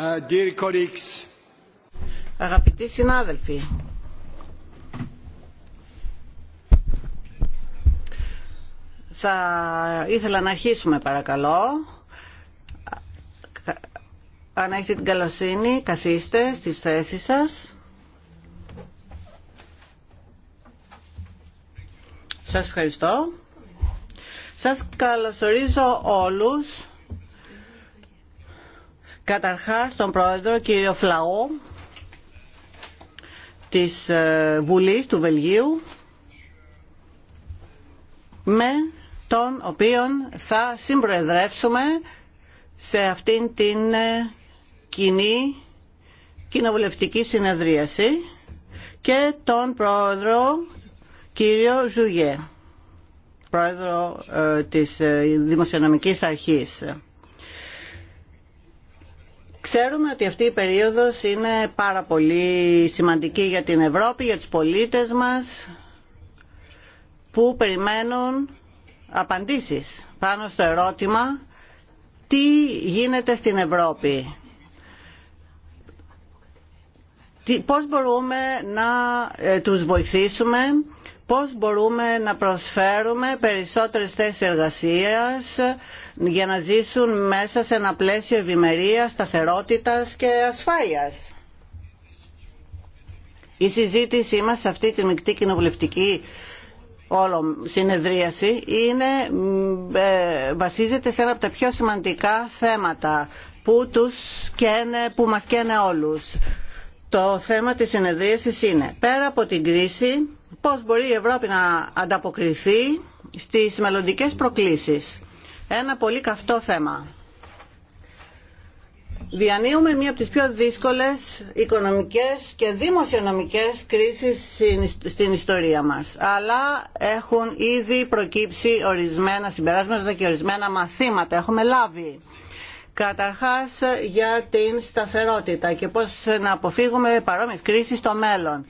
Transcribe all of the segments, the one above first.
Uh, Αγαπητοί συνάδελφοι, θα ήθελα να αρχίσουμε παρακαλώ. Αν έχετε την καλοσύνη, καθίστε στις θέσεις σας. Σας ευχαριστώ. Σας καλωσορίζω όλους Καταρχάς τον πρόεδρο κύριο Φλαό της ε, Βουλής του Βελγίου με τον οποίον θα συμπροεδρεύσουμε σε αυτήν την ε, κοινή κοινοβουλευτική συνεδρίαση και τον πρόεδρο κύριο Ζουγέ, πρόεδρο ε, της Δημοσιονομικής Αρχής. Ξέρουμε ότι αυτή η περίοδος είναι πάρα πολύ σημαντική για την Ευρώπη, για τους πολίτες μας που περιμένουν απαντήσεις πάνω στο ερώτημα τι γίνεται στην Ευρώπη. Πώς μπορούμε να ε, τους βοηθήσουμε πώς μπορούμε να προσφέρουμε περισσότερες θέσεις εργασίας για να ζήσουν μέσα σε ένα πλαίσιο ευημερία, σταθερότητας και ασφάλειας. Η συζήτησή μας σε αυτή τη μεικτή κοινοβουλευτική όλο συνεδρίαση είναι, ε, βασίζεται σε ένα από τα πιο σημαντικά θέματα που, τους καίνε, που μας καίνε όλους. Το θέμα της συνεδρίασης είναι πέρα από την κρίση πώς μπορεί η Ευρώπη να ανταποκριθεί στις μελλοντικές προκλήσεις. Ένα πολύ καυτό θέμα. Διανύουμε μία από τις πιο δύσκολες οικονομικές και δημοσιονομικές κρίσεις στην ιστορία μας. Αλλά έχουν ήδη προκύψει ορισμένα συμπεράσματα και ορισμένα μαθήματα. Έχουμε λάβει καταρχάς για την σταθερότητα και πώς να αποφύγουμε παρόμοιες κρίσεις στο μέλλον.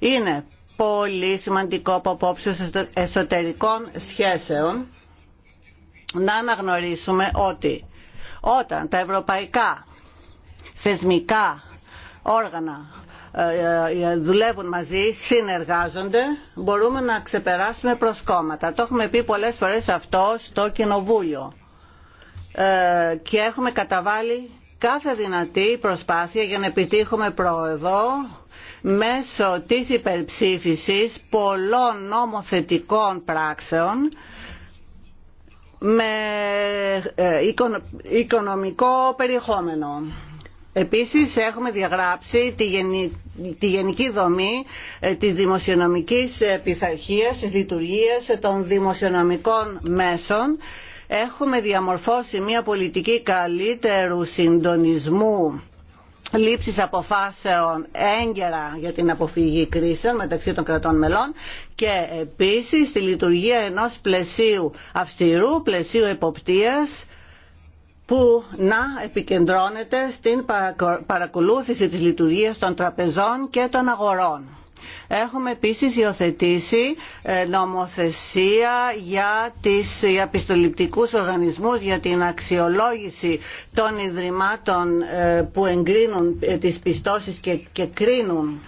Είναι πολύ σημαντικό από απόψεως εσωτερικών σχέσεων να αναγνωρίσουμε ότι όταν τα ευρωπαϊκά θεσμικά όργανα ε, ε, δουλεύουν μαζί, συνεργάζονται, μπορούμε να ξεπεράσουμε προσκόμματα. Το έχουμε πει πολλές φορές αυτό στο Κοινοβούλιο ε, και έχουμε καταβάλει κάθε δυνατή προσπάθεια για να επιτύχουμε πρόοδο μέσω της υπερψήφισης πολλών νομοθετικών πράξεων με ε, οικονομικό περιεχόμενο. Επίσης έχουμε διαγράψει τη γενική δομή ε, της δημοσιονομικής ε, πειθαρχίας, της λειτουργίας των δημοσιονομικών μέσων. Έχουμε διαμορφώσει μια πολιτική καλύτερου συντονισμού λήψης αποφάσεων έγκαιρα για την αποφυγή κρίσεων μεταξύ των κρατών μελών και επίσης τη λειτουργία ενός πλαισίου αυστηρού, πλαισίου εποπτείας που να επικεντρώνεται στην παρακολούθηση της λειτουργίας των τραπεζών και των αγορών. Έχουμε επίσης υιοθετήσει ε, νομοθεσία για τις επιστολιπτικούς οργανισμούς για την αξιολόγηση των ιδρυμάτων ε, που εγκρίνουν ε, τις πιστώσεις και, και κρίνουν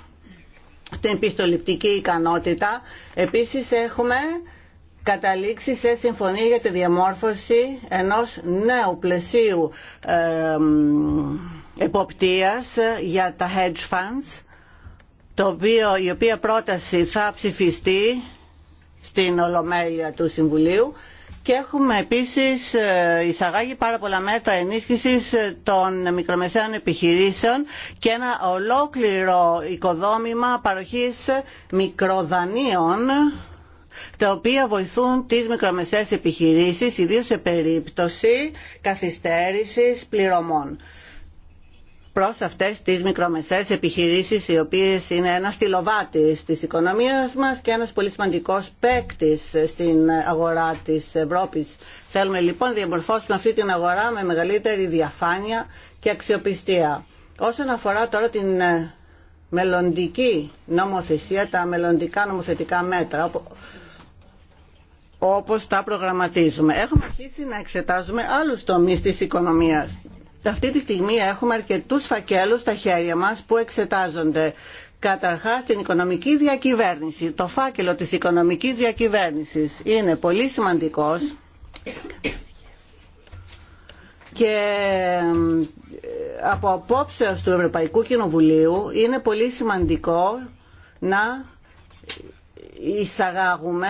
την επιστολιπτική ικανότητα. Επίσης έχουμε καταλήξει σε συμφωνία για τη διαμόρφωση ενός νέου πλαισίου εποπτείας για τα hedge funds το οποίο, η οποία πρόταση θα ψηφιστεί στην Ολομέλεια του Συμβουλίου και έχουμε επίσης ε, εισαγάγει πάρα πολλά μέτρα ενίσχυσης ε, των μικρομεσαίων επιχειρήσεων και ένα ολόκληρο οικοδόμημα παροχής μικροδανείων τα οποία βοηθούν τις μικρομεσαίες επιχειρήσεις ιδίως σε περίπτωση καθυστέρησης πληρωμών προς αυτές τις μικρομεσαίες επιχειρήσεις οι οποίες είναι ένας στυλοβάτη της οικονομίας μας και ένας πολύ σημαντικός παίκτη στην αγορά της Ευρώπης. Θέλουμε λοιπόν να διαμορφώσουμε αυτή την αγορά με μεγαλύτερη διαφάνεια και αξιοπιστία. Όσον αφορά τώρα την ε, μελλοντική νομοθεσία, τα μελλοντικά νομοθετικά μέτρα, όπως τα προγραμματίζουμε. Έχουμε αρχίσει να εξετάζουμε άλλους τομείς της οικονομίας αυτή τη στιγμή έχουμε αρκετούς φακέλους στα χέρια μας που εξετάζονται. Καταρχάς την οικονομική διακυβέρνηση. Το φάκελο της οικονομικής διακυβέρνησης είναι πολύ σημαντικός και ε, από απόψε του Ευρωπαϊκού Κοινοβουλίου είναι πολύ σημαντικό να εισαγάγουμε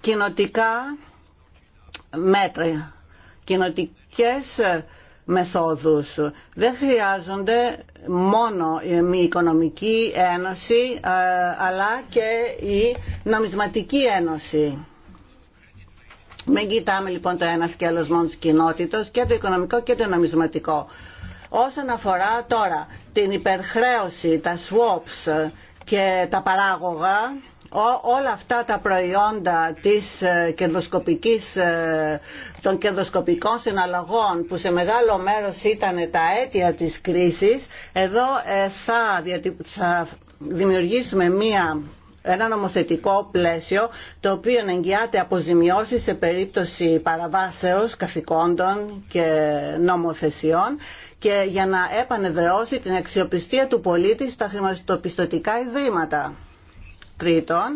κοινοτικά μέτρα, κοινοτικές μεθόδους. Δεν χρειάζονται μόνο η μη οικονομική ένωση ε, αλλά και η νομισματική ένωση. Μην κοιτάμε λοιπόν το ένα σκέλος μόνο της κοινότητας και το οικονομικό και το νομισματικό. Όσον αφορά τώρα την υπερχρέωση, τα swaps και τα παράγωγα, όλα αυτά τα προϊόντα της ε, κερδοσκοπικής, ε, των κερδοσκοπικών συναλλαγών που σε μεγάλο μέρος ήταν τα αίτια της κρίσης, εδώ ε, θα, δημιουργήσουμε μία ένα νομοθετικό πλαίσιο το οποίο εγγυάται αποζημιώσει σε περίπτωση παραβάσεως καθηκόντων και νομοθεσιών και για να επανεδρεώσει την αξιοπιστία του πολίτη στα χρηματοπιστωτικά ιδρύματα τρίτον,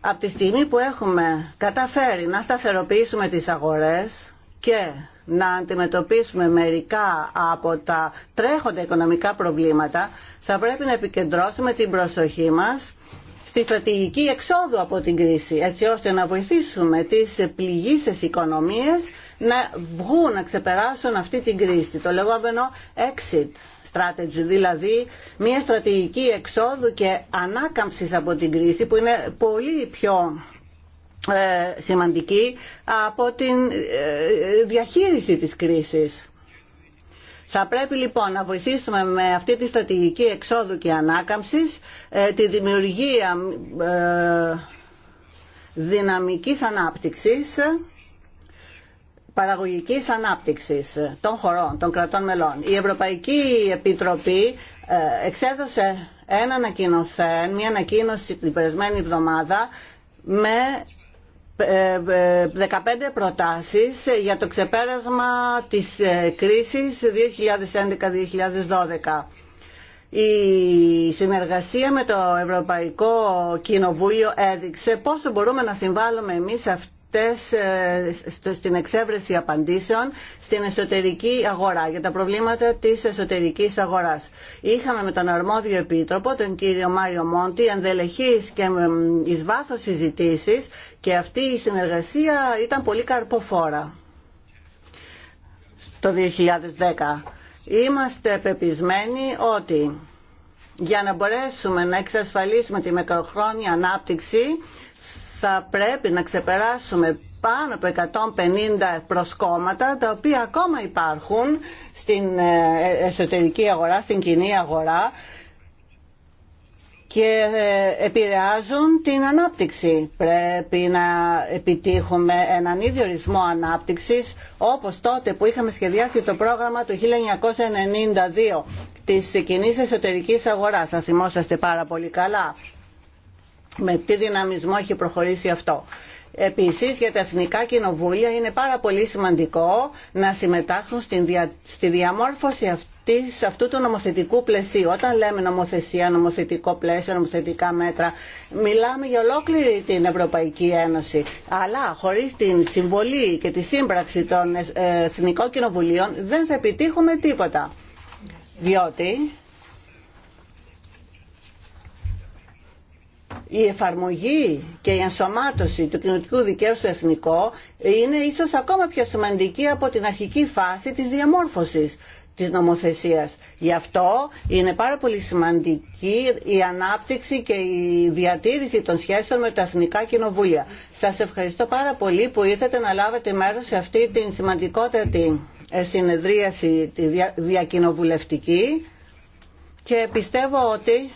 από τη στιγμή που έχουμε καταφέρει να σταθεροποιήσουμε τις αγορές και να αντιμετωπίσουμε μερικά από τα τρέχοντα οικονομικά προβλήματα, θα πρέπει να επικεντρώσουμε την προσοχή μας στη στρατηγική εξόδου από την κρίση, έτσι ώστε να βοηθήσουμε τις πληγήσεις οικονομίες να βγουν, να ξεπεράσουν αυτή την κρίση, το λεγόμενο exit strategy, δηλαδή μια στρατηγική εξόδου και ανάκαμψης από την κρίση που είναι πολύ πιο ε, σημαντική από την ε, διαχείριση της κρίσης. Θα πρέπει λοιπόν να βοηθήσουμε με αυτή τη στρατηγική εξόδου και ανάκαμψης ε, τη δημιουργία δυναμικής ανάπτυξης παραγωγικής ανάπτυξης των χωρών, των κρατών μελών. Η Ευρωπαϊκή Επιτροπή ε, εξέδωσε ένα μια ανακοίνωση την περασμένη εβδομάδα με 15 ε, ε, προτάσεις για το ξεπέρασμα της κρίσης 2011-2012. Η συνεργασία με το Ευρωπαϊκό Κοινοβούλιο έδειξε πόσο μπορούμε να συμβάλλουμε εμείς σε αυτή αυτές ε, στην εξέβρεση απαντήσεων στην εσωτερική αγορά, για τα προβλήματα της εσωτερικής αγοράς. Είχαμε με τον αρμόδιο επίτροπο, τον κύριο Μάριο Μόντι, ενδελεχείς και εις βάθος συζητήσεις και αυτή η συνεργασία ήταν πολύ καρποφόρα το 2010. Είμαστε πεπισμένοι ότι για να μπορέσουμε να εξασφαλίσουμε τη μεκροχρόνια ανάπτυξη θα πρέπει να ξεπεράσουμε πάνω από 150 προσκόμματα τα οποία ακόμα υπάρχουν στην ε, εσωτερική αγορά, στην κοινή αγορά και ε, επηρεάζουν την ανάπτυξη. Πρέπει να επιτύχουμε έναν ίδιο ρυθμό ανάπτυξης όπως τότε που είχαμε σχεδιάσει το πρόγραμμα του 1992 της κοινή εσωτερικής αγοράς. Θα θυμόσαστε πάρα πολύ καλά με τι δυναμισμό έχει προχωρήσει αυτό. Επίσης για τα εθνικά κοινοβούλια είναι πάρα πολύ σημαντικό να συμμετάχουν στη διαμόρφωση αυτής, αυτού του νομοθετικού πλαισίου. Όταν λέμε νομοθεσία, νομοθετικό πλαίσιο, νομοθετικά μέτρα, μιλάμε για ολόκληρη την Ευρωπαϊκή Ένωση. Αλλά χωρίς την συμβολή και τη σύμπραξη των ε, εθνικών κοινοβουλίων δεν θα επιτύχουμε τίποτα. Διότι η εφαρμογή και η ενσωμάτωση του κοινωτικού δικαίου στο εθνικό είναι ίσως ακόμα πιο σημαντική από την αρχική φάση της διαμόρφωσης της νομοθεσίας. Γι' αυτό είναι πάρα πολύ σημαντική η ανάπτυξη και η διατήρηση των σχέσεων με τα εθνικά κοινοβούλια. Σας ευχαριστώ πάρα πολύ που ήρθατε να λάβετε μέρος σε αυτή την σημαντικότερη ε, συνεδρίαση τη διακοινοβουλευτική και πιστεύω ότι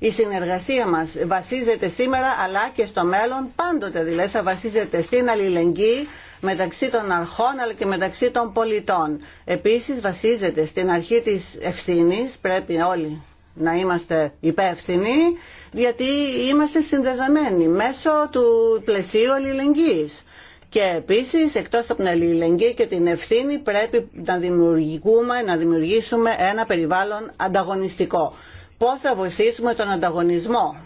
η συνεργασία μας βασίζεται σήμερα αλλά και στο μέλλον πάντοτε δηλαδή θα βασίζεται στην αλληλεγγύη μεταξύ των αρχών αλλά και μεταξύ των πολιτών. Επίσης βασίζεται στην αρχή της ευθύνης, πρέπει όλοι να είμαστε υπεύθυνοι, γιατί είμαστε συνδεδεμένοι μέσω του πλαισίου αλληλεγγύης. Και επίσης, εκτός από την αλληλεγγύη και την ευθύνη, πρέπει να δημιουργούμε, να δημιουργήσουμε ένα περιβάλλον ανταγωνιστικό. Πώς θα βοηθήσουμε τον ανταγωνισμό.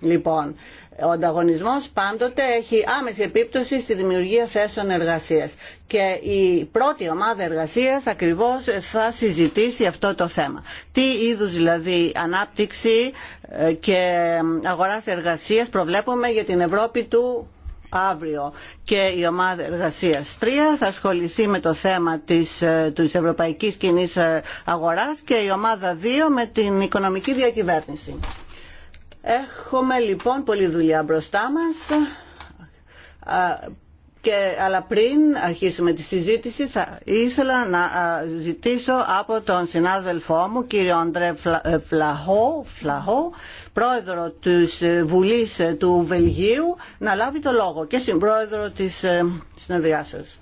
Λοιπόν, ο ανταγωνισμός πάντοτε έχει άμεση επίπτωση στη δημιουργία θέσεων εργασίας και η πρώτη ομάδα εργασίας ακριβώς θα συζητήσει αυτό το θέμα. Τι είδους δηλαδή ανάπτυξη ε, και αγοράς εργασίας προβλέπουμε για την Ευρώπη του αύριο και η ομάδα εργασίας 3 θα ασχοληθεί με το θέμα της, ε, της ευρωπαϊκής κοινή ε, αγοράς και η ομάδα 2 με την οικονομική διακυβέρνηση. Έχουμε λοιπόν πολλή δουλειά μπροστά μας και, αλλά πριν αρχίσουμε τη συζήτηση θα ήθελα να ζητήσω από τον συνάδελφό μου κύριο Αντρέ ε, Φλαχό, Φλαχό πρόεδρο της ε, Βουλής ε, του Βελγίου να λάβει το λόγο και συμπρόεδρο της συνεδριάσεως.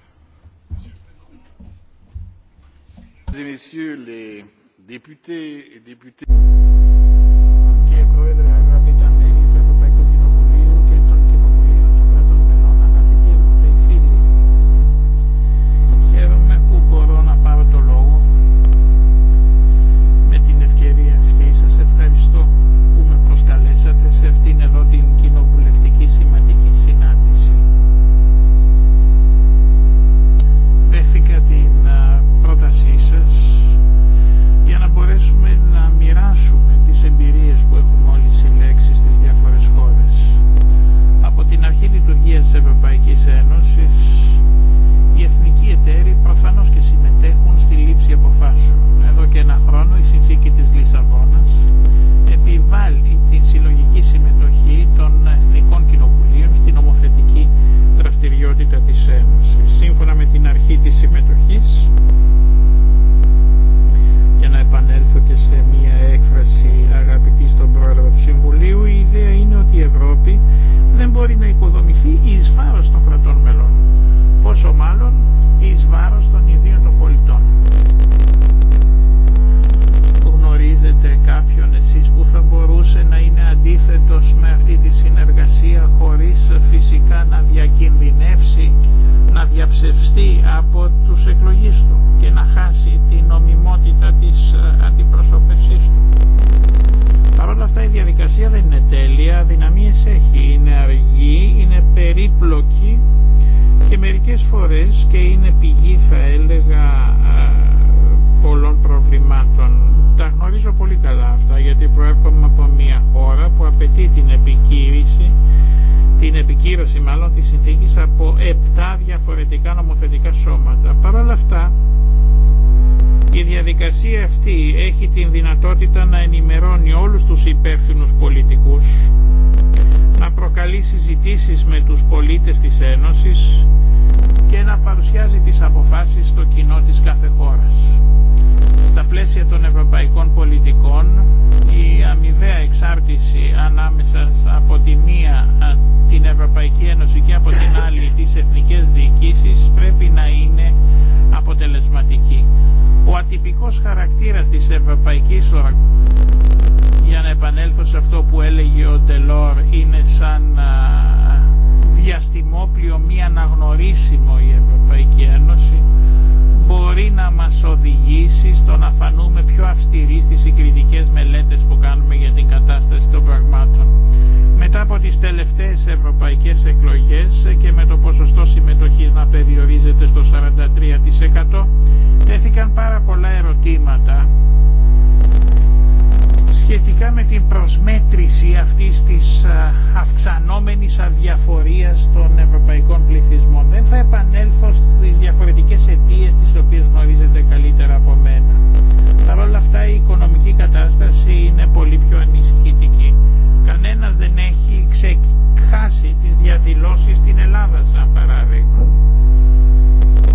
σύμφωνα με την αρχή της συμμετοχής για να επανέλθω και σε μια έκφραση αγαπητή στον πρόεδρο του Συμβουλίου η ιδέα είναι ότι η Ευρώπη δεν μπορεί να οικοδομηθεί εις βάρος των κρατών μελών πόσο μάλλον εις βάρος των ιδίων των πολιτών γνωρίζετε κάποιον εσείς που θα μπορούσε να είναι αντίθετος με αυτή τη συνεργασία χωρίς φυσικά να διακινδυνεύσει διαψευστεί από τους εκλογείς του και να χάσει την νομιμότητα της ε, αντιπροσωπευσής του. Παρ' όλα αυτά η διαδικασία δεν είναι τέλεια, δυναμίες έχει, είναι αργή, είναι περίπλοκη και μερικές φορές και είναι πηγή θα έλεγα ε, πολλών προβλημάτων. Τα γνωρίζω πολύ καλά αυτά γιατί προέρχομαι από μια χώρα που απαιτεί την επικύρηση την επικύρωση μάλλον της συνθήκης από 7 διαφορετικά νομοθετικά σώματα. Παρ' όλα αυτά η διαδικασία αυτή έχει την δυνατότητα να ενημερώνει όλους τους υπεύθυνους πολιτικούς, να προκαλεί συζητήσεις με τους πολίτες της Ένωσης και να παρουσιάζει τις αποφάσεις στο κοινό της κάθε χώρας στα πλαίσια των ευρωπαϊκών πολιτικών η αμοιβαία εξάρτηση ανάμεσα από τη μία την Ευρωπαϊκή Ένωση και από την άλλη τις εθνικές διοικήσεις πρέπει να είναι αποτελεσματική. Ο ατυπικός χαρακτήρας της ευρωπαϊκής για να επανέλθω σε αυτό που έλεγε ο Τελόρ είναι σαν διαστημόπλιο μη αναγνωρίσιμο η Ευρωπαϊκή Ένωση μπορεί να μας οδηγήσει στο να φανούμε πιο αυστηροί στις συγκριτικές μελέτες που κάνουμε για την κατάσταση των πραγμάτων. Μετά από τις τελευταίες ευρωπαϊκές εκλογές και με το ποσοστό συμμετοχής να περιορίζεται στο 43% τέθηκαν πάρα πολλά ερωτήματα σχετικά με την προσμέτρηση αυτής της αυξανόμενης αδιαφορίας των ευρωπαϊκών πληθυσμών. Δεν θα επανέλθω στις διαφορετικές αιτίες τις οποίες γνωρίζετε καλύτερα από μένα. Παρ' όλα αυτά η οικονομική κατάσταση είναι πολύ πιο ανησυχητική. Κανένας δεν έχει ξεχάσει τις διαδηλώσεις στην Ελλάδα σαν παράδειγμα.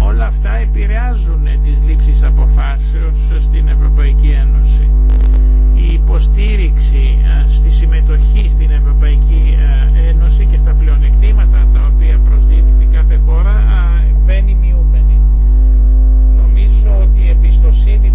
Όλα αυτά επηρεάζουν τις λήψεις αποφάσεως στην Ευρωπαϊκή Ένωση υποστήριξη ε, στη συμμετοχή στην Ευρωπαϊκή ε, Ένωση και στα πλεονεκτήματα τα οποία προσδίδει στην κάθε χώρα μπαίνει μειούμενη. Νομίζω ότι η εμπιστοσύνη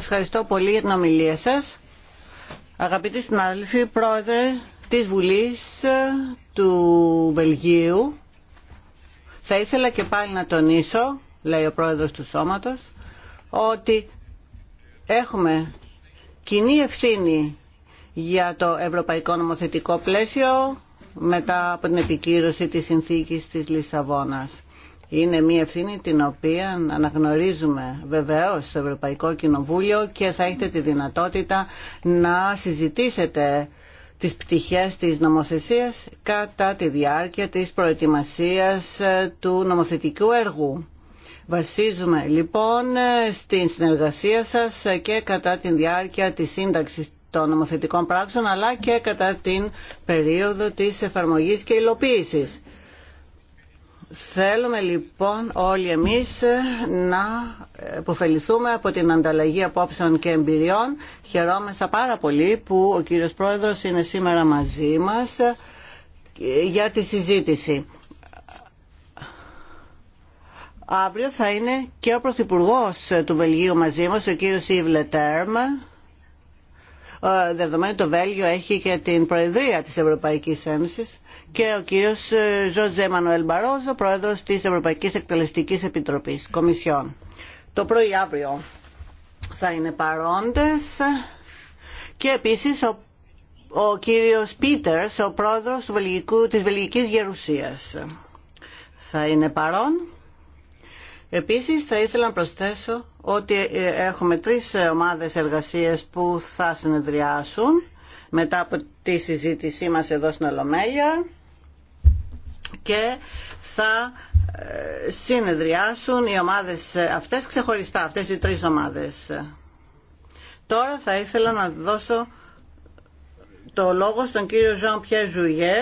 Σας ευχαριστώ πολύ για την ομιλία σας. Αγαπητοί συνάδελφοι, πρόεδρε της Βουλής ε, του Βελγίου, θα ήθελα και πάλι να τονίσω, λέει ο πρόεδρος του σώματος, ότι έχουμε κοινή ευθύνη για το ευρωπαϊκό νομοθετικό πλαίσιο μετά από την επικύρωση της συνθήκης της Λισαβόνας. Είναι μια ευθύνη την οποία αναγνωρίζουμε βεβαίως στο Ευρωπαϊκό Κοινοβούλιο και θα έχετε τη δυνατότητα να συζητήσετε τις πτυχές της νομοθεσίας κατά τη διάρκεια της προετοιμασίας ε, του νομοθετικού έργου. Βασίζουμε λοιπόν στην συνεργασία σας ε, και κατά τη διάρκεια της σύνταξης των νομοθετικών πράξεων αλλά και κατά την περίοδο της εφαρμογής και υλοποίησης. Θέλουμε λοιπόν όλοι εμείς να υποφεληθούμε από την ανταλλαγή απόψεων και εμπειριών. Χαιρόμαστε πάρα πολύ που ο κύριος Πρόεδρος είναι σήμερα μαζί μας για τη συζήτηση. Αύριο θα είναι και ο Πρωθυπουργός του Βελγίου μαζί μας, ο κύριος Ιβ Λετέρμ. Δεδομένου το Βέλγιο έχει και την Προεδρία της Ευρωπαϊκής Ένωσης και ο κύριος ε, Ζωζέ Μανουέλ Μπαρόζο, πρόεδρος της Ευρωπαϊκής Εκτελεστικής Επιτροπής Κομισιόν. Το πρωί αύριο θα είναι παρόντες και επίσης ο, ο κύριος Πίτερς, ο πρόεδρος του Βελγικού, της Βελγικής Γερουσίας θα είναι παρόν. Επίσης θα ήθελα να προσθέσω ότι ε, έχουμε τρεις ομάδες εργασίες που θα συνεδριάσουν μετά από τη συζήτησή μας εδώ στην Ολομέλεια και θα ε, συνεδριάσουν οι ομάδες αυτές ξεχωριστά, αυτές οι τρεις ομάδες. Τώρα θα ήθελα να δώσω το λόγο στον κύριο Ζαν Πιέρ Ζουγέ,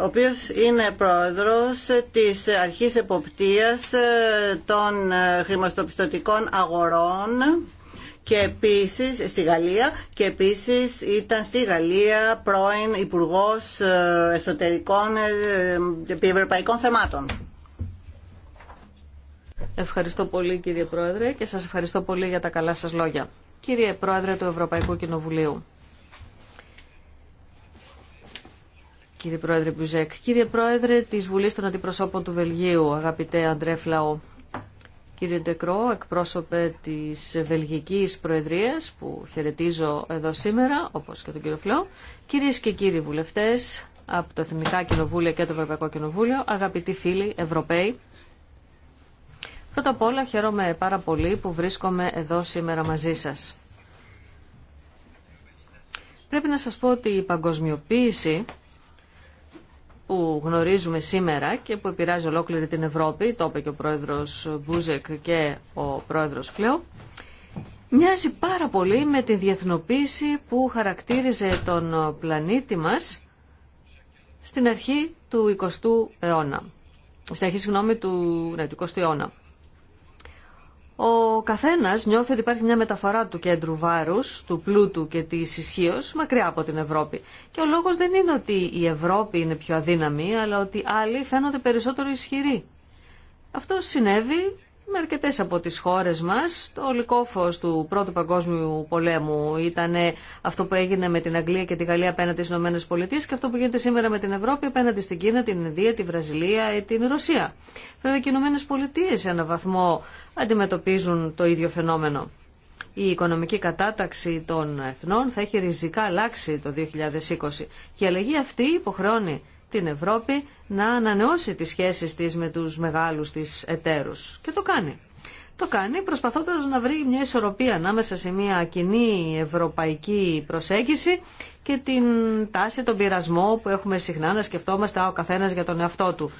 ο οποίος είναι πρόεδρος της αρχής εποπτείας ε, των ε, χρηματοπιστωτικών αγορών και επίσης στη Γαλλία και επίσης ήταν στη Γαλλία πρώην υπουργό ε, Εσωτερικών ε, ε, Ευρωπαϊκών Θεμάτων. Ευχαριστώ πολύ κύριε Πρόεδρε και σας ευχαριστώ πολύ για τα καλά σας λόγια. Κύριε Πρόεδρε του Ευρωπαϊκού Κοινοβουλίου. Κύριε Πρόεδρε Μπουζέκ, κύριε Πρόεδρε της Βουλής των Αντιπροσώπων του Βελγίου, αγαπητέ Αντρέφλαο, Κύριε Ντεκρό, εκπρόσωπε της Βελγικής Προεδρίας που χαιρετίζω εδώ σήμερα, όπως και τον κύριο Φλό. Κυρίες και κύριοι βουλευτές από το Εθνικά Κοινοβούλιο και το Ευρωπαϊκό Κοινοβούλιο, αγαπητοί φίλοι Ευρωπαίοι, πρώτα απ' όλα χαίρομαι πάρα πολύ που βρίσκομαι εδώ σήμερα μαζί σας. Πρέπει να σας πω ότι η παγκοσμιοποίηση που γνωρίζουμε σήμερα και που επηρεάζει ολόκληρη την Ευρώπη, το είπε και ο πρόεδρος Μπούζεκ και ο πρόεδρος Φλέο, μοιάζει πάρα πολύ με τη διεθνοποίηση που χαρακτήριζε τον πλανήτη μας στην αρχή του 20ου αιώνα. Στην αρχή, συγγνώμη, του, ναι, του 20ου αιώνα ο καθένας νιώθει ότι υπάρχει μια μεταφορά του κέντρου Βάρου, του πλούτου και της ισχύω μακριά από την Ευρώπη. Και ο λόγος δεν είναι ότι η Ευρώπη είναι πιο αδύναμη, αλλά ότι άλλοι φαίνονται περισσότερο ισχυροί. Αυτό συνέβη με αρκετέ από τις χώρες μας. Το ολικόφως του Πρώτου Παγκόσμιου Πολέμου ήταν αυτό που έγινε με την Αγγλία και τη Γαλλία απέναντι στις Ηνωμένες Πολιτείες και αυτό που γίνεται σήμερα με την Ευρώπη απέναντι στην Κίνα, την Ινδία, τη Βραζιλία ή την Ρωσία. Βέβαια και οι Ηνωμένες Πολιτείες σε έναν βαθμό αντιμετωπίζουν το ίδιο φαινόμενο. Η οικονομική κατάταξη των εθνών θα έχει ριζικά αλλάξει το 2020 και η αλλαγή αυτή υποχρεώνει την Ευρώπη να ανανεώσει τις σχέσεις της με τους μεγάλους της εταίρους. Και το κάνει. Το κάνει προσπαθώντας να βρει μια ισορροπία ανάμεσα σε μια κοινή ευρωπαϊκή προσέγγιση και την τάση, τον πειρασμό που έχουμε συχνά να σκεφτόμαστε ο καθένας για τον εαυτό του.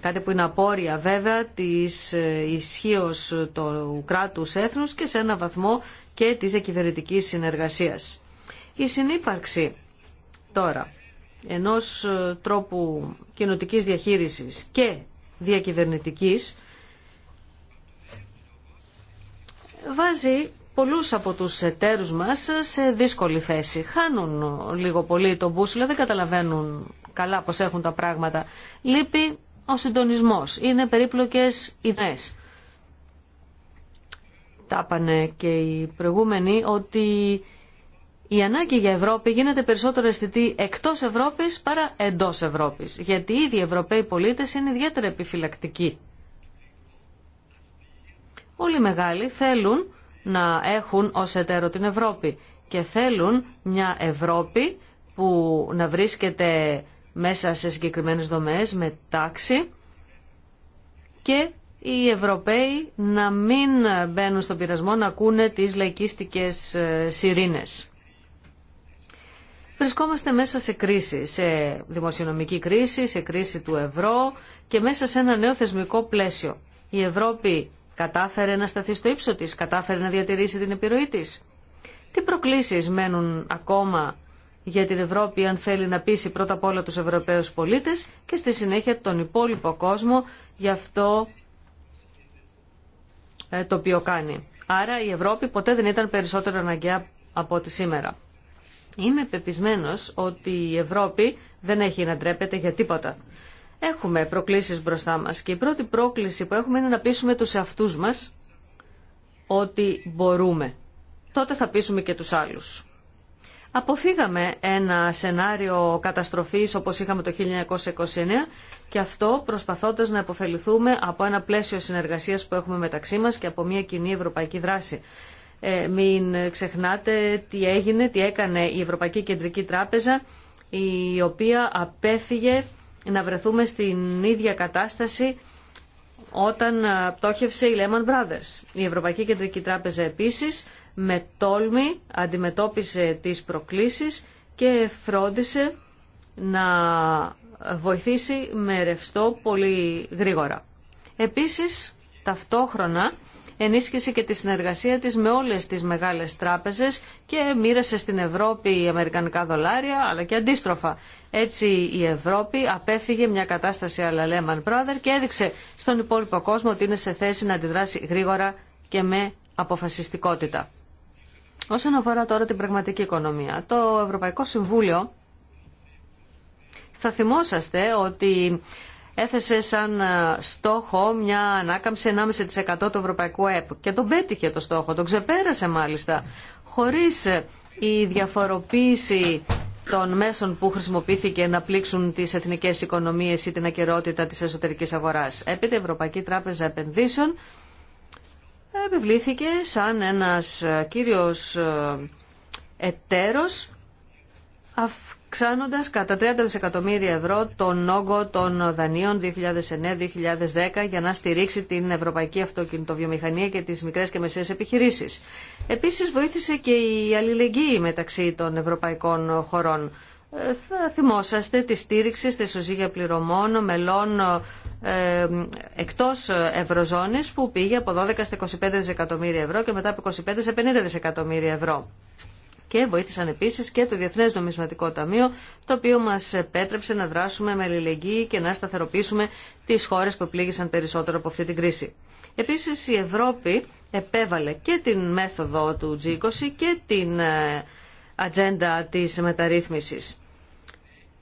Κάτι που είναι απόρρια βέβαια της ε, ισχύω του κράτους έθνους και σε ένα βαθμό και της διακυβερνητικής συνεργασίας. Η συνύπαρξη τώρα ενός ε, τρόπου κοινοτικής διαχείρισης και διακυβερνητικής βάζει πολλούς από τους εταίρους μας σε δύσκολη θέση. Χάνουν ε, λίγο πολύ τον μπούσουλα, δεν καταλαβαίνουν καλά πως έχουν τα πράγματα. Λείπει ο συντονισμός. Είναι περίπλοκες ιδέες. Τα και οι προηγούμενοι ότι η ανάγκη για Ευρώπη γίνεται περισσότερο αισθητή εκτός Ευρώπης παρά εντό Ευρώπη, γιατί ήδη οι Ευρωπαίοι πολίτες είναι ιδιαίτερα επιφυλακτικοί. Όλοι οι μεγάλοι θέλουν να έχουν ω εταίρο την Ευρώπη και θέλουν μια Ευρώπη που να βρίσκεται μέσα σε συγκεκριμένες δομές με τάξη και οι Ευρωπαίοι να μην μπαίνουν στον πειρασμό να ακούνε τις λαϊκίστικες ε, σιρήνες. Βρισκόμαστε μέσα σε κρίση, σε δημοσιονομική κρίση, σε κρίση του ευρώ και μέσα σε ένα νέο θεσμικό πλαίσιο. Η Ευρώπη κατάφερε να σταθεί στο ύψο της, κατάφερε να διατηρήσει την επιρροή της. Τι προκλήσεις μένουν ακόμα για την Ευρώπη αν θέλει να πείσει πρώτα απ' όλα τους Ευρωπαίους πολίτες και στη συνέχεια τον υπόλοιπο κόσμο για αυτό ε, το οποίο κάνει. Άρα η Ευρώπη ποτέ δεν ήταν περισσότερο αναγκαία από ό,τι σήμερα. Είμαι πεπισμένο ότι η Ευρώπη δεν έχει να ντρέπεται για τίποτα. Έχουμε προκλήσεις μπροστά μας και η πρώτη πρόκληση που έχουμε είναι να πείσουμε τους εαυτούς μας ότι μπορούμε. Τότε θα πείσουμε και τους άλλους. Αποφύγαμε ένα σενάριο καταστροφής όπως είχαμε το 1929 και αυτό προσπαθώντας να αποφεληθούμε από ένα πλαίσιο συνεργασίας που έχουμε μεταξύ μας και από μια κοινή ευρωπαϊκή δράση. Ε, μην ξεχνάτε τι έγινε, τι έκανε η Ευρωπαϊκή Κεντρική Τράπεζα η οποία απέφυγε να βρεθούμε στην ίδια κατάσταση όταν πτώχευσε η Lehman Brothers. Η Ευρωπαϊκή Κεντρική Τράπεζα επίσης με τόλμη αντιμετώπισε τις προκλήσεις και φρόντισε να βοηθήσει με ρευστό πολύ γρήγορα. Επίσης, ταυτόχρονα ενίσχυσε και τη συνεργασία της με όλες τις μεγάλες τράπεζες και μοίρασε στην Ευρώπη αμερικανικά δολάρια αλλά και αντίστροφα. Έτσι η Ευρώπη απέφυγε μια κατάσταση αλλά Lehman και έδειξε στον υπόλοιπο κόσμο ότι είναι σε θέση να αντιδράσει γρήγορα και με αποφασιστικότητα. Όσον αφορά τώρα την πραγματική οικονομία, το Ευρωπαϊκό Συμβούλιο θα θυμόσαστε ότι έθεσε σαν ε, στόχο μια ανάκαμψη 1,5% του ευρωπαϊκού ΕΠ και τον πέτυχε το στόχο, τον ξεπέρασε μάλιστα, χωρίς ε, η διαφοροποίηση των μέσων που χρησιμοποιήθηκε να πλήξουν τις εθνικές οικονομίες ή την ακαιρότητα της εσωτερικής αγοράς. Έπειτα η Ευρωπαϊκή Τράπεζα Επενδύσεων ε, επιβλήθηκε σαν ένας κύριος εταίρος Ξάνοντα κατά 30 δισεκατομμύρια ευρώ τον όγκο των δανείων 2009-2010 για να στηρίξει την ευρωπαϊκή αυτοκινητοβιομηχανία και τι μικρέ και μεσαίες επιχειρήσει. Επίση, βοήθησε και η αλληλεγγύη μεταξύ των ευρωπαϊκών χωρών. Ε, θα θυμόσαστε τη στήριξη στη σωζήγια πληρωμών μελών ε, εκτός ευρωζώνης που πήγε από 12 στα 25 δισεκατομμύρια ευρώ και μετά από 25 σε 50 δισεκατομμύρια ευρώ και βοήθησαν επίσης και το Διεθνές Νομισματικό Ταμείο, το οποίο μας επέτρεψε να δράσουμε με αλληλεγγύη και να σταθεροποιήσουμε τις χώρες που πλήγησαν περισσότερο από αυτή την κρίση. Επίσης η Ευρώπη επέβαλε και την μέθοδο του G20 και την ε, ατζέντα της μεταρρύθμισης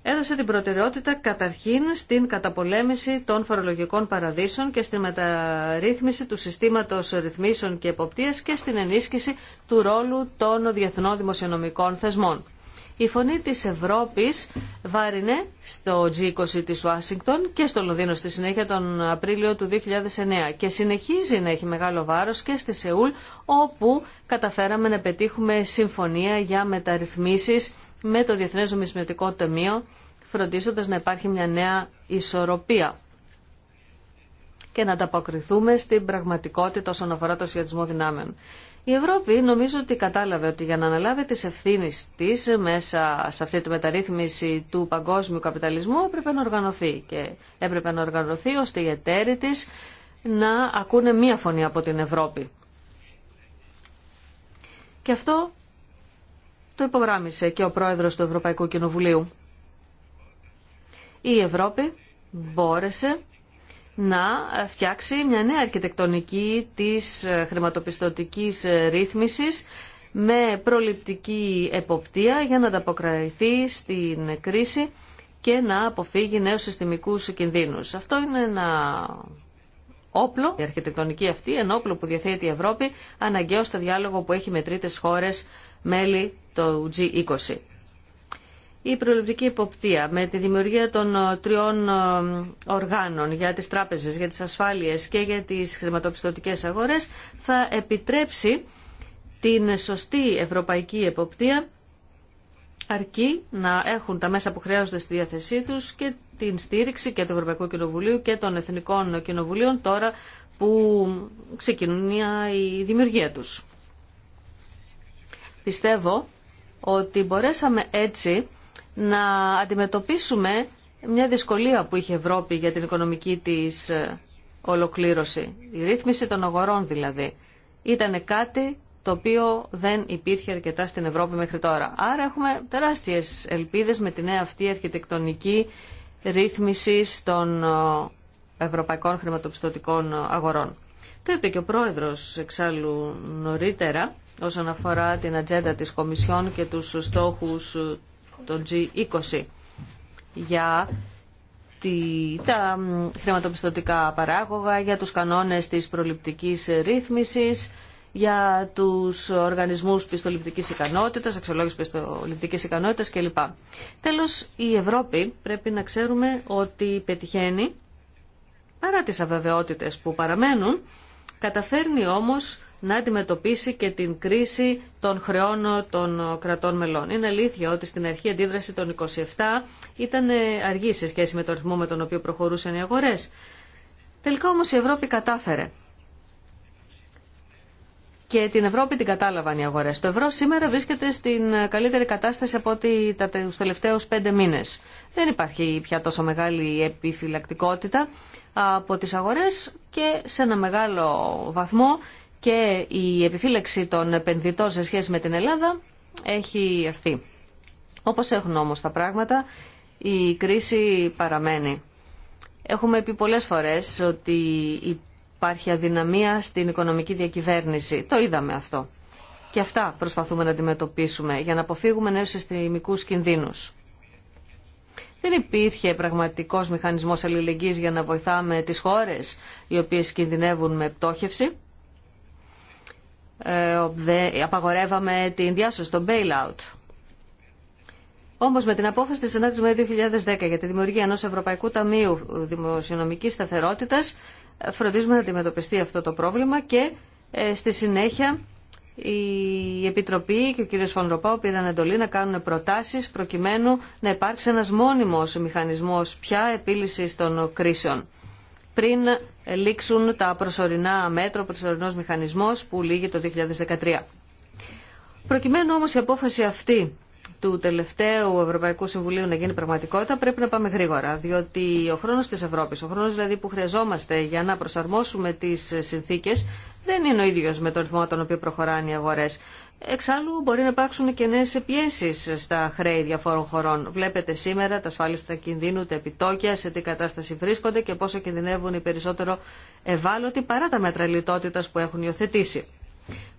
έδωσε την προτεραιότητα καταρχήν στην καταπολέμηση των φορολογικών παραδείσων και στη μεταρρύθμιση του συστήματος ρυθμίσεων και εποπτείας και στην ενίσχυση του ρόλου των διεθνών δημοσιονομικών θεσμών. Η φωνή της Ευρώπης βάρινε στο G20 της Ουάσιγκτον και στο Λονδίνο στη συνέχεια τον Απρίλιο του 2009 και συνεχίζει να έχει μεγάλο βάρος και στη Σεούλ όπου καταφέραμε να πετύχουμε συμφωνία για μεταρρυθμίσεις με το Διεθνές Νομισματικό Ταμείο, φροντίζοντα να υπάρχει μια νέα ισορροπία και να ανταποκριθούμε στην πραγματικότητα όσον αφορά το σχεδιασμό δυνάμεων. Η Ευρώπη νομίζω ότι κατάλαβε ότι για να αναλάβει τις ευθύνε της μέσα σε αυτή τη μεταρρύθμιση του παγκόσμιου καπιταλισμού έπρεπε να οργανωθεί και έπρεπε να οργανωθεί ώστε οι εταίροι της να ακούνε μία φωνή από την Ευρώπη. Και αυτό το υπογράμμισε και ο πρόεδρος του Ευρωπαϊκού Κοινοβουλίου. Η Ευρώπη μπόρεσε να φτιάξει μια νέα αρχιτεκτονική της χρηματοπιστωτικής ρύθμισης με προληπτική εποπτεία για να ανταποκριθεί στην κρίση και να αποφύγει νέους συστημικούς κινδύνους. Αυτό είναι ένα όπλο, η αρχιτεκτονική αυτή, ένα όπλο που διαθέτει η Ευρώπη αναγκαίο στο διάλογο που έχει με τρίτες χώρες μέλη το G20. Η προληπτική υποπτία με τη δημιουργία των ε, τριών ε, οργάνων για τις τράπεζες, για τις ασφάλειες και για τις χρηματοπιστωτικές αγορές θα επιτρέψει την σωστή ευρωπαϊκή εποπτεία αρκεί να έχουν τα μέσα που χρειάζονται στη διάθεσή τους και την στήριξη και του Ευρωπαϊκού Κοινοβουλίου και των Εθνικών Κοινοβουλίων τώρα που ξεκινούν η δημιουργία τους. Πιστεύω ότι μπορέσαμε έτσι να αντιμετωπίσουμε μια δυσκολία που είχε η Ευρώπη για την οικονομική της ε, ολοκλήρωση. Η ρύθμιση των αγορών δηλαδή. Ήταν κάτι το οποίο δεν υπήρχε αρκετά στην Ευρώπη μέχρι τώρα. Άρα έχουμε τεράστιες ελπίδες με τη νέα αυτή αρχιτεκτονική ρύθμιση των ε, ευρωπαϊκών χρηματοπιστωτικών αγορών. Το είπε και ο πρόεδρος εξάλλου νωρίτερα όσον αφορά την ατζέντα της Κομισιόν και τους στόχους των G20 για τα χρηματοπιστωτικά παράγωγα, για τους κανόνες της προληπτικής ρύθμισης, για τους οργανισμούς πιστοληπτικής ικανότητας, αξιολόγηση πιστοληπτικής ικανότητας κλπ. Τέλος, η Ευρώπη πρέπει να ξέρουμε ότι πετυχαίνει, παρά τις αβεβαιότητες που παραμένουν, Καταφέρνει όμως να αντιμετωπίσει και την κρίση των χρεών των κρατών μελών. Είναι αλήθεια ότι στην αρχή αντίδραση των 27 ήταν ε, αργή σε σχέση με το ρυθμό με τον οποίο προχωρούσαν οι αγορές. Τελικά όμως η Ευρώπη κατάφερε και την Ευρώπη την κατάλαβαν οι αγορέ. Το ευρώ σήμερα βρίσκεται στην ε, καλύτερη κατάσταση από ότι του τελευταίου πέντε μήνε. Δεν υπάρχει πια τόσο μεγάλη επιφυλακτικότητα από τι αγορέ και σε ένα μεγάλο βαθμό και η επιφύλαξη των επενδυτών σε σχέση με την Ελλάδα έχει έρθει. Όπω έχουν όμω τα πράγματα, η κρίση παραμένει. Έχουμε πει πολλές φορές ότι η υπάρχει αδυναμία στην οικονομική διακυβέρνηση. Το είδαμε αυτό. Και αυτά προσπαθούμε να αντιμετωπίσουμε για να αποφύγουμε νέους συστημικού κινδύνους. Δεν υπήρχε πραγματικός μηχανισμός αλληλεγγύης για να βοηθάμε τις χώρες οι οποίες κινδυνεύουν με πτώχευση. Ε, απαγορεύαμε την διάσωση, τον bailout. Όμως με την απόφαση της 9 2010 για τη δημιουργία ενός Ευρωπαϊκού Ταμείου Δημοσιονομικής Σταθερότητας φροντίζουμε να αντιμετωπιστεί αυτό το πρόβλημα και ε, στη συνέχεια η Επιτροπή και ο κ. Φονροπάου πήραν εντολή να κάνουν προτάσεις προκειμένου να υπάρξει ένας μόνιμος μηχανισμός πια επίλυσης των κρίσεων πριν λήξουν τα προσωρινά μέτρα, ο προσωρινός μηχανισμός που λήγει το 2013. Προκειμένου όμως η απόφαση αυτή του τελευταίου Ευρωπαϊκού Συμβουλίου να γίνει πραγματικότητα, πρέπει να πάμε γρήγορα. Διότι ο χρόνο τη Ευρώπη, ο χρόνο δηλαδή που χρειαζόμαστε για να προσαρμόσουμε τι συνθήκε, δεν είναι ο ίδιο με τον ρυθμό τον οποίο προχωράνε οι αγορέ. Εξάλλου μπορεί να υπάρξουν και νέε πιέσει στα χρέη διαφόρων χωρών. Βλέπετε σήμερα τα ασφάλιστρα κινδύνου, τα επιτόκια, σε τι κατάσταση βρίσκονται και πόσο κινδυνεύουν οι περισσότερο ευάλωτοι παρά τα μέτρα λιτότητα που έχουν υιοθετήσει.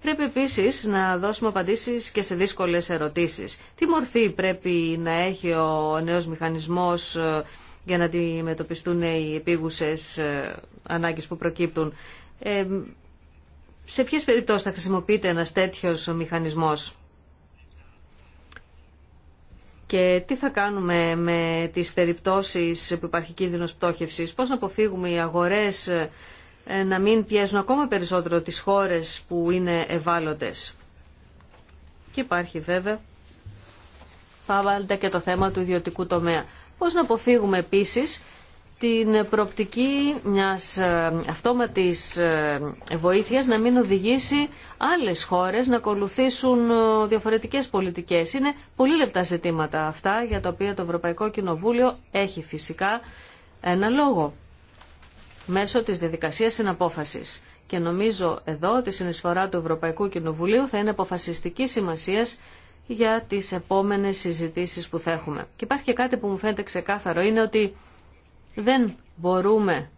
Πρέπει επίσης να δώσουμε απαντήσει και σε δύσκολες ερωτήσεις. Τι μορφή πρέπει να έχει ο νέος μηχανισμός ε, για να αντιμετωπιστούν οι επίγουσες ε, ανάγκες που προκύπτουν. Ε, σε ποιες περιπτώσεις θα χρησιμοποιείται ένας τέτοιος μηχανισμός. Και τι θα κάνουμε με τις περιπτώσεις που υπάρχει κίνδυνος πτώχευσης, πώς να αποφύγουμε οι αγορές ε, να μην πιέζουν ακόμα περισσότερο τις χώρες που είναι ευάλωτες. Και υπάρχει βέβαια πάβαλτα και το θέμα του ιδιωτικού τομέα. Πώς να αποφύγουμε επίσης την προπτική μιας ε, αυτόματης ε, βοήθειας να μην οδηγήσει άλλες χώρες να ακολουθήσουν διαφορετικές πολιτικές. Είναι πολύ λεπτά ζητήματα αυτά για τα οποία το Ευρωπαϊκό Κοινοβούλιο έχει φυσικά ένα λόγο μέσω της διαδικασίας συναπόφασης. Και νομίζω εδώ ότι η συνεισφορά του Ευρωπαϊκού Κοινοβουλίου θα είναι αποφασιστική σημασία για τις επόμενες συζητήσεις που θα έχουμε. Και υπάρχει και κάτι που μου φαίνεται ξεκάθαρο, είναι ότι δεν μπορούμε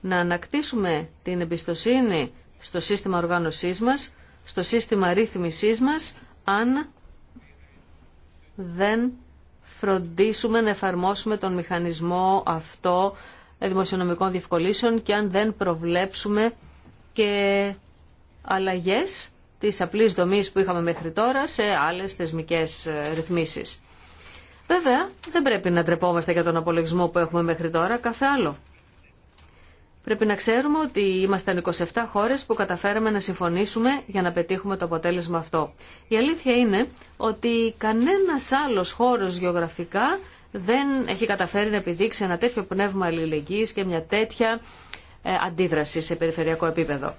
να ανακτήσουμε την εμπιστοσύνη στο σύστημα οργανωσή μα, στο σύστημα ρύθμισή μα, αν δεν φροντίσουμε να εφαρμόσουμε τον μηχανισμό αυτό δημοσιονομικών διευκολύσεων και αν δεν προβλέψουμε και αλλαγές της απλής δομής που είχαμε μέχρι τώρα σε άλλες θεσμικές ε, ρυθμίσεις. Βέβαια, δεν πρέπει να ντρεπόμαστε για τον απολογισμό που έχουμε μέχρι τώρα, καθ' άλλο. Πρέπει να ξέρουμε ότι ήμασταν 27 χώρες που καταφέραμε να συμφωνήσουμε για να πετύχουμε το αποτέλεσμα αυτό. Η αλήθεια είναι ότι κανένας άλλος χώρος γεωγραφικά δεν έχει καταφέρει να επιδείξει ένα τέτοιο πνεύμα αλληλεγγύης και μια τέτοια ε, αντίδραση σε περιφερειακό επίπεδο.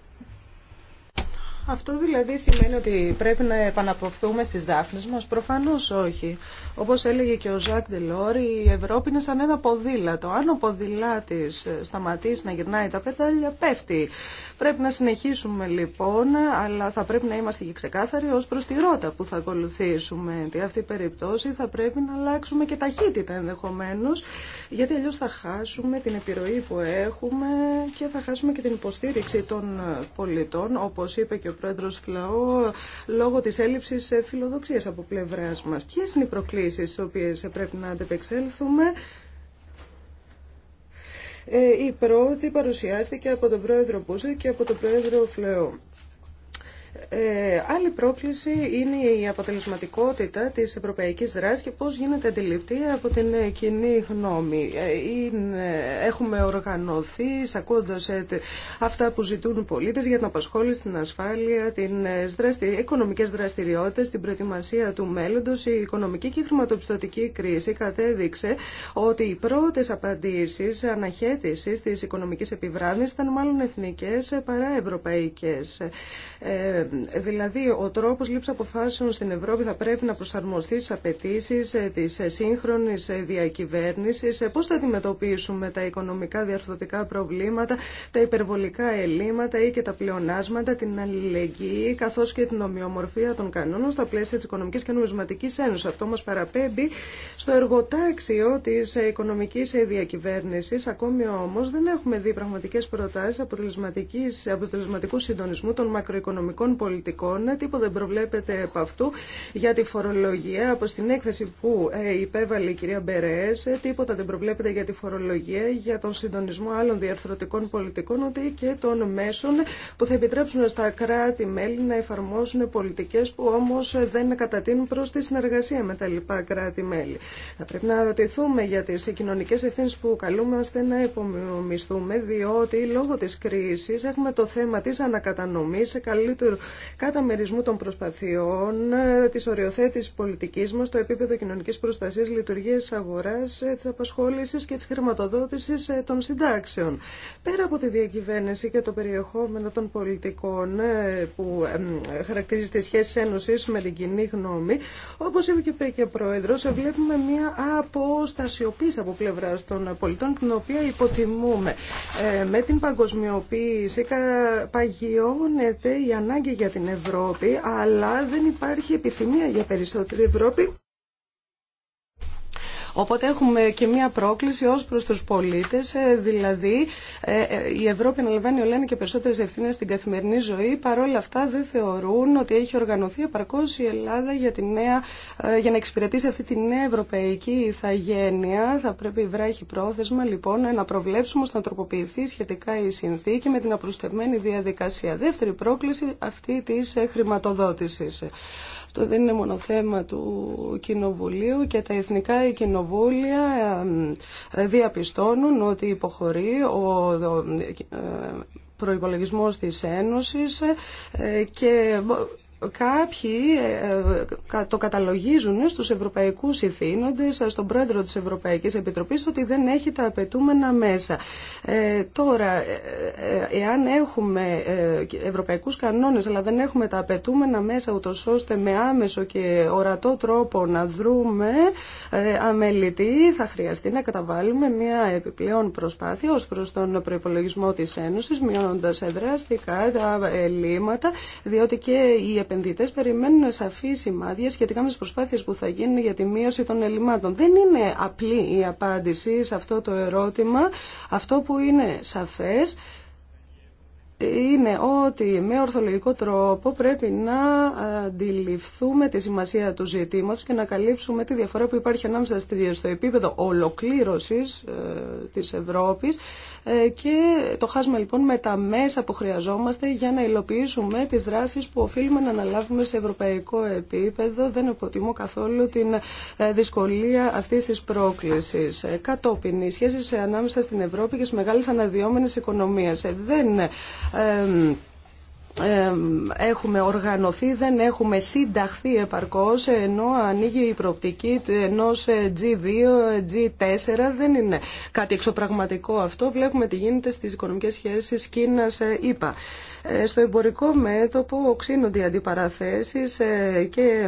Αυτό δηλαδή σημαίνει ότι πρέπει να επαναποφθούμε στις δάφνες μας. Προφανώς όχι. Όπως έλεγε και ο Ζακ Ντελόρ, η Ευρώπη είναι σαν ένα ποδήλατο. Αν ο ποδηλάτης ε, σταματήσει να γυρνάει τα πέταλια, πέφτει. Πρέπει να συνεχίσουμε λοιπόν, αλλά θα πρέπει να είμαστε και ξεκάθαροι ως προς τη ρότα που θα ακολουθήσουμε. Τι αυτή η περιπτώση θα πρέπει να αλλάξουμε και ταχύτητα ενδεχομένως, γιατί αλλιώς θα χάσουμε την επιρροή που έχουμε και θα χάσουμε και την υποστήριξη των πολιτών, όπως είπε και ο πρόεδρος Φλαό, λόγω της έλλειψης ε, φιλοδοξίας από πλευράς μας. Ποιες είναι οι προκλήσεις στις οποίες πρέπει να αντεπεξέλθουμε. Ε, η πρώτη παρουσιάστηκε από τον πρόεδρο Πούσε και από τον πρόεδρο Φλεό. Ε, άλλη πρόκληση είναι η αποτελεσματικότητα της ευρωπαϊκής δράσης και πώς γίνεται αντιληπτή από την κοινή γνώμη. Ε, είναι, έχουμε οργανωθεί ε, αυτά που ζητούν οι πολίτες για την απασχόληση, την ασφάλεια, την ε, δραστη, οικονομικές δραστηριότητες, την προετοιμασία του μέλλοντος. Η οικονομική και η χρηματοπιστωτική κρίση κατέδειξε ότι οι πρώτες απαντήσεις αναχέτησης της οικονομικής επιβράδυνσης ήταν μάλλον εθνικές παρά ευρωπαϊκές. Ε, δηλαδή, ο τρόπος λήψης αποφάσεων στην Ευρώπη θα πρέπει να προσαρμοστεί στις απαιτήσει ε, της ε, σύγχρονης ε, διακυβέρνησης. Πώς θα αντιμετωπίσουμε τα οικονομικά διαρθρωτικά προβλήματα, τα υπερβολικά ελλείμματα ή και τα πλεονάσματα, την αλληλεγγύη, καθώς και την ομοιομορφία των κανόνων στα πλαίσια της Οικονομικής και Νομισματικής Ένωσης. Αυτό μας παραπέμπει στο εργοτάξιο της οικονομικής διακυβέρνησης. Ακόμη όμως δεν έχουμε δει πραγματικές προτάσεις αποτελεσματικού συντονισμού των μακροοικονομικών πολιτικών. Τίποτα δεν προβλέπεται από αυτού για τη φορολογία. Από στην έκθεση που ε, υπέβαλε η κυρία Μπερέ, ε, τίποτα δεν προβλέπεται για τη φορολογία, για τον συντονισμό άλλων διαρθρωτικών πολιτικών, ούτε και των μέσων που θα επιτρέψουν στα κράτη-μέλη να εφαρμόσουν πολιτικέ που όμω δεν κατατείνουν προ τη συνεργασία με τα λοιπά κράτη-μέλη. Θα πρέπει να ρωτηθούμε για τι κοινωνικέ ευθύνε που καλούμαστε να υπομισθούμε, διότι λόγω τη κρίση έχουμε το θέμα τη ανακατανομή σε καλύτερο κατά μερισμού των προσπαθειών, ε, τη οριοθέτηση πολιτική μα στο επίπεδο κοινωνική προστασία, λειτουργία τη αγορά, ε, τη απασχόληση και τη χρηματοδότηση ε, των συντάξεων. Πέρα από τη διακυβέρνηση και το περιεχόμενο των πολιτικών που χαρακτηρίζει τη σχέση Ένωση με την κοινή γνώμη, όπω είπε και ο Πρόεδρο, βλέπουμε μια αποστασιοποίηση από πλευρά των πολιτών, την οποία υποτιμούμε. με την παγκοσμιοποίηση παγιώνεται η ανάγκη για την Ευρώπη, αλλά δεν υπάρχει επιθυμία για περισσότερη Ευρώπη Οπότε έχουμε και μία πρόκληση ως προς τους πολίτες, ε, δηλαδή ε, ε, η Ευρώπη αναλαμβάνει όλα και περισσότερες ευθύνε στην καθημερινή ζωή, παρόλα αυτά δεν θεωρούν ότι έχει οργανωθεί επαρκώς η Ελλάδα για, νέα, για να εξυπηρετήσει αυτή τη νέα ευρωπαϊκή ηθαγένεια. Θα πρέπει βράχει πρόθεσμα λοιπόν να προβλέψουμε ώστε να τροποποιηθεί σχετικά η συνθήκη με την απλουστευμένη διαδικασία. Δεύτερη πρόκληση αυτή της χρηματοδότησης. Αυτό δεν είναι μόνο θέμα του Κοινοβουλίου και τα εθνικά κοινοβούλια διαπιστώνουν ότι υποχωρεί ο ε, προϋπολογισμός της Ένωσης ε, και Κάποιοι ε, ε, το καταλογίζουν στους ευρωπαϊκούς ηθήνοντες, ε, στον πρόεδρο της Ευρωπαϊκής Επιτροπής, ότι δεν έχει τα απαιτούμενα μέσα. Τώρα, εάν έχουμε ευρωπαϊκούς κανόνες, αλλά δεν έχουμε τα απαιτούμενα μέσα, ούτως ώστε με άμεσο και ορατό τρόπο να δρούμε αμελητή, θα χρειαστεί να καταβάλουμε μια επιπλέον προσπάθεια ως προς τον προϋπολογισμό της Ένωσης, μειώνοντας εδραστικά τα ελλείμματα, διότι και επενδυτές περιμένουν σαφή σημάδια σχετικά με τις προσπάθειες που θα γίνουν για τη μείωση των ελλημάτων. Δεν είναι απλή η απάντηση σε αυτό το ερώτημα. Αυτό που είναι σαφές είναι ότι με ορθολογικό τρόπο πρέπει να αντιληφθούμε τη σημασία του ζητήματος και να καλύψουμε τη διαφορά που υπάρχει ανάμεσα στο επίπεδο ολοκλήρωσης ε, της Ευρώπης ε, και το χάσμα λοιπόν με τα μέσα που χρειαζόμαστε για να υλοποιήσουμε τις δράσεις που οφείλουμε να αναλάβουμε σε ευρωπαϊκό επίπεδο. Δεν αποτιμώ καθόλου την ε, δυσκολία αυτής της πρόκλησης. Ε, κατόπιν, οι σχέσεις ανάμεσα στην Ευρώπη και στις μεγάλες αναδυόμενες οικονομίες. Δεν έχουμε οργανωθεί, δεν έχουμε συνταχθεί επαρκώς, ενώ ανοίγει η προοπτική ενός G2, ε, G4, δεν είναι κάτι εξωπραγματικό αυτό. Βλέπουμε τι γίνεται στις οικονομικές σχέσεις Κίνας-ΥΠΑ ε, στο εμπορικό μέτωπο οξύνονται οι αντιπαραθέσεις ε, και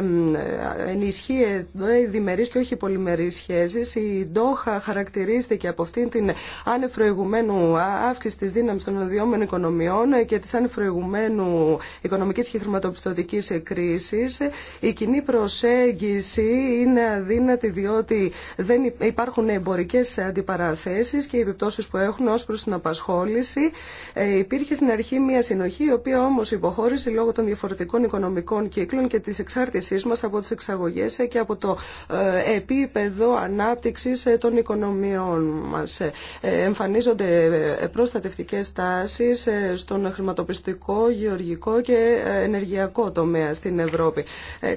ε, ενισχύει οι διμερείς και όχι πολυμερείς σχέσεις. Η Ντόχα χαρακτηρίστηκε από αυτήν την ανεφροηγουμένου αύξηση της δύναμης των οδειόμενων οικονομιών ε, και της ανεφροηγουμένου οικονομικής και χρηματοπιστωτικής κρίσης. Η κοινή προσέγγιση είναι αδύνατη διότι δεν υπάρχουν εμπορικές αντιπαραθέσεις και οι επιπτώσεις που έχουν ως προ την απασχόληση. Υπήρχε στην αρχή μια συνολική η οποία όμως υποχώρησε λόγω των διαφορετικών οικονομικών κύκλων και της εξάρτησής μας από τις εξαγωγές και από το ε, επίπεδο ανάπτυξης ε, των οικονομιών μας. Ε, εμφανίζονται προστατευτικές τάσεις στον χρηματοπιστικό, γεωργικό και ενεργειακό τομέα στην Ευρώπη.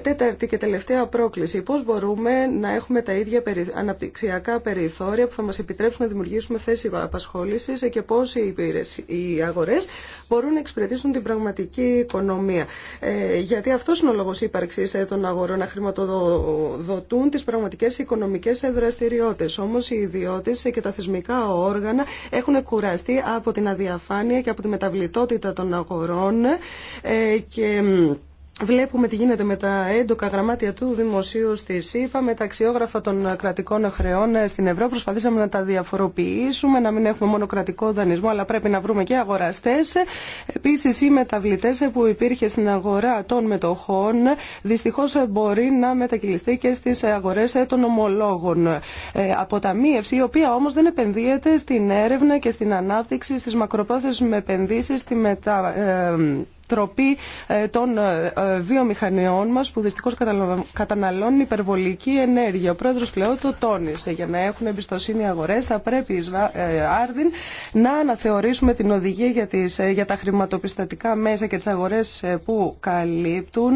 Τέταρτη και τελευταία πρόκληση. Πώς μπορούμε να έχουμε τα ίδια αναπτυξιακά περιθώρια που θα μας επιτρέψουν να δημιουργήσουμε θέση απασχόλησης και πώς οι αγορές μπορούν να εξυπηρετήσουν την πραγματική οικονομία. Ε, γιατί αυτό είναι ο λόγο ύπαρξη ε, των αγορών, να χρηματοδοτούν τι πραγματικέ οικονομικέ ε, δραστηριότητε. Όμω οι ιδιώτε και τα θεσμικά όργανα έχουν κουραστεί από την αδιαφάνεια και από τη μεταβλητότητα των αγορών και Βλέπουμε τι γίνεται με τα έντοκα γραμμάτια του Δημοσίου στη ΣΥΠΑ, με τα αξιόγραφα των κρατικών χρεών στην Ευρώπη. Προσπαθήσαμε να τα διαφοροποιήσουμε, να μην έχουμε μόνο κρατικό δανεισμό, αλλά πρέπει να βρούμε και αγοραστέ. Επίση, οι μεταβλητέ που υπήρχε στην αγορά των μετοχών, δυστυχώ μπορεί να μετακυλιστεί και στι αγορέ των ομολόγων. Ε, αποταμίευση, η οποία όμω δεν επενδύεται στην έρευνα και στην ανάπτυξη, στι μακροπρόθεσμε επενδύσει, στη μετα ε, ε, των ε, ε, βιομηχανιών μας που δυστυχώς καταναλώνουν υπερβολική ενέργεια. Ο πρόεδρος πλέον το τόνισε. Για να έχουν εμπιστοσύνη οι αγορές θα πρέπει ε, άρδιν να αναθεωρήσουμε την οδηγία για, τις, για τα χρηματοπιστωτικά μέσα και τις αγορές που καλύπτουν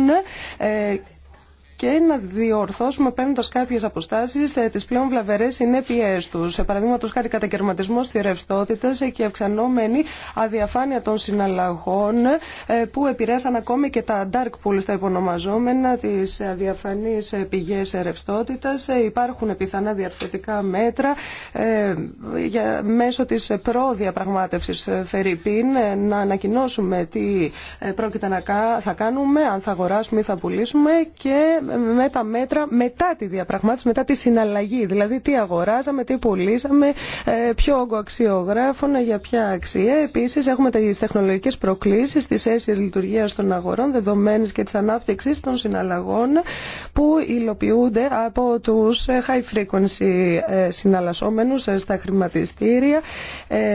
και να διορθώσουμε παίρνοντα κάποιε αποστάσει ε, τι πλέον βλαβερέ συνέπειέ του. Σε παραδείγματο χάρη κατακαιρματισμό τη ρευστότητα και αυξανόμενη αδιαφάνεια των συναλλαγών ε, που επηρέασαν ακόμη και τα dark pools, τα υπονομαζόμενα, τι αδιαφανεί πηγέ ρευστότητα. Ε, υπάρχουν πιθανά διαρθρωτικά μέτρα για, μέσω τη προδιαπραγμάτευση Φερρυπίν να ανακοινώσουμε τι πρόκειται να κάνουμε, αν θα αγοράσουμε ή θα πουλήσουμε και με τα μέτρα μετά τη διαπραγμάτευση, μετά τη συναλλαγή. Δηλαδή τι αγοράζαμε, τι πουλήσαμε, ε, ποιο όγκο αξιογράφων, για ποια αξία. Επίση έχουμε τι τεχνολογικέ προκλήσει, τι αίσθηση λειτουργία των αγορών, δεδομένε και τη ανάπτυξη των συναλλαγών που υλοποιούνται από του high frequency ε, συναλλασσόμενου ε, στα χρηματιστήρια,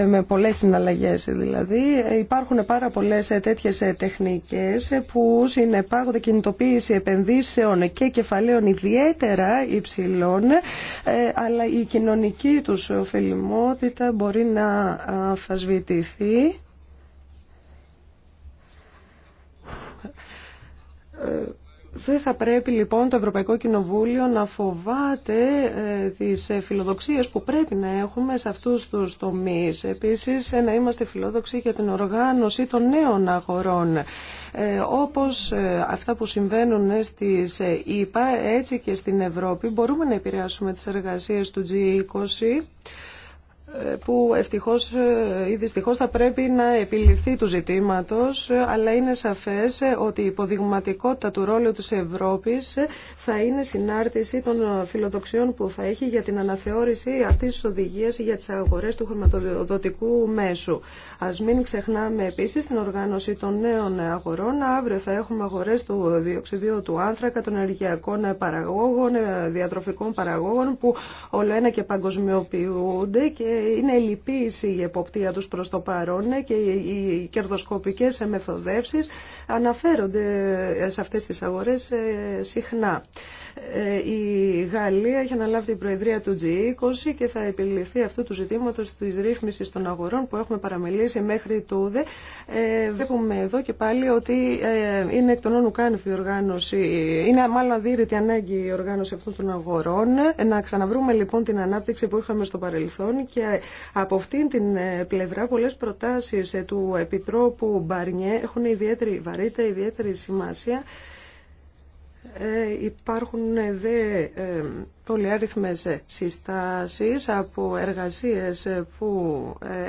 με πολλέ συναλλαγέ δηλαδή. Υπάρχουν πάρα πολλέ τέτοιε τεχνικέ που συνεπάγονται κινητοποίηση επενδύσεων και κεφαλαίων ιδιαίτερα υψηλών, ε, αλλά η κοινωνική τους ωφελημότητα μπορεί να αφασβητηθεί ε, δεν θα πρέπει λοιπόν το Ευρωπαϊκό Κοινοβούλιο να φοβάται ε, τις ε, φιλοδοξίες που πρέπει να έχουμε σε αυτούς τους τομείς. Επίσης ε, να είμαστε φιλόδοξοι για την οργάνωση των νέων αγορών. Όπως αυτά που συμβαίνουν στις ΗΠΑ έτσι και στην Ευρώπη μπορούμε να επηρεάσουμε τις εργασίες του G20 που ευτυχώς ε, ή δυστυχώς θα πρέπει να επιληφθεί του ζητήματος, αλλά είναι σαφές ότι η υποδειγματικότητα του ρόλου της Ευρώπης θα είναι συνάρτηση των φιλοδοξιών που θα έχει για την αναθεώρηση αυτής της οδηγίας για τις αγορές του χρηματοδοτικού μέσου. Ας μην ξεχνάμε επίσης την οργάνωση των νέων αγορών. Αύριο θα έχουμε αγορές του διοξιδίου του άνθρακα, των ενεργειακών παραγόγων, ε, διατροφικών παραγόγων που όλο ένα και παγκοσμιοποιούνται και είναι λυπής η εποπτεία τους προς το παρόν και οι κερδοσκοπικές μεθοδεύσεις αναφέρονται σε αυτές τις αγορές ε, συχνά. Ε, η Γαλλία έχει αναλάβει την προεδρία του G20 και θα επιληθεί αυτού του ζητήματος της ρύθμισης των αγορών που έχουμε παραμελήσει μέχρι τούδε. Ε, βλέπουμε εδώ και πάλι ότι είναι εκ των όνου η οργάνωση, είναι μάλλον αδύρυτη ανάγκη η οργάνωση αυτών των αγορών. Να ξαναβρούμε λοιπόν την ανάπτυξη που είχαμε στο παρελθόν και από αυτήν την ε, πλευρά πολλές προτάσεις ε, του Επιτρόπου Μπαρνιέ έχουν ιδιαίτερη βαρύτητα, ιδιαίτερη σημασία. Ε, υπάρχουν δε πολυάριθμες συστάσεις από εργασίες που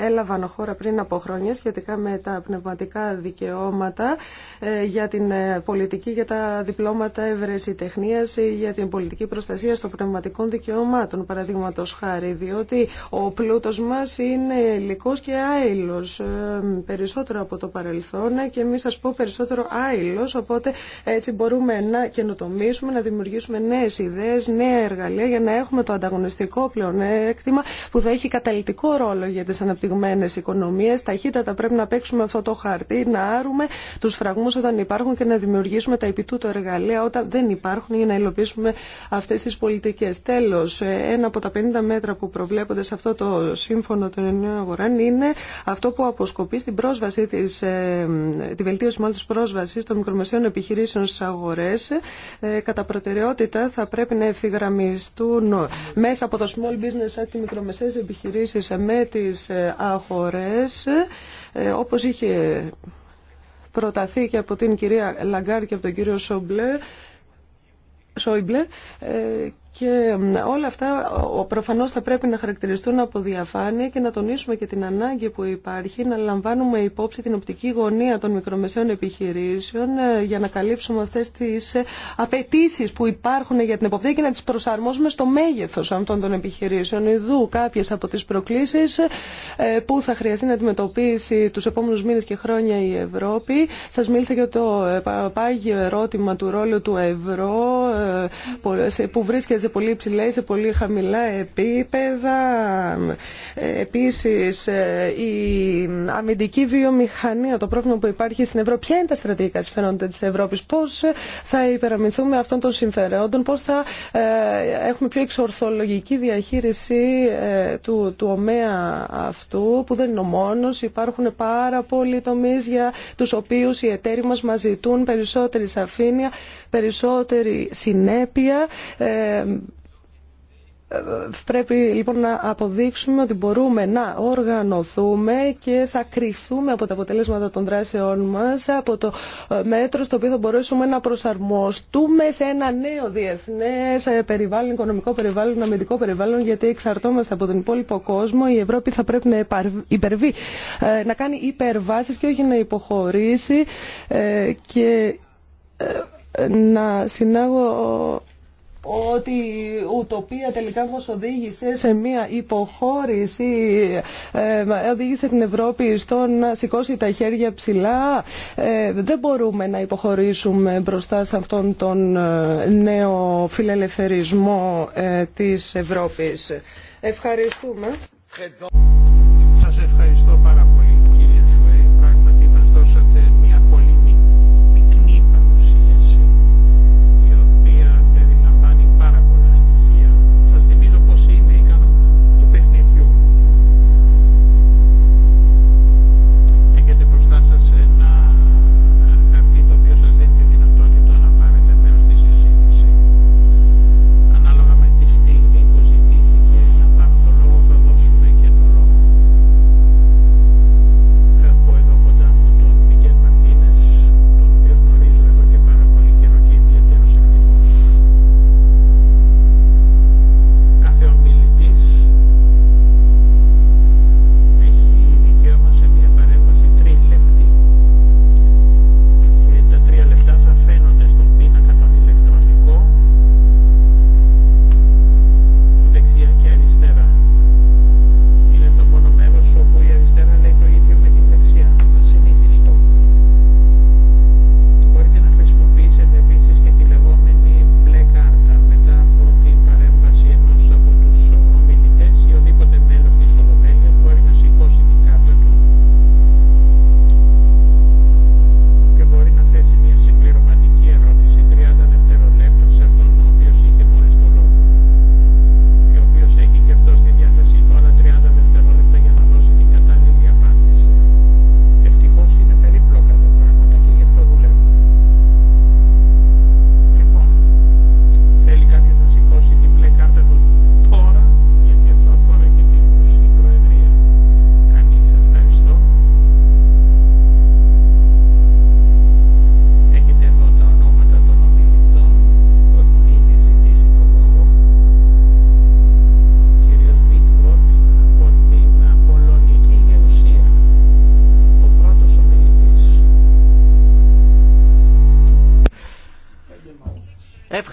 έλαβαν χώρα πριν από χρόνια σχετικά με τα πνευματικά δικαιώματα ε, για την ε, πολιτική για τα διπλώματα ευρεσιτεχνίας ή ε, για την πολιτική προστασία των πνευματικών δικαιωμάτων παραδείγματο χάρη διότι ο πλούτος μας είναι λικός και άειλος περισσότερο από το παρελθόν και εμεί σας πω περισσότερο άειλος οπότε έτσι μπορούμε να καινοτομήσουμε, να δημιουργήσουμε νέες ιδέες, νέα εργαλεία για να έχουμε το ανταγωνιστικό πλεονέκτημα που θα έχει καταλητικό ρόλο για τις αναπτυγμένες οικονομίες. Ταχύτατα πρέπει να παίξουμε αυτό το χαρτί, να άρουμε τους φραγμούς όταν υπάρχουν και να δημιουργήσουμε τα επιτούτο εργαλεία όταν δεν υπάρχουν για να υλοποιήσουμε αυτές τις πολιτικές. Τέλος, ένα από τα 50 μέτρα που προβλέπονται σε αυτό το σύμφωνο των ενιαίων αγορών είναι αυτό που αποσκοπεί στην πρόσβαση της, ε, τη βελτίωση μάλλον της πρόσβασης των μικρομεσαίων επιχειρήσεων στι αγορές. Ε, κατά προτεραιότητα θα πρέπει να μέσα από το Small Business Act οι μικρομεσαίες επιχειρήσεις με τις ε, αγορές ε, όπως είχε προταθεί και από την κυρία Λαγκάρ και από τον κύριο Σόμπλε Σόιμπλε ε, και όλα αυτά προφανώς θα πρέπει να χαρακτηριστούν από διαφάνεια και να τονίσουμε και την ανάγκη που υπάρχει να λαμβάνουμε υπόψη την οπτική γωνία των μικρομεσαίων επιχειρήσεων ε, για να καλύψουμε αυτές τις ε, απαιτήσει που υπάρχουν για την εποπτεία και να τις προσαρμόσουμε στο μέγεθος αυτών των επιχειρήσεων. Ιδού κάποιες από τις προκλήσεις ε, που θα χρειαστεί να αντιμετωπίσει τους επόμενους μήνες και χρόνια η Ευρώπη. Σας μίλησα για το πάγιο ερώτημα του ρόλου του ευρώ που βρίσκεται σε πολύ υψηλά ή σε πολύ χαμηλά επίπεδα. Ε, επίσης, ε, αμυντική βιομηχανία, το πρόβλημα που υπάρχει στην Ευρώπη, ποια είναι τα στρατηγικά συμφέροντα της Ευρώπης, πώς θα υπεραμεινθούμε αυτών των συμφερόντων, πώς θα ε, έχουμε πιο εξορθολογική διαχείριση του, του ομέα αυτού, που δεν είναι ο μόνος. Υπάρχουν πάρα πολλοί τομείς για τους οποίους οι εταίροι μας μας ζητούν περισσότερη σαφήνεια, περισσότερη συνέπεια. Πρέπει λοιπόν να αποδείξουμε ότι μπορούμε να οργανωθούμε και θα κρυθούμε από τα αποτελέσματα των δράσεών μας, από το ε, μέτρο στο οποίο θα μπορέσουμε να προσαρμοστούμε σε ένα νέο διεθνές ε, περιβάλλον, οικονομικό περιβάλλον, αμυντικό περιβάλλον, γιατί εξαρτώμαστε από τον υπόλοιπο κόσμο. Η Ευρώπη θα πρέπει να υπερβεί, ε, να κάνει υπερβάσεις και όχι να υποχωρήσει και να συνάγω ότι η ουτοπία τελικά μας οδήγησε σε μια υποχώρηση, ε, οδήγησε την Ευρώπη στο να σηκώσει τα χέρια ψηλά. Ε, δεν μπορούμε να υποχωρήσουμε μπροστά σε αυτόν τον ε, νέο φιλελευθερισμό της Ευρώπης. Ευχαριστούμε.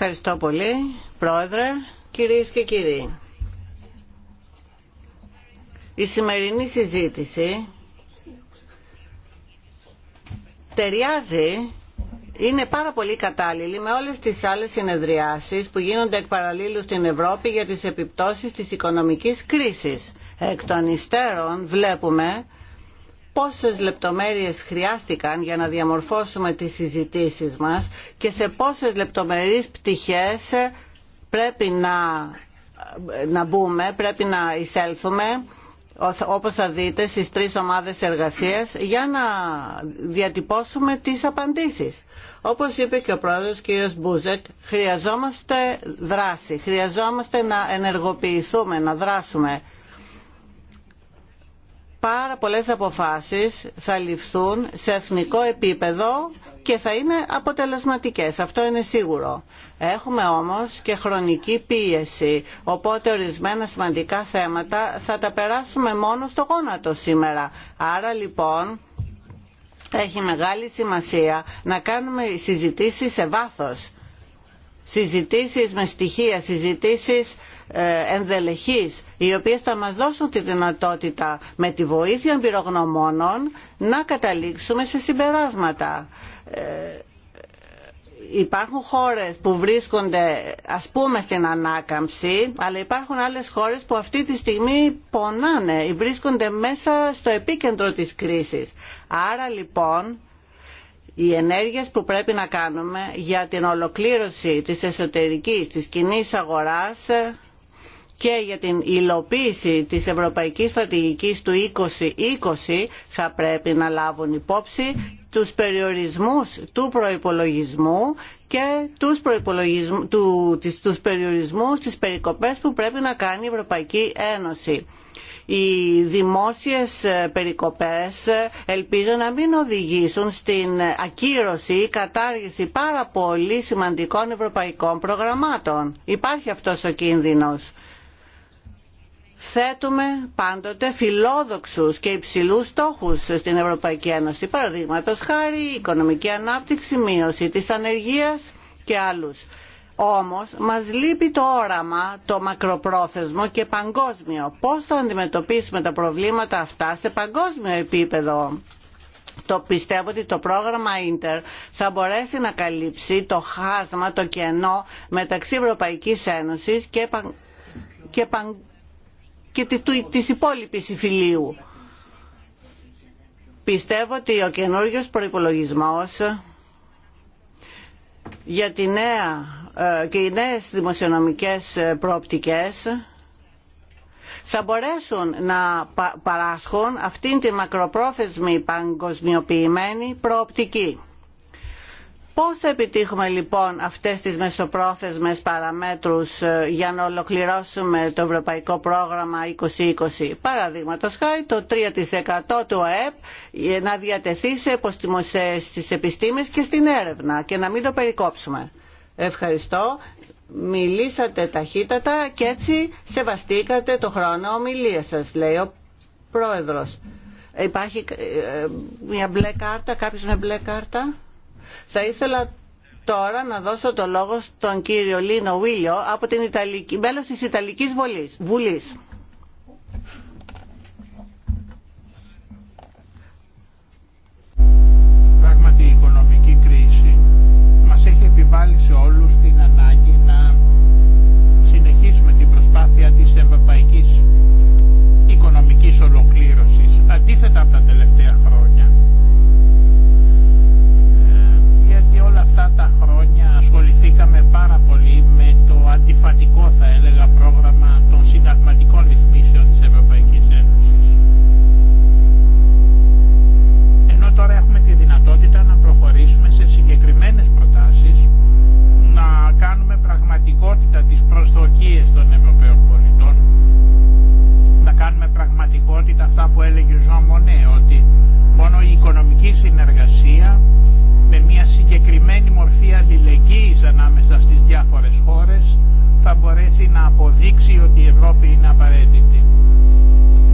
Ευχαριστώ πολύ, Πρόεδρε, κυρίες και κύριοι. Η σημερινή συζήτηση ταιριάζει, είναι πάρα πολύ κατάλληλη με όλες τις άλλες συνεδριάσεις που γίνονται εκ παραλίλου στην Ευρώπη για τις επιπτώσεις της οικονομικής κρίσης. Εκ των υστέρων βλέπουμε πόσες λεπτομέρειες χρειάστηκαν για να διαμορφώσουμε τις συζητήσεις μας και σε πόσες λεπτομερείς πτυχές πρέπει να, να μπούμε, πρέπει να εισέλθουμε όπως θα δείτε στις τρεις ομάδες εργασίας για να διατυπώσουμε τις απαντήσεις. Όπως είπε και ο πρόεδρος κύριος Μπούζεκ, χρειαζόμαστε δράση, χρειαζόμαστε να ενεργοποιηθούμε, να δράσουμε πάρα πολλές αποφάσεις θα ληφθούν σε εθνικό επίπεδο και θα είναι αποτελεσματικές. Αυτό είναι σίγουρο. Έχουμε όμως και χρονική πίεση, οπότε ορισμένα σημαντικά θέματα θα τα περάσουμε μόνο στο γόνατο σήμερα. Άρα λοιπόν έχει μεγάλη σημασία να κάνουμε συζητήσεις σε βάθος. Συζητήσεις με στοιχεία, συζητήσεις ε, ενδελεχείς οι οποίες θα μας δώσουν τη δυνατότητα με τη βοήθεια εμπειρογνωμόνων να καταλήξουμε σε συμπεράσματα. Ε, υπάρχουν χώρες που βρίσκονται ας πούμε στην ανάκαμψη αλλά υπάρχουν άλλες χώρες που αυτή τη στιγμή πονάνε ή βρίσκονται μέσα στο επίκεντρο της κρίσης. Άρα λοιπόν οι ενέργειες που πρέπει να κάνουμε για την ολοκλήρωση της εσωτερικής, της κοινή αγοράς και για την υλοποίηση της Ευρωπαϊκής Στρατηγικής του 2020 θα πρέπει να λάβουν υπόψη τους περιορισμούς του προϋπολογισμού και τους, του, τις, τους περιορισμούς, της περικοπές που πρέπει να κάνει η Ευρωπαϊκή Ένωση. Οι δημόσιες ε, περικοπές ε, ελπίζω να μην οδηγήσουν στην ακύρωση ή κατάργηση πάρα πολύ σημαντικών ευρωπαϊκών προγραμμάτων. Υπάρχει αυτός ο κίνδυνος θέτουμε πάντοτε φιλόδοξους και υψηλούς στόχους στην Ευρωπαϊκή Ένωση. Παραδείγματο χάρη, οικονομική ανάπτυξη, μείωση της ανεργίας και άλλους. Όμως μας λείπει το όραμα, το μακροπρόθεσμο και παγκόσμιο. Πώς θα αντιμετωπίσουμε τα προβλήματα αυτά σε παγκόσμιο επίπεδο. Το πιστεύω ότι το πρόγραμμα Ίντερ θα μπορέσει να καλύψει το χάσμα, το κενό μεταξύ Ευρωπαϊκής Ένωσης και, και της υπόλοιπης υφηλίου. Πιστεύω ότι ο καινούργιος προϋπολογισμός για τη νέα ε, και οι νέες δημοσιονομικές ε, προοπτικές θα μπορέσουν να παράσχουν αυτήν τη μακροπρόθεσμη παγκοσμιοποιημένη προοπτική. Πώς θα επιτύχουμε λοιπόν αυτές τις μεσοπρόθεσμες παραμέτρους ε, για να ολοκληρώσουμε το Ευρωπαϊκό Πρόγραμμα 2020. Παραδείγματος χάρη το 3% του ΑΕΠ ε, να διατεθεί σε στις επιστήμες και στην έρευνα και να μην το περικόψουμε. Ευχαριστώ. Μιλήσατε ταχύτατα και έτσι σεβαστήκατε το χρόνο ομιλία σας, λέει ο Πρόεδρος. Υπάρχει ε, μια μπλε κάρτα, κάποιος με μπλε κάρτα. Θα ήθελα τώρα να δώσω το λόγο στον κύριο Λίνο Βίλιο από την Ιταλική, μέλος της Ιταλικής Βουλής. Βουλής. Πράγματι η οικονομική κρίση μας έχει επιβάλει σε όλους την ανάγκη να συνεχίσουμε την προσπάθεια της ευρωπαϊκής οικονομικής ολοκλήρωσης. Αντίθετα από τα τελευταία περιφατικό θα έλεγα πρόγραμμα των συνταγματικών ρυθμίσεων της Ευρωπαϊκής Ένωσης. Ενώ τώρα έχουμε τη δυνατότητα να προχωρήσουμε σε συγκεκριμένες προτάσεις να κάνουμε πραγματικότητα τις προσδοκίες των Ευρωπαίων πολιτών να κάνουμε πραγματικότητα αυτά που έλεγε ο Ζωάν Μονέ ότι μόνο η οικονομική συνεργασία με μια συγκεκριμένη μορφή αλληλεγγύης ανάμεσα στις διάφορες χώρες θα μπορέσει να αποδείξει ότι η Ευρώπη είναι απαραίτητη.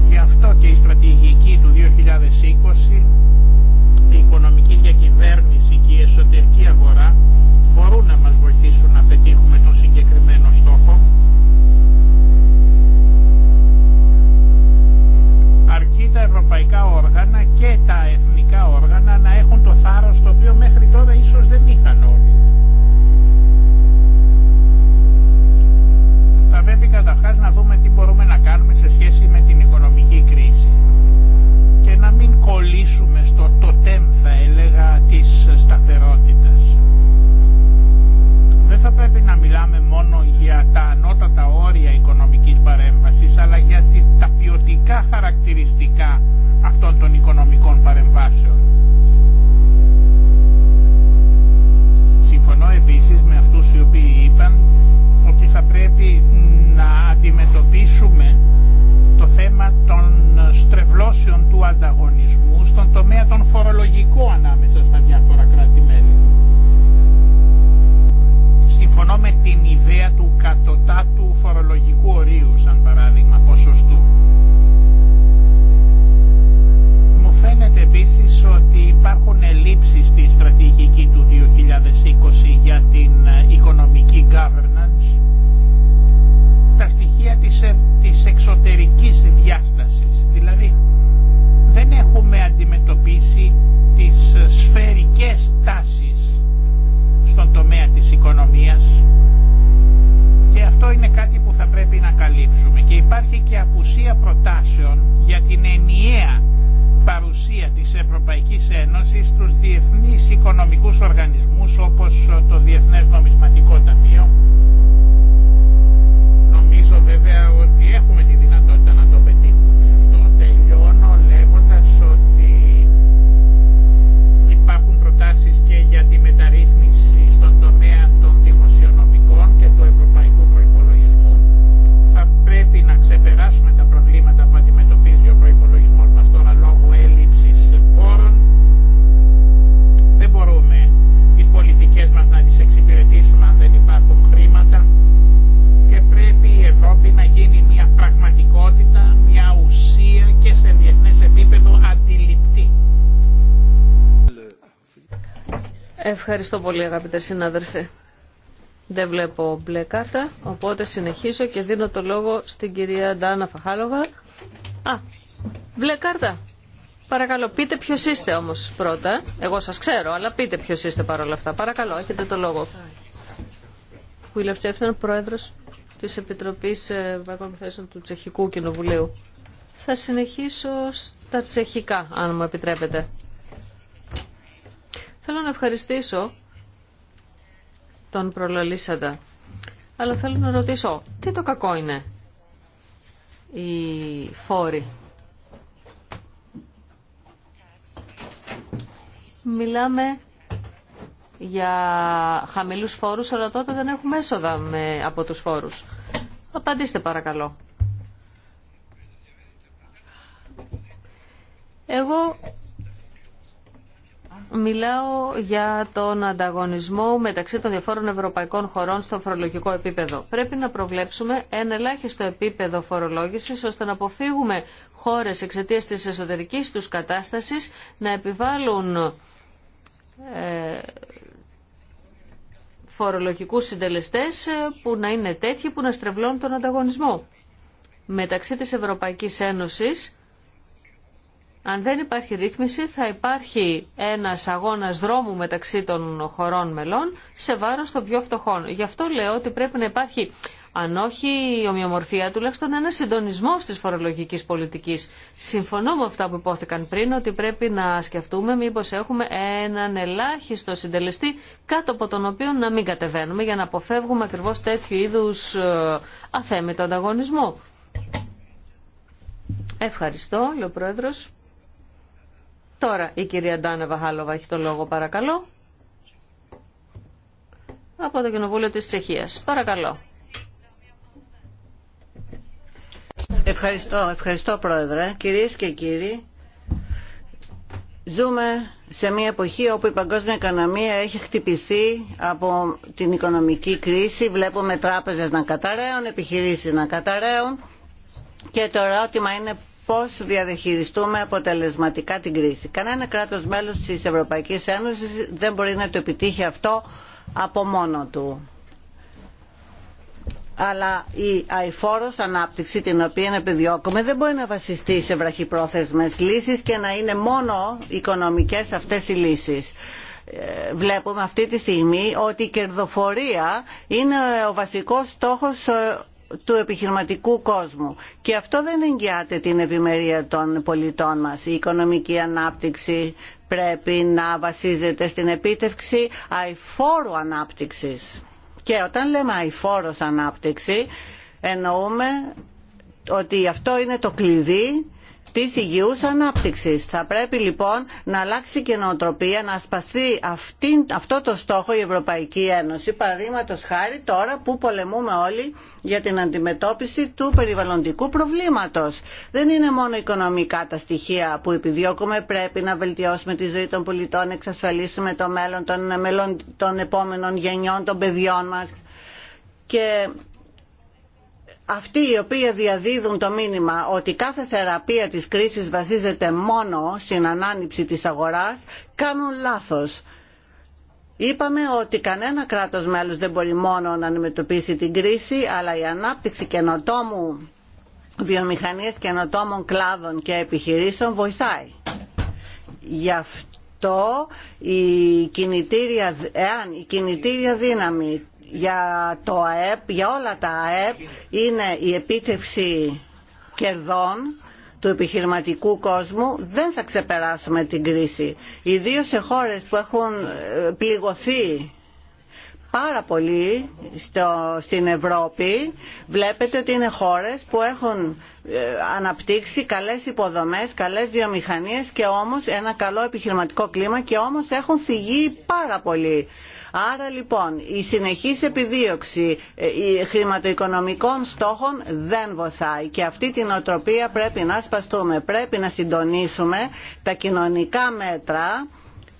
Γι' αυτό και η στρατηγική του 2020, η οικονομική διακυβέρνηση και η εσωτερική αγορά μπορούν να μας βοηθήσουν να πετύχουμε τον συγκεκριμένο στόχο. αρκεί τα ευρωπαϊκά όργανα και τα εθνικά όργανα να έχουν το θάρρος το οποίο μέχρι τώρα ίσως δεν είχαν όλοι. πρέπει να δούμε τι μπορούμε να κάνουμε σε σχέση με την οικονομική κρίση και να μην κολλήσουμε στο τοτέμ θα έλεγα της σταθερότητας. Δεν θα πρέπει να μιλάμε μόνο για τα ανώτατα όρια οικονομικής παρέμβασης αλλά για τα ποιοτικά χαρακτηριστικά αυτών των οικονομικών παρεμβάσεων. Συμφωνώ επίσης με αυτούς οι οποίοι είπαν ότι θα πρέπει να αντιμετωπίσουμε το θέμα των στρεβλώσεων του ανταγωνισμού στον τομέα των φορολογικών ανάμεσα στα διάφορα κράτη-μέλη. Συμφωνώ με την ιδέα του κατωτάτου φορολογικού ορίου, σαν παράδειγμα, ποσοστού. Μου φαίνεται επίσης ότι υπάρχουν ελλείψεις στη στρατηγική του 2020 για την ε, οικονομική governance απουσία προτάσεων για την ενιαία παρουσία της Ευρωπαϊκής Ένωσης στους διεθνείς οικονομικούς οργανισμούς όπως το Διεθνές Νομισματικό Ταμείο. Νομίζω βέβαια Ευχαριστώ πολύ αγαπητέ συνάδελφοι. Δεν βλέπω μπλε κάρτα, οπότε συνεχίζω και δίνω το λόγο στην κυρία Ντάνα Φαχάλοβα. Α, μπλε κάρτα. Παρακαλώ, πείτε ποιο είστε όμως πρώτα. Εγώ σας ξέρω, αλλά πείτε ποιο είστε παρόλα αυτά. Παρακαλώ, έχετε το λόγο. Βίλεφ Τσέφτερ, πρόεδρο τη Επιτροπή Βαγκοπιθέσεων ε, του Τσεχικού Κοινοβουλίου. Θα συνεχίσω στα τσεχικά, αν μου επιτρέπετε. Θέλω να ευχαριστήσω τον προλαλήσαντα. Αλλά θέλω να ρωτήσω, τι το κακό είναι οι φόροι. Μιλάμε για χαμηλούς φόρους, αλλά τότε δεν έχουμε έσοδα με, από τους φόρους. Απαντήστε παρακαλώ. Εγώ μιλάω για τον ανταγωνισμό μεταξύ των διαφόρων ευρωπαϊκών χωρών στο φορολογικό επίπεδο. Πρέπει να προβλέψουμε ένα ελάχιστο επίπεδο φορολόγησης ώστε να αποφύγουμε χώρες εξαιτία της εσωτερική τους κατάστασης να επιβάλλουν ε, φορολογικούς συντελεστές ε, που να είναι τέτοιοι που να στρεβλώνουν τον ανταγωνισμό μεταξύ της Ευρωπαϊκής Ένωσης αν δεν υπάρχει ρύθμιση θα υπάρχει ένας αγώνας δρόμου μεταξύ των χωρών μελών σε βάρος των πιο φτωχών. Γι' αυτό λέω ότι πρέπει να υπάρχει αν όχι η ομοιομορφία, τουλάχιστον ένα συντονισμό τη φορολογική πολιτική. Συμφωνώ με αυτά που υπόθηκαν πριν, ότι πρέπει να σκεφτούμε μήπω έχουμε έναν ελάχιστο συντελεστή κάτω από τον οποίο να μην κατεβαίνουμε για να αποφεύγουμε ακριβώ τέτοιου είδου ε, αθέμητο ανταγωνισμό. Ευχαριστώ, λέει Πρόεδρος. Τώρα η κυρία Ντάνα Βαχάλοβα έχει το λόγο παρακαλώ. Από το Κοινοβούλιο της Τσεχίας. Παρακαλώ. Ευχαριστώ, ευχαριστώ Πρόεδρε. Κυρίες και κύριοι, ζούμε σε μια εποχή όπου η παγκόσμια οικονομία έχει χτυπηθεί από την οικονομική κρίση. Βλέπουμε τράπεζες να καταραίουν, επιχειρήσεις να καταραίουν και το ερώτημα είναι πώς διαδεχειριστούμε αποτελεσματικά την κρίση. Κανένα κράτος μέλος της Ευρωπαϊκής Ένωσης δεν μπορεί να το επιτύχει αυτό από μόνο του. Αλλά η αηφόρος ανάπτυξη την οποία επιδιώκουμε δεν μπορεί να βασιστεί σε βραχυπρόθεσμες λύσεις και να είναι μόνο οικονομικές αυτές οι λύσεις ε, βλέπουμε αυτή τη στιγμή ότι η κερδοφορία είναι ο βασικός στόχος ε, του επιχειρηματικού κόσμου. Και αυτό δεν εγγυάται την ευημερία των πολιτών μας. Η οικονομική ανάπτυξη πρέπει να βασίζεται στην επίτευξη αηφόρου ανάπτυξης. Και όταν λέμε αηφόρος ανάπτυξη εννοούμε ότι αυτό είναι το κλειδί της υγιούς ανάπτυξης. Θα πρέπει λοιπόν να αλλάξει και νοοτροπία, να σπαστεί αυτή, αυτό το στόχο η Ευρωπαϊκή Ένωση, παραδείγματο χάρη τώρα που πολεμούμε όλοι για την αντιμετώπιση του περιβαλλοντικού προβλήματος. Δεν είναι μόνο οικονομικά τα στοιχεία που επιδιώκουμε, πρέπει να βελτιώσουμε τη ζωή των πολιτών, να εξασφαλίσουμε το μέλλον των, των επόμενων γενιών, των παιδιών μας και αυτοί οι οποίοι διαδίδουν το μήνυμα ότι κάθε θεραπεία της κρίσης βασίζεται μόνο στην ανάνυψη της αγοράς κάνουν λάθος. Είπαμε ότι κανένα κράτος μέλος δεν μπορεί μόνο να αντιμετωπίσει την κρίση, αλλά η ανάπτυξη καινοτόμου και καινοτόμων κλάδων και επιχειρήσεων βοηθάει. Γι' αυτό η κινητήρια, εάν η κινητήρια δύναμη για το ΑΕΠ, για όλα τα ΑΕΠ, είναι η επίτευξη κερδών του επιχειρηματικού κόσμου δεν θα ξεπεράσουμε την κρίση. Ιδίω σε χώρες που έχουν ε, πληγωθεί πάρα πολύ στο, στην Ευρώπη βλέπετε ότι είναι χώρες που έχουν ε, αναπτύξει καλές υποδομές, καλές βιομηχανίες και όμως ένα καλό επιχειρηματικό κλίμα και όμως έχουν θυγεί πάρα πολύ. Άρα λοιπόν η συνεχής επιδίωξη ε, χρηματοοικονομικών στόχων δεν βοηθάει και αυτή την οτροπία πρέπει να σπαστούμε. Πρέπει να συντονίσουμε τα κοινωνικά μέτρα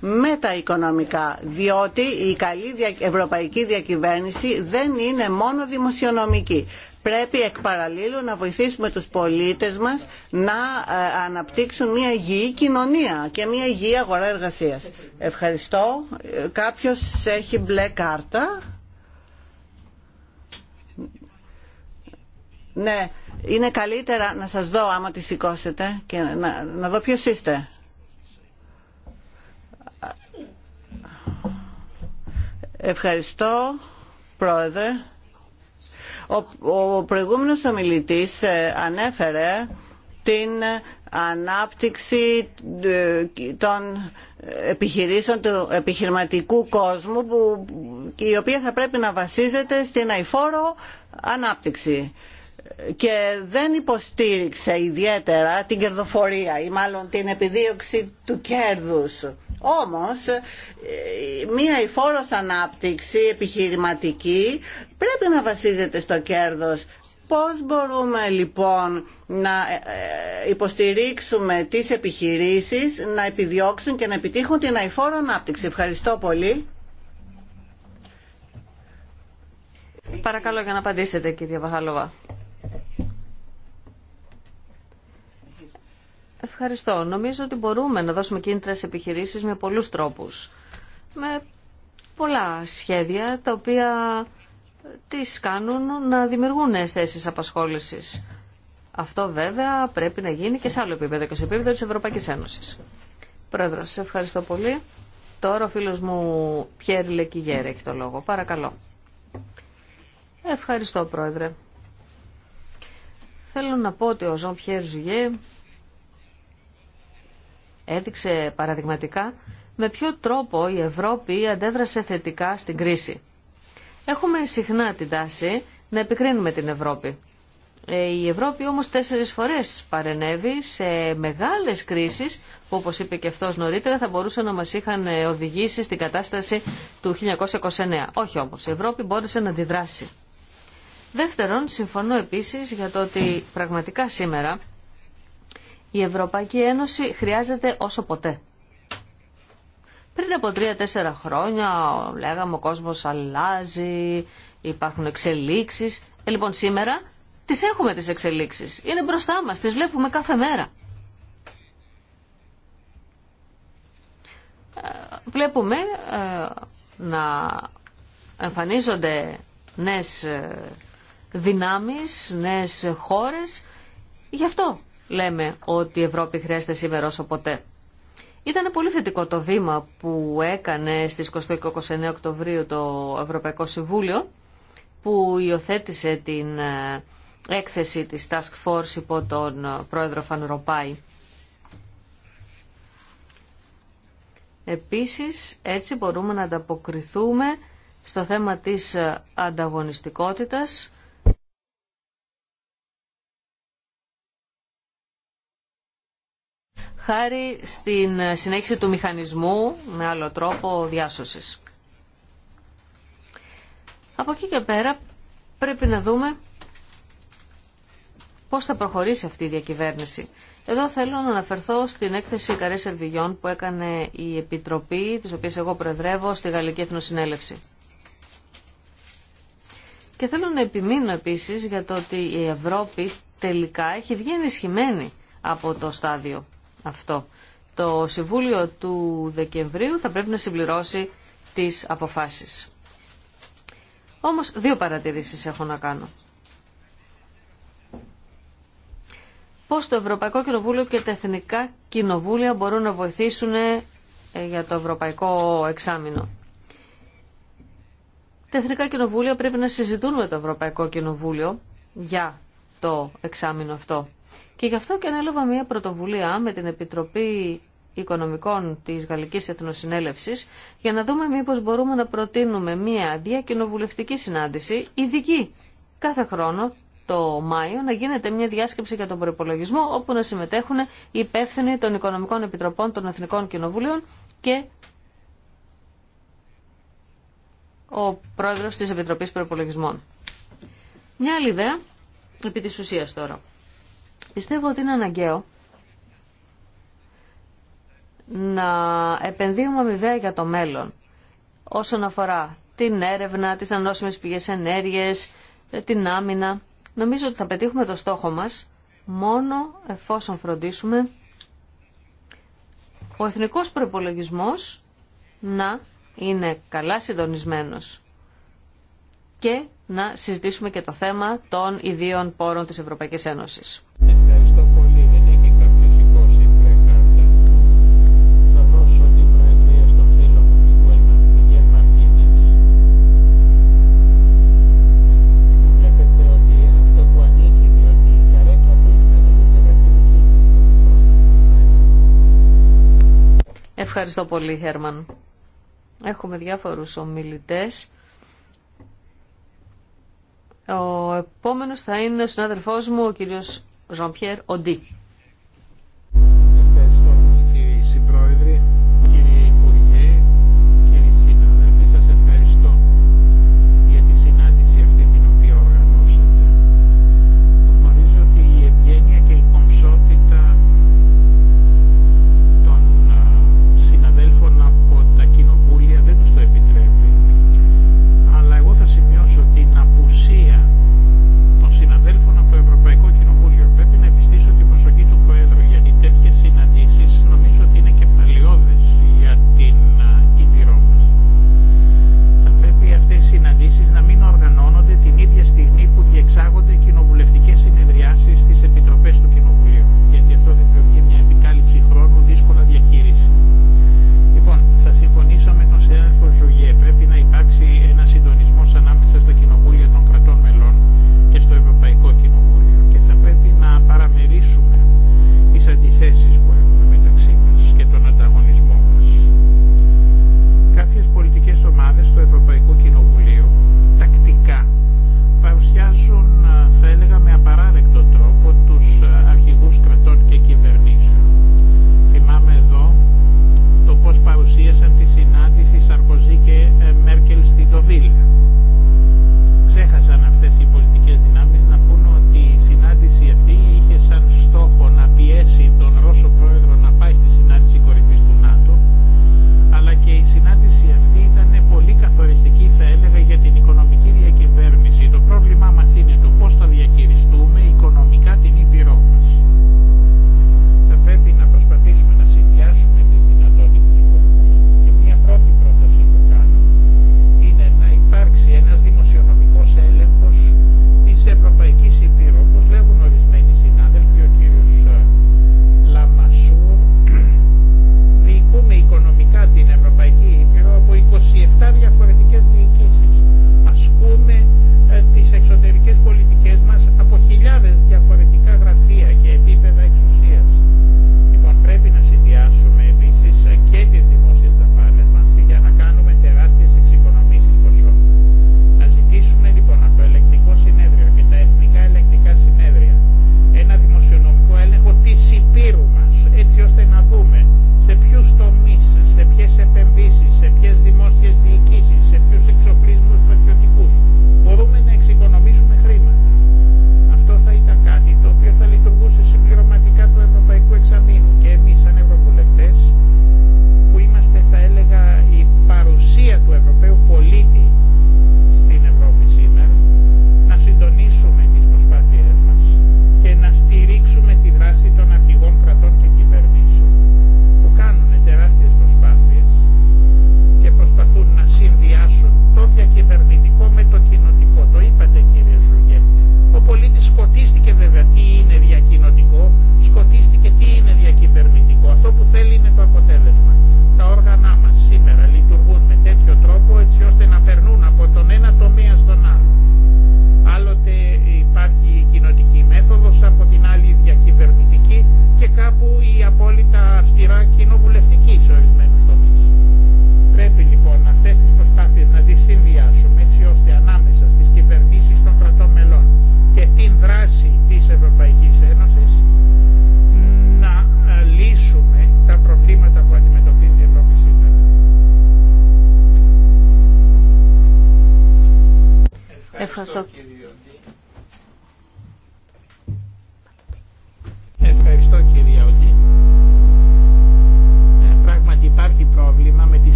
με τα οικονομικά, διότι η καλή ευρωπαϊκή διακυβέρνηση δεν είναι μόνο δημοσιονομική πρέπει εκ παραλίλου να βοηθήσουμε τους πολίτες μας να ε, αναπτύξουν μια υγιή κοινωνία και μια υγιή αγορά εργασίας. Ευχαριστώ. Ε, κάποιος έχει μπλε κάρτα. Ναι, είναι καλύτερα να σας δω άμα τη σηκώσετε και να, να δω ποιος είστε. Ευχαριστώ, Πρόεδρε. Ο προηγούμενος ομιλητής ε, ανέφερε την ανάπτυξη ε, των επιχειρήσεων του επιχειρηματικού κόσμου που, η οποία θα πρέπει να βασίζεται στην αηφόρο ανάπτυξη και δεν υποστήριξε ιδιαίτερα την κερδοφορία ή μάλλον την επιδίωξη του κέρδους όμως, ε, μία υφόρος ανάπτυξη επιχειρηματική πρέπει να βασίζεται στο κέρδος. Πώς μπορούμε λοιπόν να ε, ε, υποστηρίξουμε τις επιχειρήσεις να επιδιώξουν και να επιτύχουν την αηφόρο ανάπτυξη. Ευχαριστώ πολύ. Παρακαλώ για να απαντήσετε κύριε Βαχαλόβα. Ευχαριστώ. Νομίζω ότι μπορούμε να δώσουμε κίνητρα σε επιχειρήσεις με πολλούς τρόπους. Με πολλά σχέδια τα οποία τις κάνουν να δημιουργούν νέες θέσεις απασχόλησης. Αυτό βέβαια πρέπει να γίνει και σε άλλο επίπεδο και σε επίπεδο της Ευρωπαϊκής Ένωσης. Πρόεδρο, σε ευχαριστώ πολύ. Τώρα ο φίλος μου Πιέρ Λεκιγέρε έχει το λόγο. Παρακαλώ. Ευχαριστώ, Πρόεδρε. Θέλω να πω ότι ο Ζων Πιέρ Ζουγέ έδειξε παραδειγματικά με ποιο τρόπο η Ευρώπη αντέδρασε θετικά στην κρίση. Έχουμε συχνά την τάση να επικρίνουμε την Ευρώπη. Ε, η Ευρώπη όμως τέσσερις φορές παρενέβη σε μεγάλες κρίσεις που όπως είπε και αυτός νωρίτερα θα μπορούσαν να μας είχαν ε, οδηγήσει στην κατάσταση του 1929. Όχι όμως, η Ευρώπη μπόρεσε να αντιδράσει. Δεύτερον, συμφωνώ επίσης για το ότι πραγματικά σήμερα η Ευρωπαϊκή Ένωση χρειάζεται όσο ποτέ. Πριν από τρία-τέσσερα χρόνια λέγαμε ο κόσμος αλλάζει, υπάρχουν εξελίξεις. Ε, λοιπόν σήμερα τις έχουμε τις εξελίξεις. Είναι μπροστά μας, τις βλέπουμε κάθε μέρα. Ε, βλέπουμε ε, να εμφανίζονται νέες ε, δυνάμεις, νέες χώρες. Γι' αυτό λέμε ότι η Ευρώπη χρειάζεται σήμερα όσο ποτέ. Ήταν πολύ θετικό το βήμα που έκανε στις 29 Οκτωβρίου το Ευρωπαϊκό Συμβούλιο που υιοθέτησε την ε, έκθεση της Task Force υπό τον πρόεδρο Φανουροπάη. Επίσης, έτσι μπορούμε να ανταποκριθούμε στο θέμα της ανταγωνιστικότητας χάρη στην συνέχιση του μηχανισμού με άλλο τρόπο διάσωσης. Από εκεί και πέρα πρέπει να δούμε πώς θα προχωρήσει αυτή η διακυβέρνηση. Εδώ θέλω να αναφερθώ στην έκθεση Καρέ Σερβιγιών που έκανε η Επιτροπή, της οποίας εγώ προεδρεύω, στη Γαλλική Εθνοσυνέλευση. Και θέλω να επιμείνω επίσης για το ότι η Ευρώπη τελικά έχει βγει ενισχυμένη από το στάδιο αυτό. Το Συμβούλιο του Δεκεμβρίου θα πρέπει να συμπληρώσει τις αποφάσεις. Όμως δύο παρατηρήσεις έχω να κάνω. Πώς το Ευρωπαϊκό Κοινοβούλιο και τα Εθνικά Κοινοβούλια μπορούν να βοηθήσουν ε, για το Ευρωπαϊκό Εξάμεινο. Τα Εθνικά Κοινοβούλια πρέπει να συζητούν με το Ευρωπαϊκό Κοινοβούλιο για το εξάμεινο αυτό. Και γι' αυτό και ανέλαβα μια πρωτοβουλία με την Επιτροπή Οικονομικών της Γαλλικής Εθνοσυνέλευσης για να δούμε μήπως μπορούμε να προτείνουμε μια διακοινοβουλευτική συνάντηση ειδική κάθε χρόνο το Μάιο να γίνεται μια διάσκεψη για τον προπολογισμό όπου να συμμετέχουν οι υπεύθυνοι των Οικονομικών Επιτροπών των Εθνικών Κοινοβουλίων και ο πρόεδρος της Επιτροπής Προπολογισμών. Μια άλλη ιδέα επί της ουσίας τώρα. Πιστεύω ότι είναι αναγκαίο να επενδύουμε αμοιβαία για το μέλλον όσον αφορά την έρευνα, τις ανώσιμες πηγές ενέργειας, την άμυνα. Νομίζω ότι θα πετύχουμε το στόχο μας μόνο εφόσον φροντίσουμε ο εθνικός προϋπολογισμός να είναι καλά συντονισμένος και να συζητήσουμε και το θέμα των ιδίων πόρων της Ευρωπαϊκής Ένωσης. Ευχαριστώ πολύ. Δεν έχει κάποιο σηκώσει πλέκαρτα. Θα δώσω την προεδρία στο φίλο μου την Κουέλμα και η καρέκλα Ευχαριστώ πολύ, Χέρμαν. Έχουμε διάφορους ομιλητές. Ο επόμενος θα είναι ο συνάδελφός μου, ο κύριος Ζαμπιέρ Οντί. Ευχαριστώ, κύριε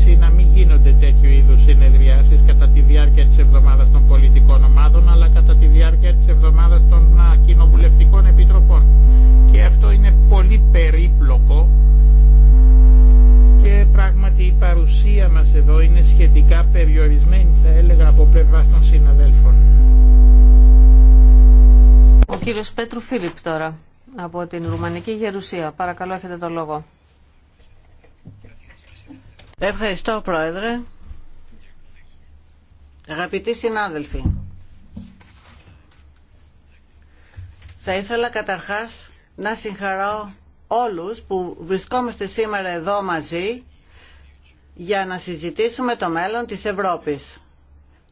ζητήσει να μην γίνονται τέτοιου είδου συνεδριάσει κατά τη διάρκεια τη εβδομάδα των πολιτικών ομάδων αλλά κατά τη διάρκεια τη εβδομάδα των κοινοβουλευτικών επιτροπών. Και αυτό είναι πολύ περίπλοκο και πράγματι η παρουσία μας εδώ είναι σχετικά περιορισμένη θα έλεγα από πλευρά των συναδέλφων. Ο κύριος Πέτρου Φίλιπ τώρα από την Ρουμανική Γερουσία. Παρακαλώ έχετε το λόγο. Ευχαριστώ Πρόεδρε. Αγαπητοί συνάδελφοι, θα ήθελα καταρχάς να συγχαρώ όλους που βρισκόμαστε σήμερα εδώ μαζί για να συζητήσουμε το μέλλον της Ευρώπης,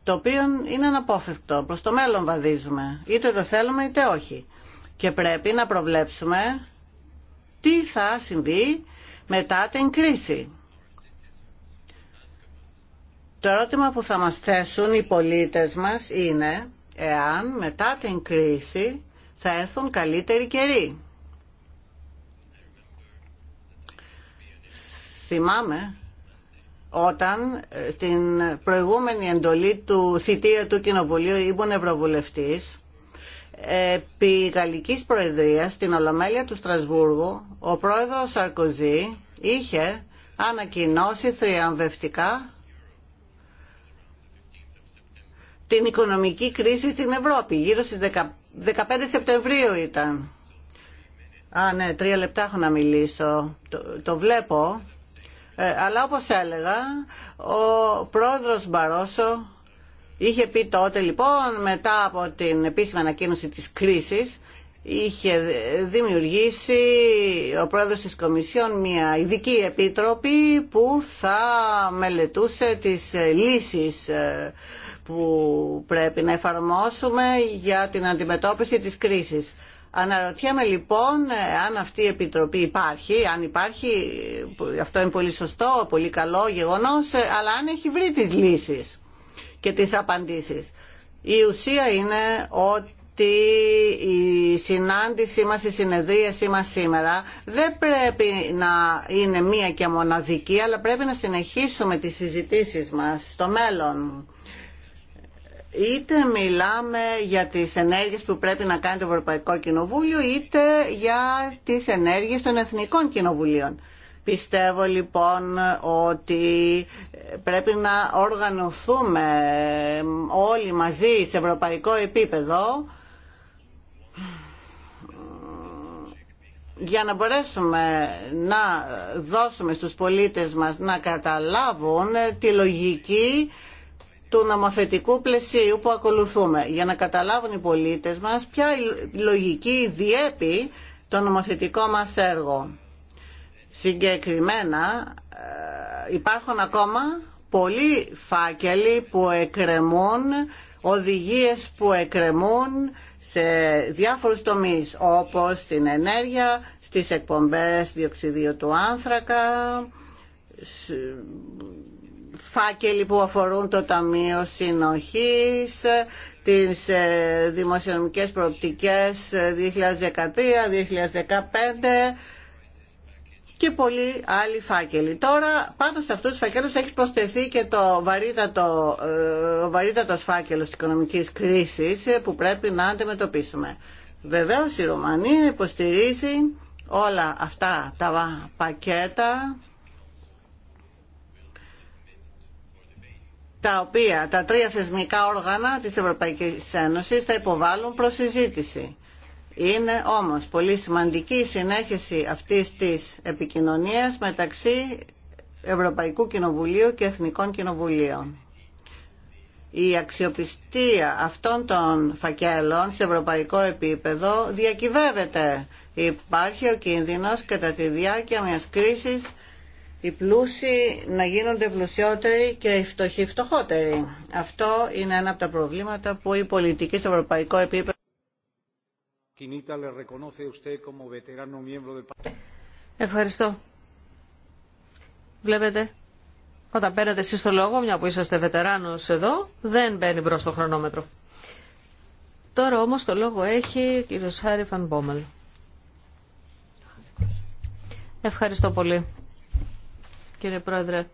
το οποίο είναι αναπόφευκτο, προς το μέλλον βαδίζουμε, είτε το θέλουμε είτε όχι. Και πρέπει να προβλέψουμε τι θα συμβεί μετά την κρίση το ερώτημα που θα μας θέσουν οι πολίτες μας είναι εάν μετά την κρίση θα έρθουν καλύτεροι καιροί. Θυμάμαι όταν ε, στην προηγούμενη εντολή του θητεία του Κοινοβουλίου ήμουν Ευρωβουλευτής επί Γαλλικής Προεδρίας στην Ολομέλεια του Στρασβούργου ο πρόεδρος Σαρκοζή είχε ανακοινώσει θριαμβευτικά την οικονομική κρίση στην Ευρώπη. Γύρω στις 15 Σεπτεμβρίου ήταν. Α, ναι, τρία λεπτά έχω να μιλήσω. Το, το βλέπω. Ε, αλλά όπως έλεγα, ο πρόεδρος Μπαρόσο είχε πει τότε λοιπόν, μετά από την επίσημη ανακοίνωση της κρίσης, είχε δημιουργήσει ο πρόεδρος της Κομισιόν μια ειδική επίτροπη που θα μελετούσε τις λύσεις ε, που πρέπει να εφαρμόσουμε για την αντιμετώπιση της κρίσης. Αναρωτιέμαι λοιπόν ε, αν αυτή η επιτροπή υπάρχει, αν υπάρχει, ε, αυτό είναι πολύ σωστό, πολύ καλό γεγονός, αλλά αν έχει βρει τις λύσεις και τις απαντήσεις. Η ουσία είναι ότι αυτή η συνάντησή μας, η συνεδρίασή μας σήμερα δεν πρέπει να είναι μία και μοναδική, αλλά πρέπει να συνεχίσουμε τις συζητήσεις μας στο μέλλον. Είτε μιλάμε για τις ενέργειες που πρέπει να κάνει το Ευρωπαϊκό Κοινοβούλιο, είτε για τις ενέργειες των Εθνικών Κοινοβουλίων. Πιστεύω λοιπόν ότι πρέπει να οργανωθούμε όλοι μαζί σε ευρωπαϊκό επίπεδο για να μπορέσουμε να δώσουμε στους πολίτες μας να καταλάβουν τη λογική του νομοθετικού πλαισίου που ακολουθούμε. Για να καταλάβουν οι πολίτες μας ποια λογική διέπει το νομοθετικό μας έργο. Συγκεκριμένα ε, υπάρχουν ακόμα πολλοί φάκελοι που εκκρεμούν, οδηγίες που εκρεμούν, σε διάφορους τομείς όπως στην ενέργεια, στις εκπομπές διοξιδίου του άνθρακα, φάκελοι που αφορούν το Ταμείο Συνοχής, τις ε, δημοσιονομικές προοπτικές 2013-2015, ε, και πολλοί άλλοι φάκελοι. Τώρα πάνω σε αυτούς του φακέλους έχει προσθεθεί και το βαρύτατο, φάκελο φάκελο φάκελος της οικονομικής κρίσης ε, που πρέπει να αντιμετωπίσουμε. Βεβαίω η Ρουμανία υποστηρίζει όλα αυτά τα πακέτα τα οποία τα τρία θεσμικά όργανα της Ευρωπαϊκής Ένωσης θα υποβάλουν προς είναι όμως πολύ σημαντική η συνέχιση αυτής της επικοινωνίας μεταξύ Ευρωπαϊκού Κοινοβουλίου και Εθνικών Κοινοβουλίων. Η αξιοπιστία αυτών των φακέλων σε ευρωπαϊκό επίπεδο διακυβεύεται. Υπάρχει ο κίνδυνος κατά τη διάρκεια μιας κρίσης οι πλούσιοι να γίνονται πλουσιότεροι και οι φτωχοί φτωχότεροι. Αυτό είναι ένα από τα προβλήματα που η πολιτική σε ευρωπαϊκό επίπεδο Ευχαριστώ. Βλέπετε, όταν παίρνετε εσείς το λόγο, μια που είσαστε βετεράνος εδώ, δεν μπαίνει μπρος το χρονόμετρο. Τώρα όμως το λόγο έχει ο Χάρη Φανμπόμελ. Ευχαριστώ πολύ, κύριε Πρόεδρε.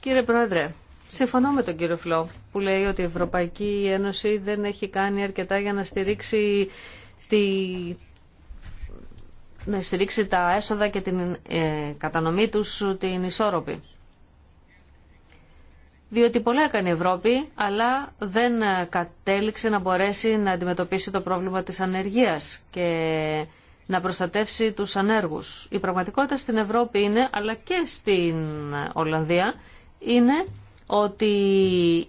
Κύριε Πρόεδρε, Συμφωνώ με τον κύριο Φλό που λέει ότι η Ευρωπαϊκή Ένωση δεν έχει κάνει αρκετά για να στηρίξει, τη... να στηρίξει τα έσοδα και την ε, κατανομή τους την ισόρροπη. Διότι πολλά έκανε η Ευρώπη, αλλά δεν κατέληξε να μπορέσει να αντιμετωπίσει το πρόβλημα της ανεργίας και να προστατεύσει τους ανέργους. Η πραγματικότητα στην Ευρώπη είναι, αλλά και στην Ολλανδία, είναι ότι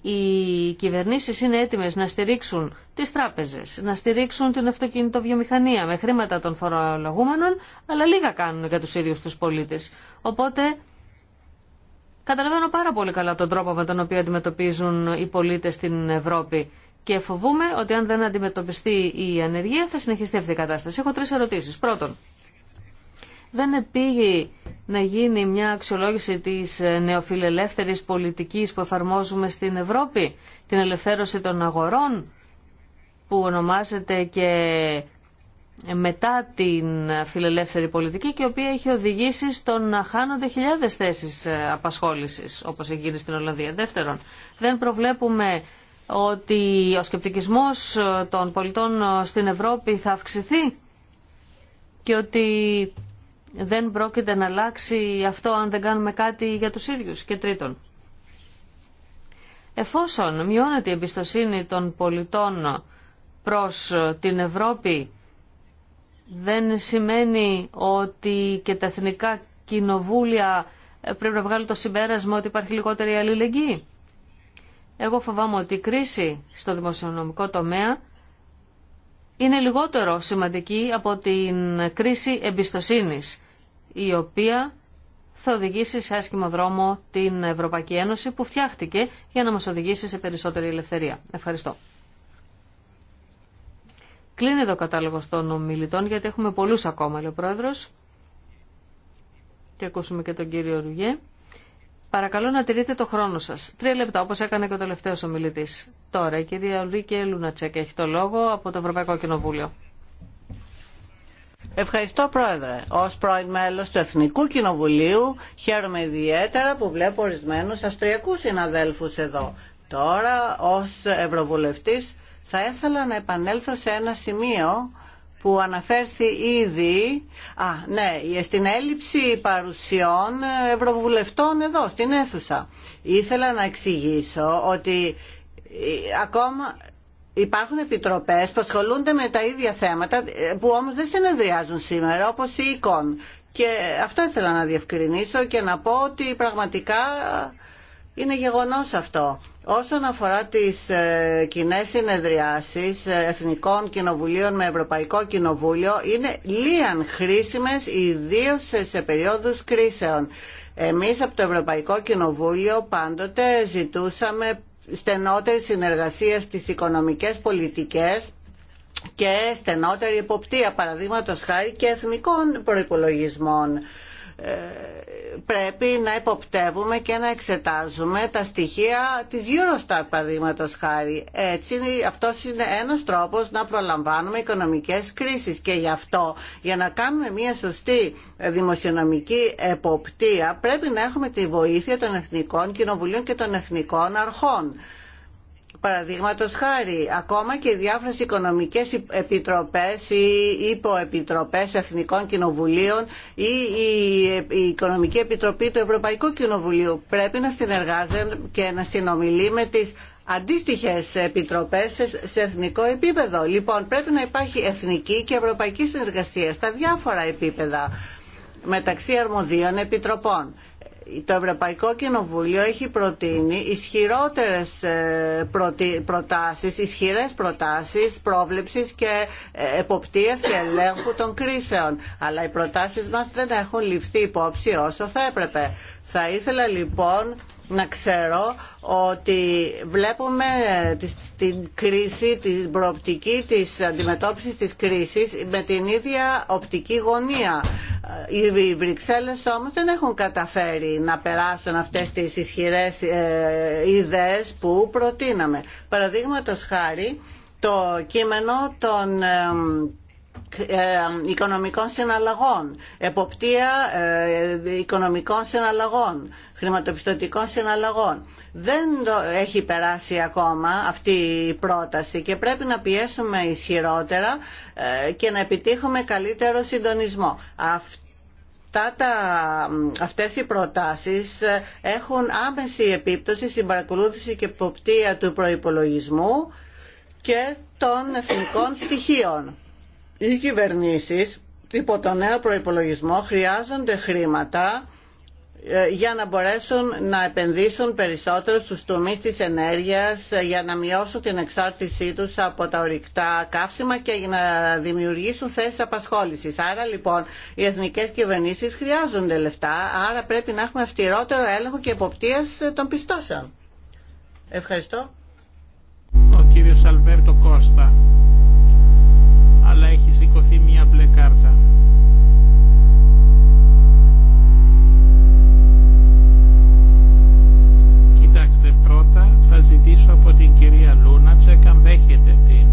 οι κυβερνήσεις είναι έτοιμες να στηρίξουν τις τράπεζες, να στηρίξουν την αυτοκινητοβιομηχανία με χρήματα των φορολογούμενων, αλλά λίγα κάνουν για τους ίδιους τους πολίτες. Οπότε καταλαβαίνω πάρα πολύ καλά τον τρόπο με τον οποίο αντιμετωπίζουν οι πολίτες στην Ευρώπη και φοβούμε ότι αν δεν αντιμετωπιστεί η ανεργία θα συνεχιστεί αυτή η κατάσταση. Έχω τρεις ερωτήσεις. Πρώτον, δεν επήγει να γίνει μια αξιολόγηση της νεοφιλελεύθερης πολιτικής που εφαρμόζουμε στην Ευρώπη, την ελευθέρωση των αγορών που ονομάζεται και μετά την φιλελεύθερη πολιτική και η οποία έχει οδηγήσει στο να χάνονται χιλιάδες θέσεις απασχόλησης όπως γίνει στην Ολλανδία. Δεύτερον, δεν προβλέπουμε ότι ο σκεπτικισμός των πολιτών στην Ευρώπη θα αυξηθεί και ότι δεν πρόκειται να αλλάξει αυτό αν δεν κάνουμε κάτι για τους ίδιους. Και τρίτον, εφόσον μειώνεται η εμπιστοσύνη των πολιτών προς την Ευρώπη, δεν σημαίνει ότι και τα εθνικά κοινοβούλια πρέπει να βγάλουν το συμπέρασμα ότι υπάρχει λιγότερη αλληλεγγύη. Εγώ φοβάμαι ότι η κρίση στο δημοσιονομικό τομέα είναι λιγότερο σημαντική από την κρίση εμπιστοσύνης, η οποία θα οδηγήσει σε άσχημο δρόμο την Ευρωπαϊκή Ένωση που φτιάχτηκε για να μας οδηγήσει σε περισσότερη ελευθερία. Ευχαριστώ. Κλείνει εδώ ο κατάλογο των ομιλητών γιατί έχουμε πολλούς ακόμα, λέει ο Πρόεδρος. Και ακούσουμε και τον κύριο Ρουγέ. Παρακαλώ να τηρείτε το χρόνο σας. Τρία λεπτά, όπως έκανε και ο τελευταίο ομιλητή. Τώρα, η κυρία Ολβίκη Λούνατσεκ έχει το λόγο από το Ευρωπαϊκό Κοινοβούλιο. Ευχαριστώ Πρόεδρε. Ως πρώην μέλος του Εθνικού Κοινοβουλίου χαίρομαι ιδιαίτερα που βλέπω ορισμένου αυστριακούς συναδέλφους εδώ. Τώρα ως Ευρωβουλευτής θα ήθελα να επανέλθω σε ένα σημείο που αναφέρθη ήδη, α, ναι, στην έλλειψη παρουσιών ευρωβουλευτών εδώ, στην αίθουσα. Ήθελα να εξηγήσω ότι ε, ακόμα υπάρχουν επιτροπές που ασχολούνται με τα ίδια θέματα, ε, που όμως δεν συνεδριάζουν σήμερα, όπως η ΕΚΟΝ. Και αυτό ήθελα να διευκρινίσω και να πω ότι πραγματικά είναι γεγονός αυτό. Όσον αφορά τις ε, κοινέ συνεδριάσεις ε, Εθνικών Κοινοβουλίων με Ευρωπαϊκό Κοινοβούλιο, είναι λίαν χρήσιμες, ιδίω σε, σε περίοδους κρίσεων. Εμείς από το Ευρωπαϊκό Κοινοβούλιο πάντοτε ζητούσαμε στενότερη συνεργασία στις οικονομικές πολιτικές και στενότερη εποπτεία παραδείγματος χάρη και εθνικών προϋπολογισμών πρέπει να εποπτεύουμε και να εξετάζουμε τα στοιχεία της Eurostar παραδείγματο χάρη. Έτσι, αυτός είναι ένας τρόπος να προλαμβάνουμε οικονομικές κρίσεις και γι' αυτό για να κάνουμε μια σωστή δημοσιονομική εποπτεία πρέπει να έχουμε τη βοήθεια των Εθνικών Κοινοβουλίων και των Εθνικών Αρχών. Παραδείγματο χάρη, ακόμα και οι διάφορε οικονομικέ επιτροπές ή υποεπιτροπές εθνικών κοινοβουλίων ή η Οικονομική Επιτροπή του Ευρωπαϊκού Κοινοβουλίου πρέπει να συνεργάζονται και να συνομιλεί με τις αντίστοιχες επιτροπές σε εθνικό επίπεδο. Λοιπόν, πρέπει να υπάρχει εθνική και ευρωπαϊκή συνεργασία στα διάφορα επίπεδα μεταξύ αρμοδίων επιτροπών το Ευρωπαϊκό Κοινοβούλιο έχει προτείνει ισχυρότερες ε, προτάσεις, ισχυρές προτάσεις πρόβλεψης και ε, εποπτείας και ελέγχου των κρίσεων. Αλλά οι προτάσεις μας δεν έχουν ληφθεί υπόψη όσο θα έπρεπε. Θα ήθελα λοιπόν να ξέρω ότι βλέπουμε την κρίση, την προοπτική της αντιμετώπισης της κρίσης με την ίδια οπτική γωνία. Ε, οι Βρυξέλλες όμως δεν έχουν καταφέρει να περάσουν αυτές τις ισχυρές ε, ιδέες που προτείναμε. Παραδείγματος χάρη το κείμενο των ε, ε, οικονομικών συναλλαγών, εποπτεία ε, οικονομικών συναλλαγών, χρηματοπιστωτικών συναλλαγών. Δεν έχει περάσει ακόμα αυτή η πρόταση και πρέπει να πιέσουμε ισχυρότερα ε, και να επιτύχουμε καλύτερο συντονισμό. Αυτά τα, αυτές οι προτάσεις έχουν άμεση επίπτωση στην παρακολούθηση και εποπτεία του προϋπολογισμού και των εθνικών στοιχείων οι κυβερνήσεις υπό το νέο προϋπολογισμό χρειάζονται χρήματα ε, για να μπορέσουν να επενδύσουν περισσότερο στους τομείς της ενέργειας ε, για να μειώσουν την εξάρτησή τους από τα ορυκτά καύσιμα και για να δημιουργήσουν θέσεις απασχόλησης. Άρα λοιπόν οι εθνικές κυβερνήσεις χρειάζονται λεφτά, άρα πρέπει να έχουμε αυστηρότερο έλεγχο και εποπτείας ε, των πιστώσεων. Ευχαριστώ. Ο κύριος αλλά έχει σηκωθεί μία μπλε κάρτα. Κοιτάξτε, πρώτα θα ζητήσω από την κυρία τσεκ αν δέχεται την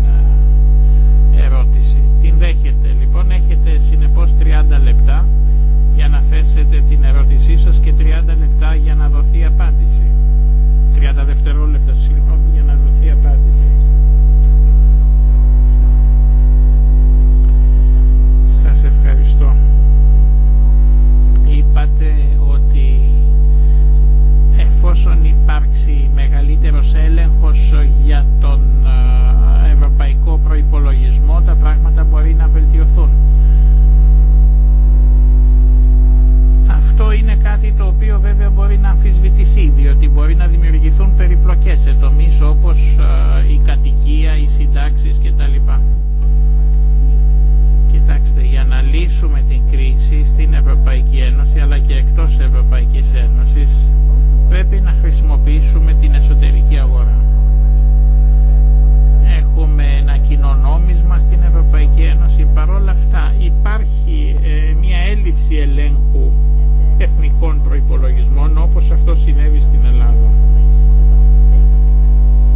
ε, ερώτηση. Την δέχεται. Λοιπόν, έχετε συνεπώς 30 λεπτά για να θέσετε την ερώτησή σας και 30 λεπτά για να δοθεί απάντηση. 30 δευτερόλεπτα, συγγνώμη, για να δοθεί είπατε ότι εφόσον υπάρξει μεγαλύτερος έλεγχος για τον ευρωπαϊκό προϋπολογισμό τα πράγματα μπορεί να βελτιωθούν. Αυτό είναι κάτι το οποίο βέβαια μπορεί να αμφισβητηθεί διότι μπορεί να δημιουργηθούν περιπλοκές σε τομείς όπως η κατοικία, οι συντάξεις κτλ. Κοιτάξτε, για να λύσουμε την κρίση στην Ευρωπαϊκή Ένωση αλλά και εκτός Ευρωπαϊκής Ένωσης πρέπει να χρησιμοποιήσουμε την εσωτερική αγορά. Έχουμε ένα κοινό στην Ευρωπαϊκή Ένωση. Παρόλα αυτά υπάρχει ε, μια έλλειψη ελέγχου εθνικών προϋπολογισμών όπως αυτό συνέβη στην Ελλάδα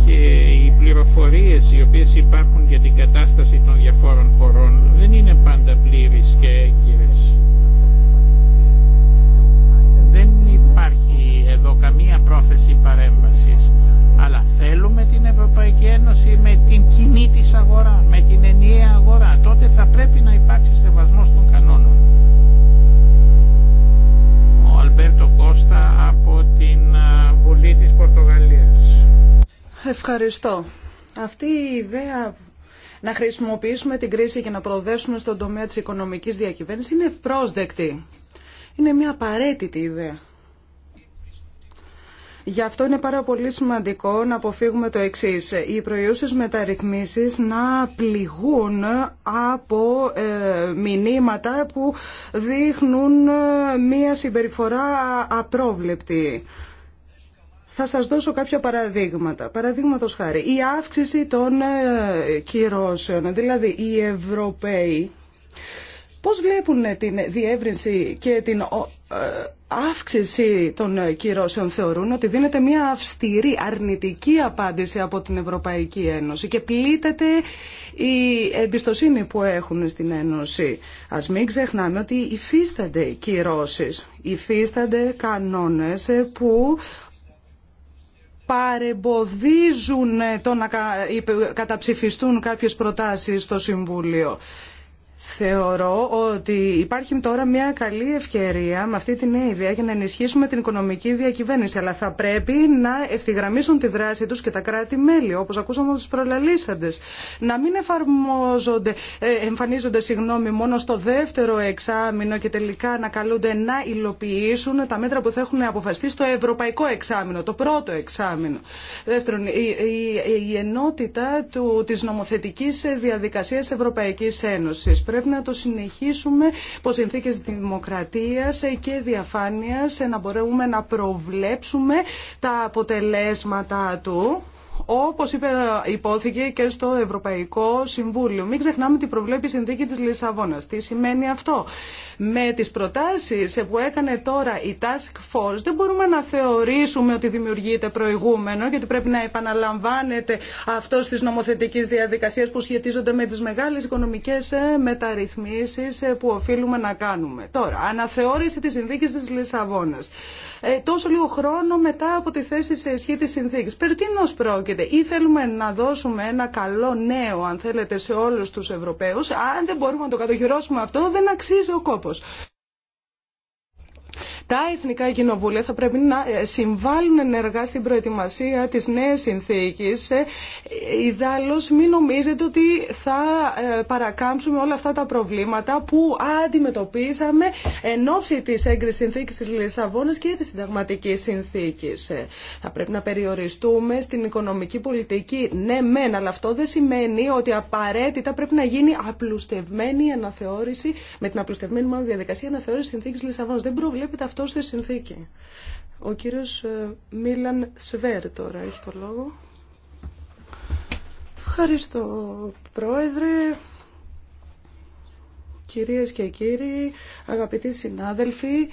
και οι πληροφορίες οι οποίες υπάρχουν για την κατάσταση των διαφόρων χωρών δεν είναι πάντα πλήρεις και έγκυρες. Δεν υπάρχει εδώ καμία πρόθεση παρέμβασης, αλλά θέλουμε την Ευρωπαϊκή Ένωση με την κοινή της αγορά, με την ενιαία αγορά. Τότε θα πρέπει να υπάρξει σεβασμός των κανόνων. Ο Αλμπέρτο Κώστα από την Βουλή της Πορτογαλίας. Ευχαριστώ. Αυτή η ιδέα να χρησιμοποιήσουμε την κρίση και να προοδεύσουμε στον τομέα της οικονομικής διακυβέρνησης είναι ευπρόσδεκτη. Είναι μια απαραίτητη ιδέα. Γι' αυτό είναι πάρα πολύ σημαντικό να αποφύγουμε το εξή. Οι προϊούσες μεταρρυθμίσεις να πληγούν από ε, μηνύματα που δείχνουν ε, μία συμπεριφορά απρόβλεπτη. Θα σας δώσω κάποια παραδείγματα. Παραδείγματο χάρη, η αύξηση των ε, κυρώσεων. Δηλαδή, οι Ευρωπαίοι πώς βλέπουν την διεύρυνση και την ε, αύξηση των ε, κυρώσεων θεωρούν ότι δίνεται μια αυστηρή αρνητική απάντηση από την Ευρωπαϊκή Ένωση και πλήττεται η εμπιστοσύνη που έχουν στην Ένωση. Ας μην ξεχνάμε ότι υφίστανται κυρώσεις, υφίστανται κανόνες που παρεμποδίζουν το να καταψηφιστούν κάποιες προτάσεις στο Συμβούλιο. Θεωρώ ότι υπάρχει τώρα μια καλή ευκαιρία με αυτή τη νέα ιδέα για να ενισχύσουμε την οικονομική διακυβέρνηση. Αλλά θα πρέπει να ευθυγραμμίσουν τη δράση του και τα κράτη-μέλη, όπω ακούσαμε από του προλαλήσαντε. Να μην εφαρμόζονται, ε, εμφανίζονται συγγνώμη, μόνο στο δεύτερο εξάμεινο και τελικά να καλούνται να υλοποιήσουν τα μέτρα που θα έχουν αποφασιστεί στο ευρωπαϊκό εξάμεινο, το πρώτο εξάμεινο. Δεύτερον, η, η, η ενότητα τη νομοθετική διαδικασία Ευρωπαϊκή Ένωση πρέπει να το συνεχίσουμε υπό συνθήκε δημοκρατία και διαφάνεια, να μπορούμε να προβλέψουμε τα αποτελέσματα του όπως είπε, υπόθηκε και στο Ευρωπαϊκό Συμβούλιο. Μην ξεχνάμε ότι προβλέπει η συνθήκη της Λισαβόνας. Τι σημαίνει αυτό. Με τις προτάσεις που έκανε τώρα η Task Force δεν μπορούμε να θεωρήσουμε ότι δημιουργείται προηγούμενο γιατί πρέπει να επαναλαμβάνεται αυτό στις νομοθετικές διαδικασίες που σχετίζονται με τις μεγάλες οικονομικές ε, μεταρρυθμίσεις ε, που οφείλουμε να κάνουμε. Τώρα, αναθεώρηση της συνθήκης της Λισαβόνας. Ε, τόσο λίγο χρόνο μετά από τη θέση σε ισχύ της συνθήκης. Περ πρόκειται. Ή θέλουμε να δώσουμε ένα καλό νέο, αν θέλετε, σε όλου τους Ευρωπαίους. Αν δεν μπορούμε να το κατοχυρώσουμε αυτό, δεν αξίζει ο κόπο στόχους. Τα εθνικά κοινοβούλια θα πρέπει να ε, συμβάλλουν ενεργά στην προετοιμασία τη νέα συνθήκη. Ε, Ιδάλω, μην νομίζετε ότι θα ε, παρακάμψουμε όλα αυτά τα προβλήματα που αντιμετωπίσαμε εν ώψη της έγκριση συνθήκη τη Λισαβόνα και τη συνταγματική συνθήκη. Θα πρέπει να περιοριστούμε στην οικονομική πολιτική. Ναι, μεν, αλλά αυτό δεν σημαίνει ότι απαραίτητα πρέπει να γίνει απλουστευμένη αναθεώρηση, με την απλουστευμένη μάλλον διαδικασία αναθεώρηση συνθήκη Λισαβόνα. Δεν προβλέπει προβλέπεται αυτό στη συνθήκη. Ο κύριος ε, Μίλαν Σβέρ τώρα έχει το λόγο. Ευχαριστώ πρόεδρε. Κυρίες και κύριοι, αγαπητοί συνάδελφοι,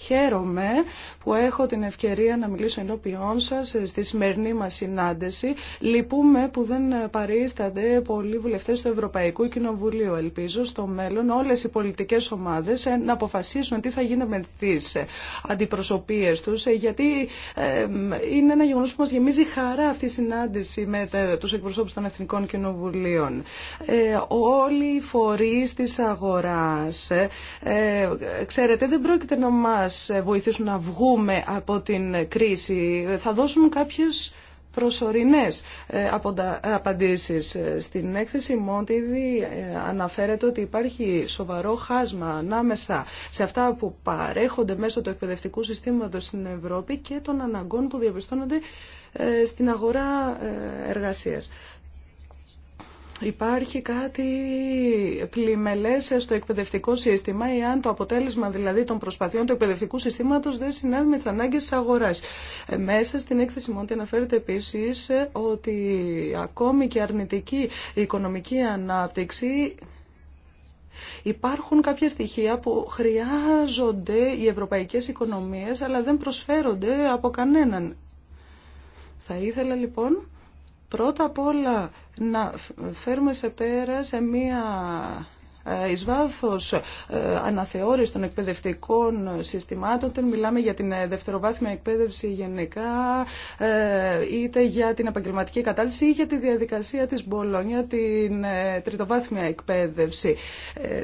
Χαίρομαι που έχω την ευκαιρία να μιλήσω ενώπιόν σας στη σημερινή μας συνάντηση. Λυπούμε που δεν παρίστανται πολλοί βουλευτές του Ευρωπαϊκού Κοινοβουλίου. Ελπίζω στο μέλλον όλες οι πολιτικές ομάδες ε, να αποφασίσουν τι θα γίνει με τις ε, αντιπροσωπείες τους, ε, γιατί είναι ένα γεγονός που μας γεμίζει χαρά αυτή η συνάντηση με τους εκπροσώπους των Εθνικών Κοινοβουλίων. όλοι οι φορείς της αγοράς, ξέρετε, δεν πρόκειται να μας μας βοηθήσουν να βγούμε από την κρίση. Θα δώσουν κάποιες προσωρινές ε, απαντήσεις. Ε, στην έκθεση Μόντιδη ε, αναφέρεται ότι υπάρχει σοβαρό χάσμα ανάμεσα σε αυτά που παρέχονται μέσω του εκπαιδευτικού συστήματος στην Ευρώπη και των αναγκών που διαπιστώνονται στην αγορά εργασίας υπάρχει κάτι πλημελές στο εκπαιδευτικό σύστημα, εάν το αποτέλεσμα δηλαδή των προσπαθειών του εκπαιδευτικού συστήματος δεν συνάδει με τις ανάγκες της αγοράς. Ε, μέσα στην έκθεση Μόντι αναφέρεται επίσης ε, ότι ακόμη και αρνητική οικονομική ανάπτυξη Υπάρχουν κάποια στοιχεία που χρειάζονται οι ευρωπαϊκές οικονομίες, αλλά δεν προσφέρονται από κανέναν. Θα ήθελα λοιπόν πρώτα απ' όλα να φέρουμε σε πέρα σε μία ε, εις βάθος ε, αναθεώρηση των εκπαιδευτικών συστημάτων, μιλάμε για την ε, δευτεροβάθμια εκπαίδευση γενικά, είτε για την επαγγελματική κατάσταση, ή για τη διαδικασία της Μπολόνια, την τριτοβάθμια εκπαίδευση.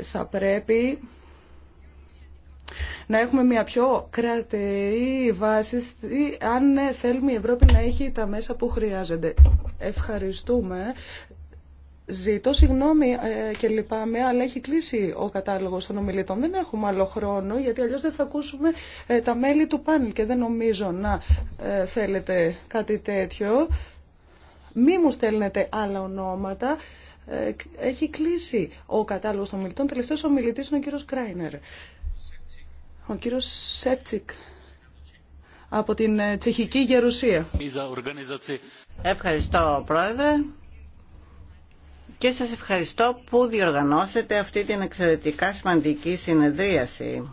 Θα πρέπει να έχουμε μια πιο κρατεή βάση αν ε, θέλουμε η Ευρώπη να έχει τα μέσα που χρειάζεται. Ευχαριστούμε. Ζητώ συγγνώμη ε, και λυπάμαι, αλλά έχει κλείσει ο κατάλογος των ομιλητών. Δεν έχουμε άλλο χρόνο, γιατί αλλιώς δεν θα ακούσουμε ε, τα μέλη του πάνελ και δεν νομίζω να θέλετε κάτι τέτοιο. Μη μου στέλνετε άλλα ονόματα. Έχει κλείσει ο κατάλογος των ομιλητών. Τελευταίος ομιλητής είναι ο κύριος Κράινερ. Ο κύριος Σέπτσικ από την ε, Τσεχική Γερουσία. Ευχαριστώ Πρόεδρε και σας ευχαριστώ που διοργανώσετε αυτή την εξαιρετικά σημαντική συνεδρίαση.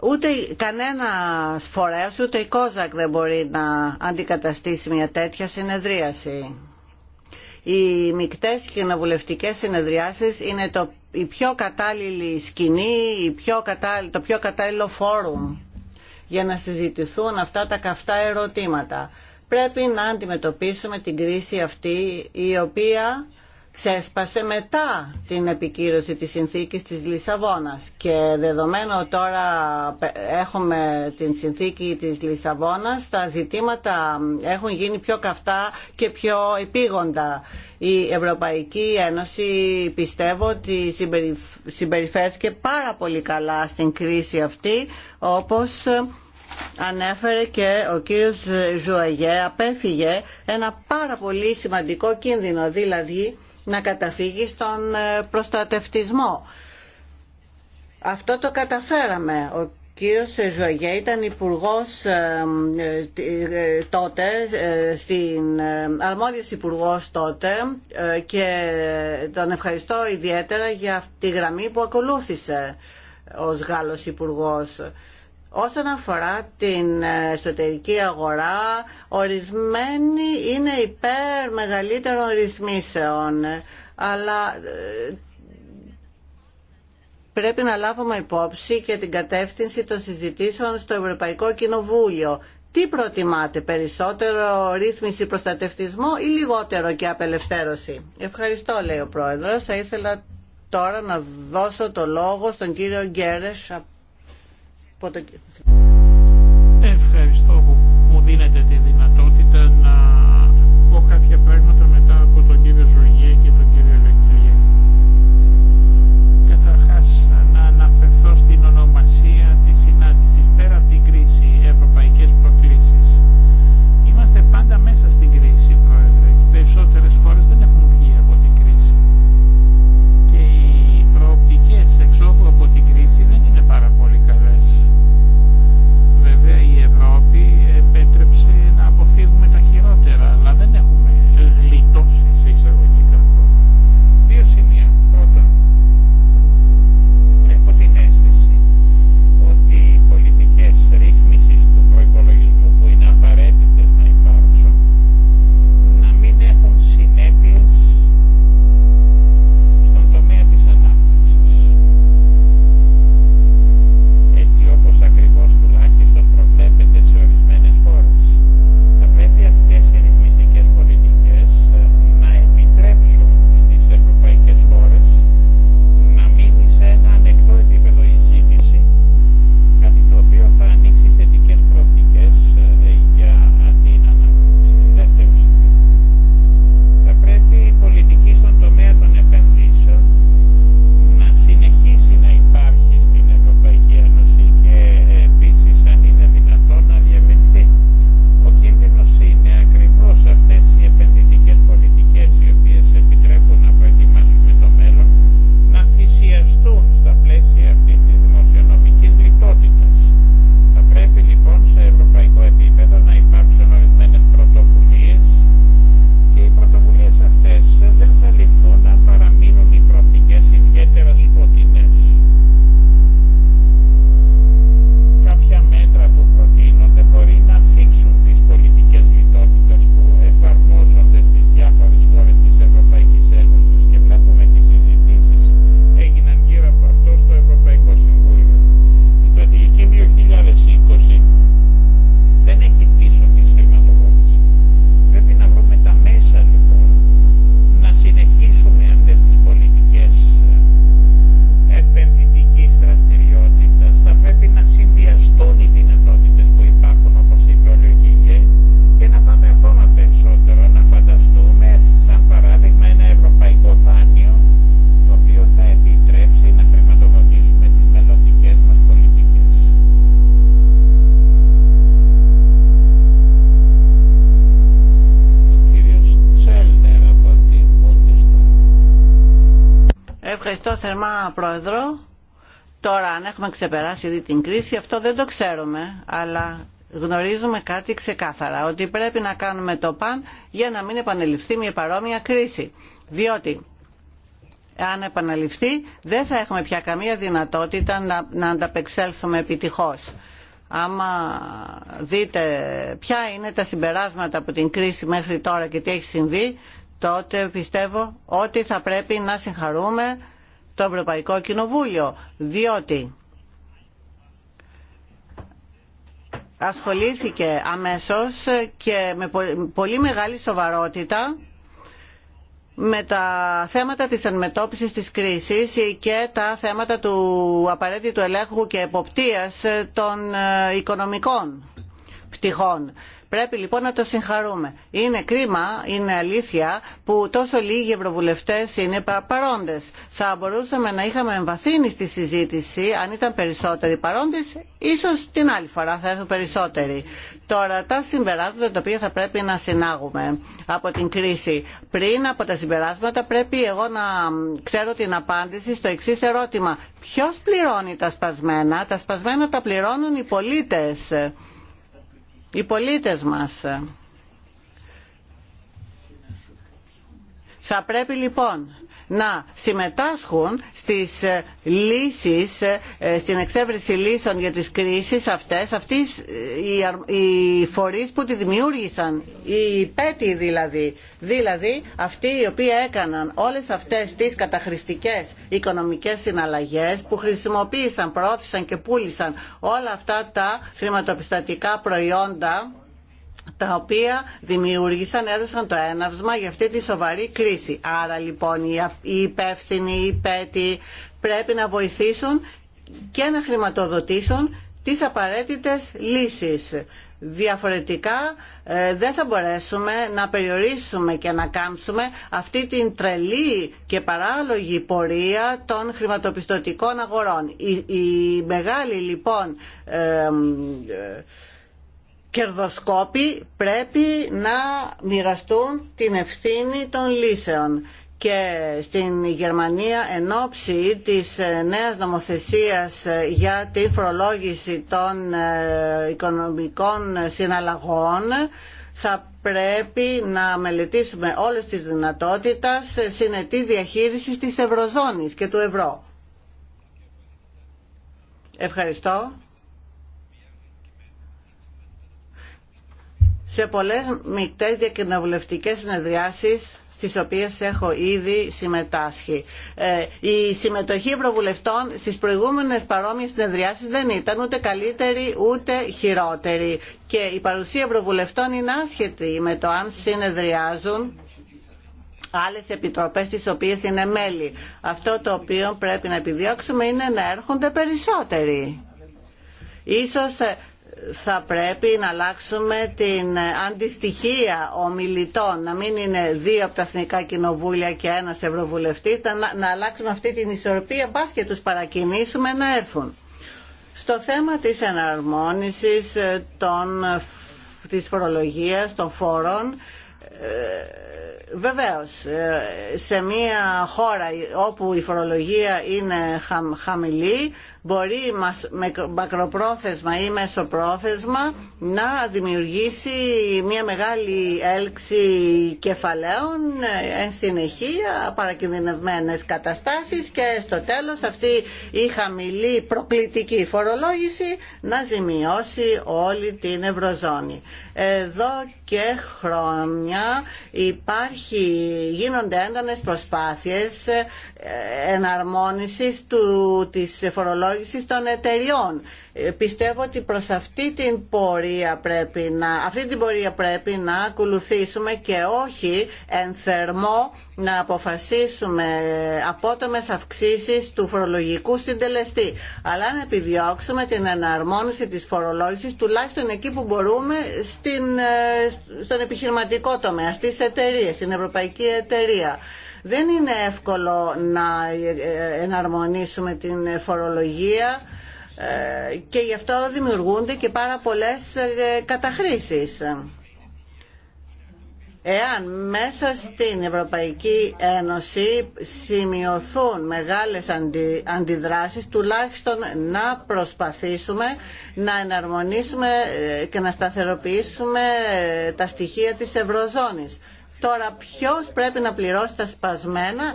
Ούτε κανένα φορέας, ούτε η Κόζακ δεν μπορεί να αντικαταστήσει μια τέτοια συνεδρίαση. Οι μικτές κοινοβουλευτικές συνεδριάσεις είναι το η πιο κατάλληλη σκηνή, η το πιο κατάλληλο φόρουμ για να συζητηθούν αυτά τα καυτά ερωτήματα. Πρέπει να αντιμετωπίσουμε την κρίση αυτή η οποία ξέσπασε μετά την επικύρωση της συνθήκης της Λισαβόνας και δεδομένου τώρα έχουμε την συνθήκη της Λισαβόνας τα ζητήματα έχουν γίνει πιο καυτά και πιο επίγοντα. Η Ευρωπαϊκή Ένωση πιστεύω ότι συμπεριφέρθηκε πάρα πολύ καλά στην κρίση αυτή όπως ανέφερε και ο κύριος Ζουαγέ απέφυγε ένα πάρα πολύ σημαντικό κίνδυνο δηλαδή να καταφύγει στον ε, προστατευτισμό. Αυτό το καταφέραμε. Ο κύριος Ζωγέ ήταν ε, ε, ε, τότε, στην, αρμόδιος υπουργό τότε και τον ευχαριστώ ιδιαίτερα για τη γραμμή που ακολούθησε ως Γάλλος υπουργός. Όσον αφορά την εσωτερική αγορά, ορισμένοι είναι υπέρ μεγαλύτερων ρυθμίσεων, αλλά ε, πρέπει να λάβουμε υπόψη και την κατεύθυνση των συζητήσεων στο Ευρωπαϊκό Κοινοβούλιο. Τι προτιμάτε, περισσότερο ρύθμιση προστατευτισμό ή λιγότερο και απελευθέρωση. Ευχαριστώ, λέει ο Πρόεδρος. Θα ήθελα τώρα να δώσω το λόγο στον κύριο Γκέρες Ευχαριστώ που μου δίνετε τη δυνατότητα να πω κάποια πράγματα πρόεδρο. Τώρα αν έχουμε ξεπεράσει ήδη την κρίση αυτό δεν το ξέρουμε αλλά γνωρίζουμε κάτι ξεκάθαρα ότι πρέπει να κάνουμε το παν για να μην επανελειφθεί μια παρόμοια κρίση. Διότι αν επαναληφθεί δεν θα έχουμε πια καμία δυνατότητα να, να ανταπεξέλθουμε επιτυχώς. Άμα δείτε ποια είναι τα συμπεράσματα από την κρίση μέχρι τώρα και τι έχει συμβεί, τότε πιστεύω ότι θα πρέπει να συγχαρούμε το Ευρωπαϊκό Κοινοβούλιο, διότι ασχολήθηκε αμέσως και με πολύ μεγάλη σοβαρότητα με τα θέματα της αντιμετώπισης της κρίσης και τα θέματα του απαραίτητου ελέγχου και εποπτείας των ε, οικονομικών πτυχών. Πρέπει λοιπόν να το συγχαρούμε. Είναι κρίμα, είναι αλήθεια, που τόσο λίγοι ευρωβουλευτέ είναι παρόντες. Θα μπορούσαμε να είχαμε εμβαθύνει στη συζήτηση, αν ήταν περισσότεροι παρόντες, ίσως την άλλη φορά θα έρθουν περισσότεροι. Τώρα τα συμπεράσματα τα οποία θα πρέπει να συνάγουμε από την κρίση. Πριν από τα συμπεράσματα πρέπει εγώ να ξέρω την απάντηση στο εξή ερώτημα. ποιο πληρώνει τα σπασμένα, τα σπασμένα τα πληρώνουν οι πολίτες οι πολίτες μας. Θα πρέπει λοιπόν να συμμετάσχουν στις ε, λύσεις, ε, στην εξέβρεση λύσεων για τις κρίσεις αυτές, αυτής οι φορείς που τη δημιούργησαν, οι πέτη δηλαδή, δηλαδή αυτοί οι οποίοι έκαναν όλες αυτές τις καταχρηστικές οικονομικές συναλλαγές που χρησιμοποίησαν, προώθησαν και πούλησαν όλα αυτά τα χρηματοπιστωτικά προϊόντα τα οποία δημιούργησαν, έδωσαν το έναυσμα για αυτή τη σοβαρή κρίση. Άρα λοιπόν οι υπεύθυνοι, οι υπέτοι πρέπει να βοηθήσουν και να χρηματοδοτήσουν τις απαραίτητες λύσεις. Διαφορετικά ε, δεν θα μπορέσουμε να περιορίσουμε και να κάμψουμε αυτή την τρελή και παράλογη πορεία των χρηματοπιστωτικών αγορών. Η, η μεγάλη λοιπόν ε, ε, κερδοσκόποι πρέπει να μοιραστούν την ευθύνη των λύσεων και στην Γερμανία εν ώψη της ε, νέας νομοθεσίας ε, για την φορολόγηση των ε, οικονομικών συναλλαγών θα πρέπει να μελετήσουμε όλες τις δυνατότητες συνετής διαχείρισης της Ευρωζώνης και του Ευρώ. Ευχαριστώ. σε πολλές μικτές διακοινοβουλευτικές συνεδριάσεις στις οποίες έχω ήδη συμμετάσχει. Ε, η συμμετοχή ευρωβουλευτών στις προηγούμενες παρόμοιες συνεδριάσεις δεν ήταν ούτε καλύτερη ούτε χειρότερη και η παρουσία ευρωβουλευτών είναι άσχετη με το αν συνεδριάζουν άλλες επιτροπές τις οποίες είναι μέλη. Αυτό το οποίο πρέπει να επιδιώξουμε είναι να έρχονται περισσότεροι. Ίσως ε, θα πρέπει να αλλάξουμε την αντιστοιχεία ομιλητών, να μην είναι δύο από τα Εθνικά Κοινοβούλια και ένας Ευρωβουλευτής, να, αλλάξουμε αυτή την ισορροπία, μπας και τους παρακινήσουμε να έρθουν. Στο θέμα της εναρμόνισης ε, των, της φορολογίας, των φόρων, ε, Βεβαίως, ε, σε μια χώρα όπου η φορολογία είναι χαμηλή, μπορεί μακροπρόθεσμα ή μεσοπρόθεσμα να δημιουργήσει μια μεγάλη έλξη κεφαλαίων εν συνεχεία παρακινδυνευμένες καταστάσεις και στο τέλος αυτή η χαμηλή προκλητική φορολόγηση να ζημιώσει όλη την Ευρωζώνη. Εδώ και χρόνια υπάρχει, γίνονται έντονες προσπάθειες εναρμόνισης του, της φορολόγησης των εταιριών πιστεύω ότι προς αυτή την πορεία πρέπει να, αυτή την πορεία πρέπει να ακολουθήσουμε και όχι εν θερμό να αποφασίσουμε απότομες αυξήσεις του φορολογικού συντελεστή, αλλά να επιδιώξουμε την εναρμόνιση της φορολόγησης τουλάχιστον εκεί που μπορούμε στην, ε, στον επιχειρηματικό τομέα, στις εταιρείες, στην Ευρωπαϊκή Εταιρεία. Δεν είναι εύκολο να ε, ε, εναρμονίσουμε την φορολογία και γι' αυτό δημιουργούνται και πάρα πολλές ε, καταχρήσεις. Εάν μέσα στην Ευρωπαϊκή Ένωση σημειωθούν μεγάλες αντι, αντιδράσεις, τουλάχιστον να προσπαθήσουμε να εναρμονίσουμε ε, και να σταθεροποιήσουμε ε, τα στοιχεία της Ευρωζώνης. Τώρα ποιος πρέπει να πληρώσει τα σπασμένα,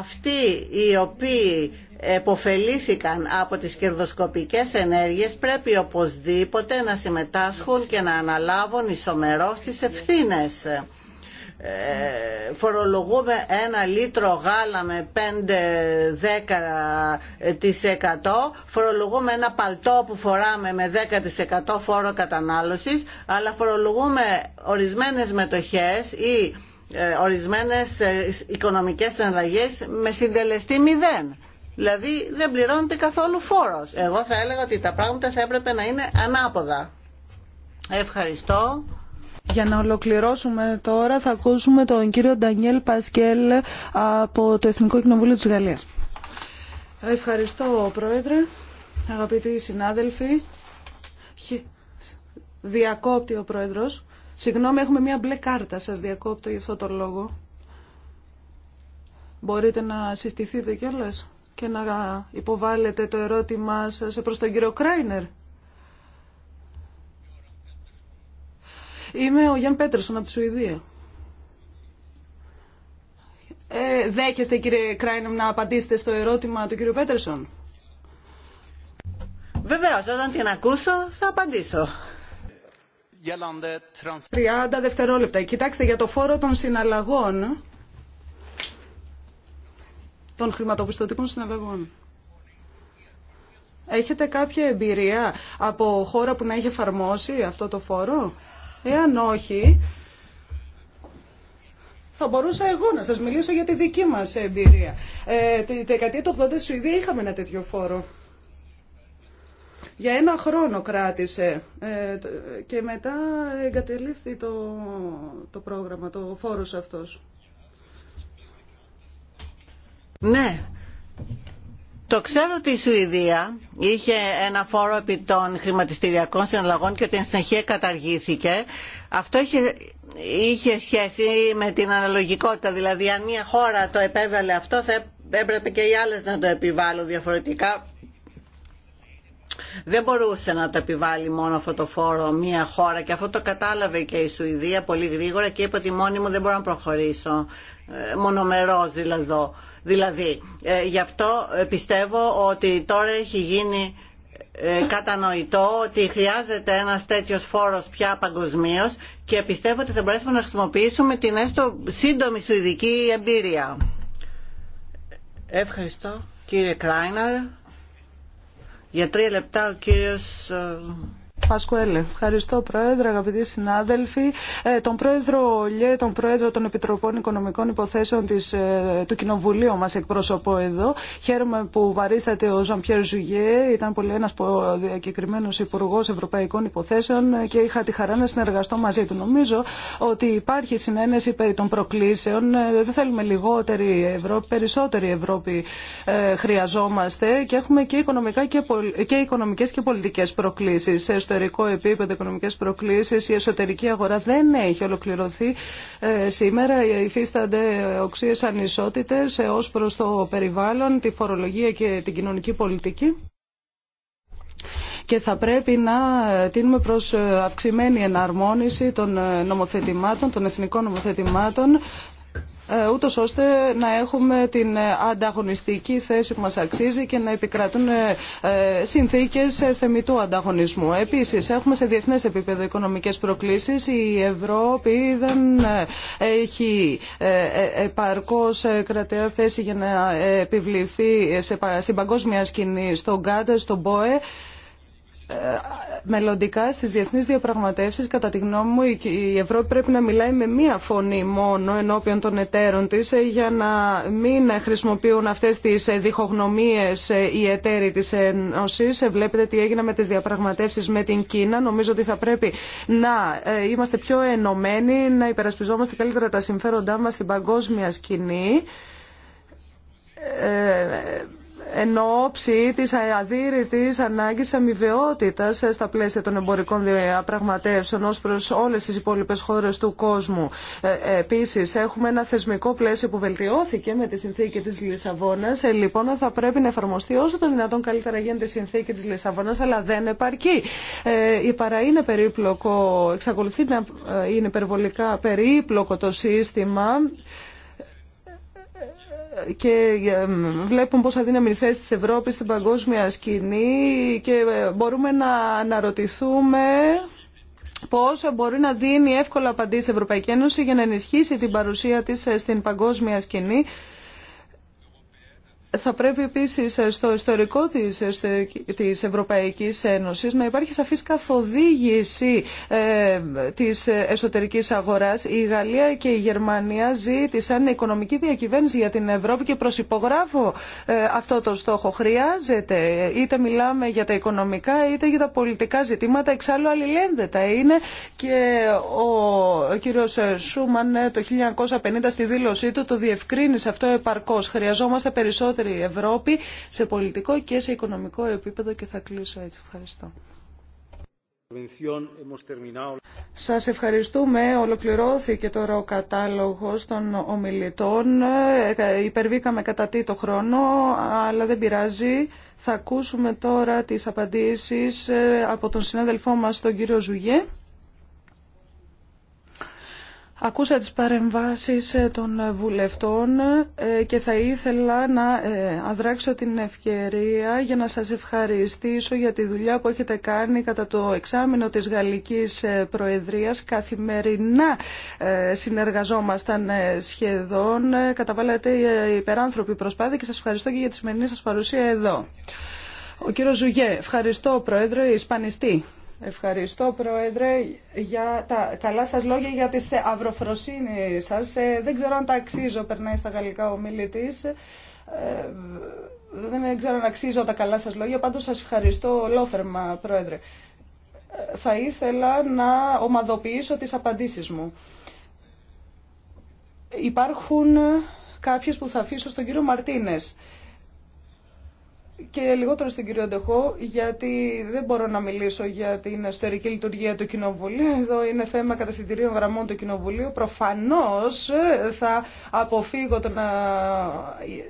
αυτοί οι οποίοι εποφελήθηκαν από τις κερδοσκοπικές ενέργειες πρέπει οπωσδήποτε να συμμετάσχουν και να αναλάβουν ισομερώς τις ευθύνες. Ε, φορολογούμε ένα λίτρο γάλα με 5-10% ε, φορολογούμε ένα παλτό που φοράμε με 10% φόρο κατανάλωσης αλλά φορολογούμε ορισμένες μετοχές ή ε, ορισμένες ε, οικονομικές συναλλαγές με συντελεστή μηδέν. Δηλαδή δεν πληρώνεται καθόλου φόρος. Εγώ θα έλεγα ότι τα πράγματα θα έπρεπε να είναι ανάποδα. Ευχαριστώ. Για να ολοκληρώσουμε τώρα θα ακούσουμε τον κύριο Ντανιέλ Πασκέλ από το Εθνικό Κοινοβούλιο της Γαλλίας. Ευχαριστώ Πρόεδρε, αγαπητοί συνάδελφοι. Διακόπτει ο Πρόεδρος. Συγγνώμη, έχουμε μία μπλε κάρτα. Σας διακόπτω γι' αυτό το λόγο. Μπορείτε να συστηθείτε κιόλας και να υποβάλλετε το ερώτημά σας προς τον κύριο Κράινερ. Είμαι ο Γιάν Πέτρεσον από τη Σουηδία. Ε, δέχεστε κύριε Κράινερ να απαντήσετε στο ερώτημα του κύριου Πέτρεσον. Βεβαίως, όταν την ακούσω θα απαντήσω. 30 δευτερόλεπτα. Κοιτάξτε, για το φόρο των συναλλαγών των χρηματοπιστωτικών συναλλαγών. Έχετε κάποια εμπειρία από χώρα που να έχει εφαρμόσει αυτό το φόρο. Εάν όχι, θα μπορούσα εγώ να σας μιλήσω για τη δική μας εμπειρία. Ε, τη δεκαετία του 80 στη Σουηδία είχαμε ένα τέτοιο φόρο. Για ένα χρόνο κράτησε ε, και μετά εγκατελείφθη το, το πρόγραμμα, το φόρος αυτός. Ναι. Το ξέρω ότι η Σουηδία είχε ένα φόρο επί των χρηματιστηριακών συναλλαγών και ότι εν συνεχεία καταργήθηκε. Αυτό είχε, είχε σχέση με την αναλογικότητα. Δηλαδή, αν μια χώρα το επέβαλε αυτό, θα έπρεπε και οι άλλες να το επιβάλλουν διαφορετικά. Δεν μπορούσε να το επιβάλλει μόνο αυτό το φόρο μία χώρα και αυτό το κατάλαβε και η Σουηδία πολύ γρήγορα και είπε ότι μόνη μου δεν μπορώ να προχωρήσω, ε, μονομερός δηλαδή. Δηλαδή, ε, γι' αυτό ε, πιστεύω ότι τώρα έχει γίνει ε, κατανοητό ότι χρειάζεται ένα τέτοιος φόρος πια παγκοσμίω και πιστεύω ότι θα μπορέσουμε να χρησιμοποιήσουμε την έστω σύντομη σουηδική εμπειρία. Ευχαριστώ κύριε Κράιναρ. Για τρία λεπτά ο κύριος Πασκουέλε. Ευχαριστώ, Πρόεδρε, αγαπητοί συνάδελφοι. Ε, τον Πρόεδρο Λιέ, τον Πρόεδρο των Επιτροπών Οικονομικών Υποθέσεων της, ε, του Κοινοβουλίου μας εκπροσωπώ εδώ. Χαίρομαι που παρίσταται ο Ζαν Ζουγιέ. Ήταν πολύ ένας διακεκριμένος Υπουργός Ευρωπαϊκών Υποθέσεων και είχα τη χαρά να συνεργαστώ μαζί του. Νομίζω ότι υπάρχει συνένεση περί των προκλήσεων. Ε, δεν θέλουμε λιγότερη Ευρώπη, περισσότερη Ευρώπη χρειαζόμαστε και έχουμε και, οικονομικά και, πολ... και οικονομικές και πολιτικές προκλήσεις εσωτερικό επίπεδο οικονομικέ προκλήσεις. Η εσωτερική αγορά δεν έχει ολοκληρωθεί ε, σήμερα. Υφίστανται οξύε ανισότητες ω προς το περιβάλλον, τη φορολογία και την κοινωνική πολιτική και θα πρέπει να τίνουμε προς αυξημένη εναρμόνιση των νομοθετημάτων, των εθνικών νομοθετημάτων ε, ούτως ώστε να έχουμε την ανταγωνιστική θέση που μα αξίζει και να επικρατούν ε, ε, συνθήκες θεμητού ανταγωνισμού. Επίσης, έχουμε σε διεθνές επίπεδο οικονομικές προκλήσεις. Η Ευρώπη δεν έχει επαρκώς κρατεά θέση για να επιβληθεί στην παγκόσμια σκηνή, στον ΚΑΤ, στον ΠΟΕ. Ε, μελλοντικά στις διεθνείς διαπραγματεύσεις, κατά τη γνώμη μου, η Ευρώπη πρέπει να μιλάει με μία φωνή μόνο ενώπιον των εταίρων της ε, για να μην χρησιμοποιούν αυτές τις ε, διχογνωμίες οι εταίροι της Ένωσης. Βλέπετε τι έγινε με τις διαπραγματεύσεις με την Κίνα. Νομίζω ότι θα πρέπει να είμαστε πιο ενωμένοι, να υπερασπιζόμαστε καλύτερα τα συμφέροντά μας στην παγκόσμια σκηνή εν ώψη της αδύρυτης ανάγκης αμοιβαιότητα στα πλαίσια των εμπορικών διαπραγματεύσεων ω προ όλε τι υπόλοιπε χώρε του κόσμου. Ε, Επίση, έχουμε ένα θεσμικό πλαίσιο που βελτιώθηκε με τη συνθήκη της Λισαβόνας. Ε, λοιπόν, θα πρέπει να εφαρμοστεί όσο το δυνατόν καλύτερα γίνεται η συνθήκη τη Λισαβόνα, αλλά δεν επαρκεί. Ε, η παρά είναι περίπλοκο, εξακολουθεί να είναι υπερβολικά περίπλοκο το σύστημα και ε, βλέπουν πόσα δύναμη η θέση της Ευρώπης στην παγκόσμια σκηνή και ε, μπορούμε να αναρωτηθούμε πόσο μπορεί να δίνει εύκολα απαντήσει η Ευρωπαϊκή Ένωση για να ενισχύσει την παρουσία της ε, στην παγκόσμια σκηνή θα πρέπει επίσης ε, στο ιστορικό της, ε, της Ευρωπαϊκής Ένωσης να υπάρχει σαφής καθοδήγηση ε, της εσωτερικής αγοράς. Η Γαλλία και η Γερμανία ζήτησαν οικονομική διακυβέρνηση για την Ευρώπη και προσυπογράφω ε, αυτό το στόχο. Χρειάζεται, είτε μιλάμε για τα οικονομικά είτε για τα πολιτικά ζητήματα, εξάλλου αλληλένδετα είναι και ο κύριος Σούμαν ε, το 1950 στη δήλωσή του το διευκρίνησε αυτό επαρκώς. Χρειαζόμαστε περισσότερο Ευρώπη σε πολιτικό και σε οικονομικό επίπεδο και θα κλείσω έτσι. Ευχαριστώ. Σας ευχαριστούμε. Ολοκληρώθηκε τώρα ο κατάλογος των ομιλητών. Ε, υπερβήκαμε κατά τι το χρόνο, αλλά δεν πειράζει. Θα ακούσουμε τώρα τις απαντήσεις ε, από τον συνάδελφό μας, τον κύριο Ζουγέ. Ακούσα τις παρεμβάσεις ε, των ε, βουλευτών ε, και θα ήθελα να αδράξω την ευκαιρία για να σας ευχαριστήσω για τη δουλειά που έχετε κάνει κατά το εξάμεινο της Γαλλικής Προεδρίας. Καθημερινά συνεργαζόμασταν σχεδόν. Καταβάλλατε υπεράνθρωπη προσπάθεια και σας ευχαριστώ και για τη σημερινή σας παρουσία εδώ. Ο κύριος Ζουγέ, ευχαριστώ Πρόεδρε Ισπανιστή. Ευχαριστώ, Πρόεδρε, για τα καλά σας λόγια για τη ε, αυροφροσύνη σας. Ε, δεν ξέρω αν τα αξίζω, περνάει στα γαλλικά ο μιλητής. Ε, δεν ξέρω αν αξίζω τα καλά σας λόγια, πάντως σας ευχαριστώ ολόφερμα, Πρόεδρε. Θα ήθελα να ομαδοποιήσω τις απαντήσεις μου. Υπάρχουν κάποιες που θα αφήσω στον κύριο Μαρτίνες και λιγότερο στην κύριο Ντεχό, γιατί δεν μπορώ να μιλήσω για την εσωτερική λειτουργία του Κοινοβουλίου. Εδώ είναι θέμα κατευθυντηρίων γραμμών του Κοινοβουλίου. Προφανώς ε, θα αποφύγω το να ε,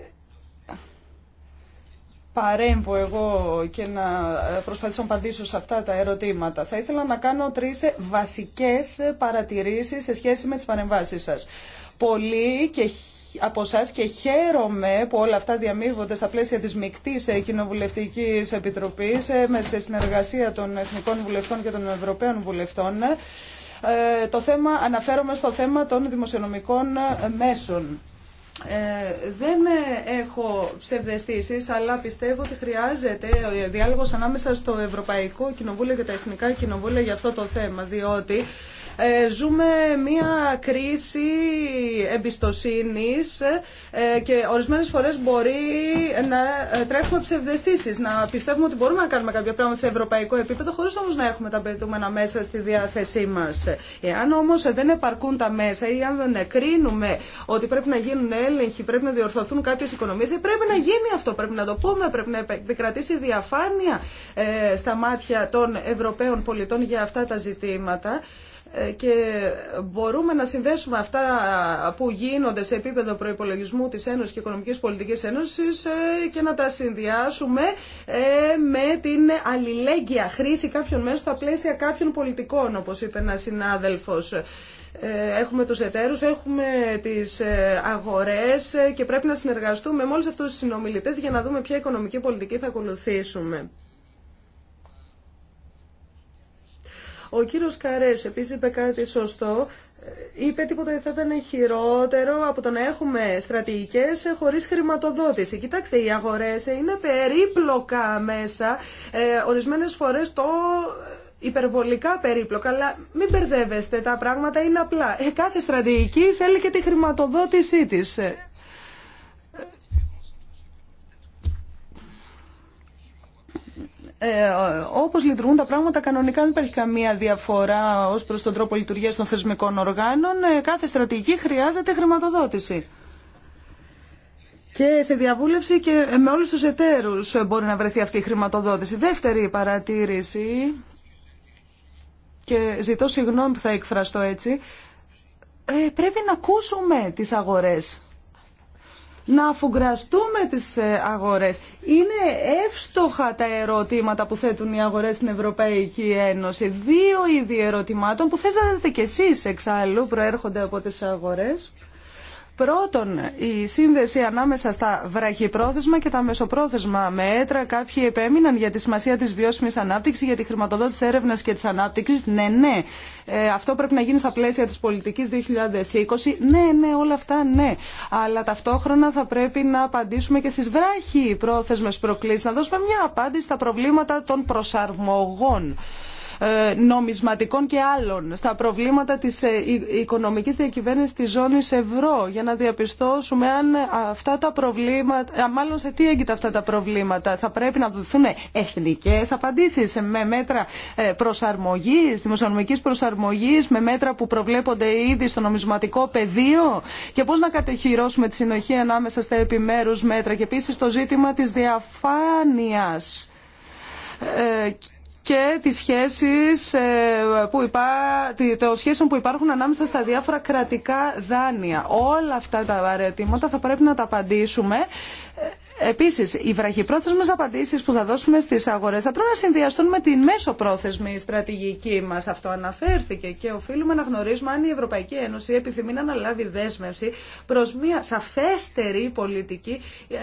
παρέμβω εγώ και να ε, προσπαθήσω να απαντήσω σε αυτά τα ερωτήματα. Θα ήθελα να κάνω τρεις βασικές παρατηρήσεις σε σχέση με τις παρεμβάσεις σας. Πολλοί και από εσά και χαίρομαι που όλα αυτά διαμείβονται στα πλαίσια της Μικτής ε, κοινοβουλευτική Επιτροπής ε, με σε συνεργασία των Εθνικών Βουλευτών και των Ευρωπαίων Βουλευτών. Ε, το θέμα, αναφέρομαι στο θέμα των δημοσιονομικών μέσων. Ε, δεν έχω ψευδεστήσεις, αλλά πιστεύω ότι χρειάζεται διάλογος ανάμεσα στο Ευρωπαϊκό Κοινοβούλιο και τα Εθνικά Κοινοβούλια για αυτό το θέμα, διότι ε, ζούμε μία κρίση εμπιστοσύνης ε, και ορισμένες φορές μπορεί να ε, τρέχουμε ψευδεστήσεις, να πιστεύουμε ότι μπορούμε να κάνουμε κάποια πράγματα σε ευρωπαϊκό επίπεδο χωρίς όμως να έχουμε τα πετούμενα μέσα στη διάθεσή μας. Εάν όμως δεν επαρκούν τα μέσα ή αν δεν κρίνουμε ότι πρέπει να γίνουν έλεγχοι, πρέπει να διορθωθούν κάποιες οικονομίες, πρέπει να γίνει αυτό, πρέπει να το πούμε, πρέπει να επικρατήσει διαφάνεια στα μάτια των Ευρωπαίων πολιτών για αυτά τα ζητήματα. Ε, και μπορούμε να συνδέσουμε αυτά που γίνονται σε επίπεδο προϋπολογισμού της Ένωσης και Οικονομικής Πολιτικής Ένωσης ε, και να τα συνδυάσουμε ε, με την αλληλέγγυα χρήση κάποιων μέσων στα πλαίσια κάποιων πολιτικών, όπως είπε ένα συνάδελφος. Έχουμε τους εταίρους, έχουμε τις αγορές και πρέπει να συνεργαστούμε με όλους αυτούς τους συνομιλητές για να δούμε ποια οικονομική πολιτική θα ακολουθήσουμε. Ο κύριο Καρέ, επίσης είπε κάτι σωστό. Είπε τίποτα ότι θα ήταν χειρότερο από το να έχουμε στρατηγικέ χωρίς χρηματοδότηση. Κοιτάξτε, οι αγορές είναι περίπλοκα μέσα. Ε, ορισμένες φορές το υπερβολικά περίπλοκα, αλλά μην μπερδεύεστε, τα πράγματα είναι απλά. Ε, κάθε στρατηγική θέλει και τη χρηματοδότησή της. ε, όπως λειτουργούν τα πράγματα κανονικά δεν υπάρχει καμία διαφορά ως προς τον τρόπο λειτουργία των θεσμικών οργάνων. Ε, κάθε στρατηγική χρειάζεται χρηματοδότηση. Και σε διαβούλευση και με όλους τους εταίρους μπορεί να βρεθεί αυτή η χρηματοδότηση. Δεύτερη παρατήρηση, και ζητώ συγγνώμη που θα εκφραστώ έτσι, ε, πρέπει να ακούσουμε τις αγορές να αφουγκραστούμε τις ε, αγορές. Είναι εύστοχα τα ερωτήματα που θέτουν οι αγορές στην Ευρωπαϊκή Ένωση. Δύο είδη ερωτημάτων που θέσατε και εσείς εξάλλου προέρχονται από τις αγορές. Πρώτον, η σύνδεση ανάμεσα στα βραχυπρόθεσμα και τα μεσοπρόθεσμα μέτρα. Κάποιοι επέμειναν για τη σημασία τη βιώσιμη ανάπτυξη, για τη χρηματοδότηση έρευνα και τη ανάπτυξη. Ναι, ναι. Ε, αυτό πρέπει να γίνει στα πλαίσια τη πολιτική 2020. Ναι, ναι, όλα αυτά ναι. Αλλά ταυτόχρονα θα πρέπει να απαντήσουμε και στι βράχυπρόθεσμε προκλήσει. Να δώσουμε μια απάντηση στα προβλήματα των προσαρμογών. Ε, νομισματικών και άλλων στα προβλήματα της ε, οικονομικής διακυβέρνησης της ζώνης ευρώ για να διαπιστώσουμε αν αυτά τα προβλήματα, μάλλον σε τι έγκυται αυτά τα προβλήματα. Θα πρέπει να δοθούν εθνικές απαντήσεις με μέτρα ε, προσαρμογής, δημοσιονομικής προσαρμογής, με μέτρα που προβλέπονται ήδη στο νομισματικό πεδίο και πώς να κατεχειρώσουμε τη συνοχή ανάμεσα στα επιμέρους μέτρα και επίσης το ζήτημα της διαφάνειας και τις σχέσεις ε, που υπά... το σχέσεων που υπάρχουν ανάμεσα στα διάφορα κρατικά δάνεια. Όλα αυτά τα αρετήματα θα πρέπει να τα απαντήσουμε ε, Επίση, οι βραχυπρόθεσμε απαντήσεις που θα δώσουμε στις αγορές θα πρέπει να συνδυαστούν με τη μέσοπρόθεσμη στρατηγική μας. Αυτό αναφέρθηκε και οφείλουμε να γνωρίζουμε αν η Ευρωπαϊκή Ένωση επιθυμεί να αναλάβει δέσμευση προς μια σαφέστερη πολιτική ε,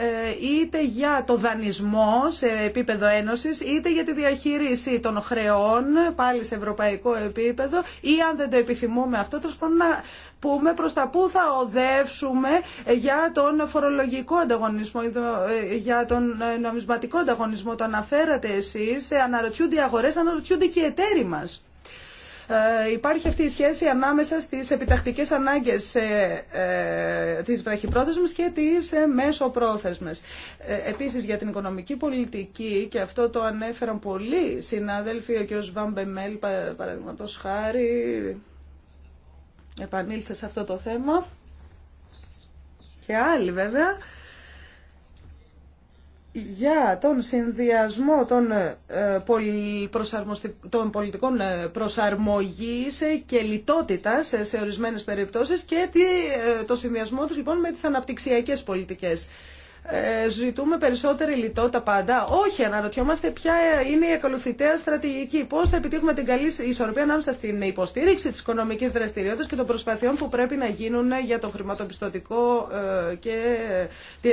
είτε για το δανεισμό σε επίπεδο ένωση είτε για τη διαχείριση των χρεών πάλι σε ευρωπαϊκό επίπεδο ή αν δεν το επιθυμούμε αυτό, τέλο να πούμε προς τα πού θα οδεύσουμε για τον φορολογικό ανταγωνισμό, ε, για τον ε, νομισματικό ανταγωνισμό. Το αναφέρατε εσείς, ε, αναρωτιούνται οι αγορές, αναρωτιούνται και οι εταίροι μας. υπάρχει αυτή η σχέση ανάμεσα στις επιτακτικές ανάγκες ε, ε, της βραχυπρόθεσμης και της ε, μέσοπρόθεσμης. επίσης για την οικονομική πολιτική, και αυτό το ανέφεραν πολλοί συνάδελφοι, ο κ. Βαμπεμέλ, παραδείγματος χάρη, επανήλθε σε αυτό το θέμα και άλλοι βέβαια για τον συνδυασμό των, ε, των πολιτικών ε, προσαρμογής και λιτότητας σε ορισμένες περιπτώσεις και ε, το συνδυασμό τους λοιπόν με τις αναπτυξιακές πολιτικές. Ε, ζητούμε περισσότερη λιτότητα πάντα. Όχι, αναρωτιόμαστε ποια είναι η ακολουθητέα στρατηγική. Πώ θα επιτύχουμε την καλή ισορροπία ανάμεσα στην υποστήριξη τη οικονομική δραστηριότητα και των προσπαθειών που πρέπει να γίνουν για το χρηματοπιστωτικό ε, και ε,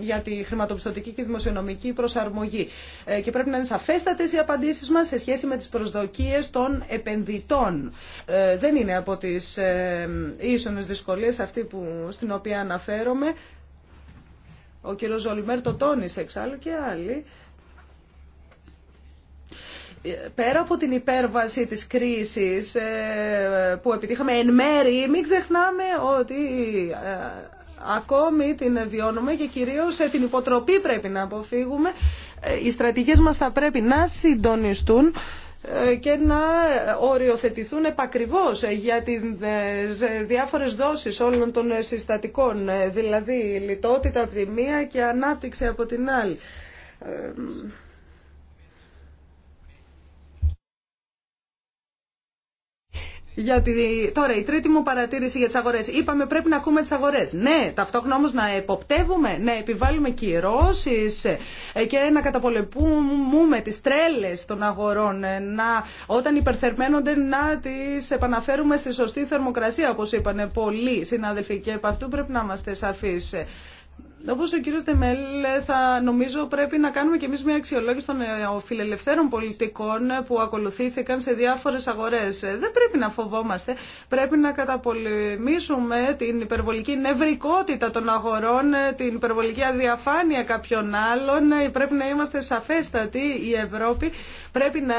για τη χρηματοπιστωτική και δημοσιονομική προσαρμογή. Και πρέπει να είναι σαφέστατε οι απαντήσει μα σε σχέση με τι προσδοκίε των επενδυτών. Δεν είναι από τι ίσονε δυσκολίε αυτή που, στην οποία αναφέρομαι. Ο κύριο Ζολιμέρ το τόνισε εξάλλου και άλλοι. Ε, πέρα από την υπέρβαση της κρίσης ε, που επιτύχαμε εν μέρη, μην ξεχνάμε ότι ε, ακόμη την βιώνουμε και κυρίως την υποτροπή πρέπει να αποφύγουμε. Οι στρατηγικές μας θα πρέπει να συντονιστούν και να οριοθετηθούν επακριβώς για τις ε, διάφορες δόσεις όλων των συστατικών, ε, δηλαδή λιτότητα από τη μία και ανάπτυξη από την άλλη. Ε, Γιατί τώρα η τρίτη μου παρατήρηση για τι αγορέ. Είπαμε πρέπει να ακούμε τι αγορέ. Ναι, ταυτόχρονα όμω να εποπτεύουμε, να επιβάλλουμε κυρώσει ε, και να καταπολεμούμε τι τρέλε των αγορών. Ε, να, όταν υπερθερμαίνονται να τι επαναφέρουμε στη σωστή θερμοκρασία, όπω είπαν πολλοί συνάδελφοι. Και από αυτού πρέπει να είμαστε σαφεί. Όπως ο κύριος Δεμέλ, θα νομίζω πρέπει να κάνουμε και εμείς μια αξιολόγηση των ε, φιλελευθέρων πολιτικών που ακολουθήθηκαν σε διάφορες αγορές. Ε, δεν πρέπει να φοβόμαστε. Πρέπει να καταπολεμήσουμε την υπερβολική νευρικότητα των αγορών, ε, την υπερβολική αδιαφάνεια κάποιων άλλων. Πρέπει να είμαστε σαφέστατοι. Η Ευρώπη πρέπει να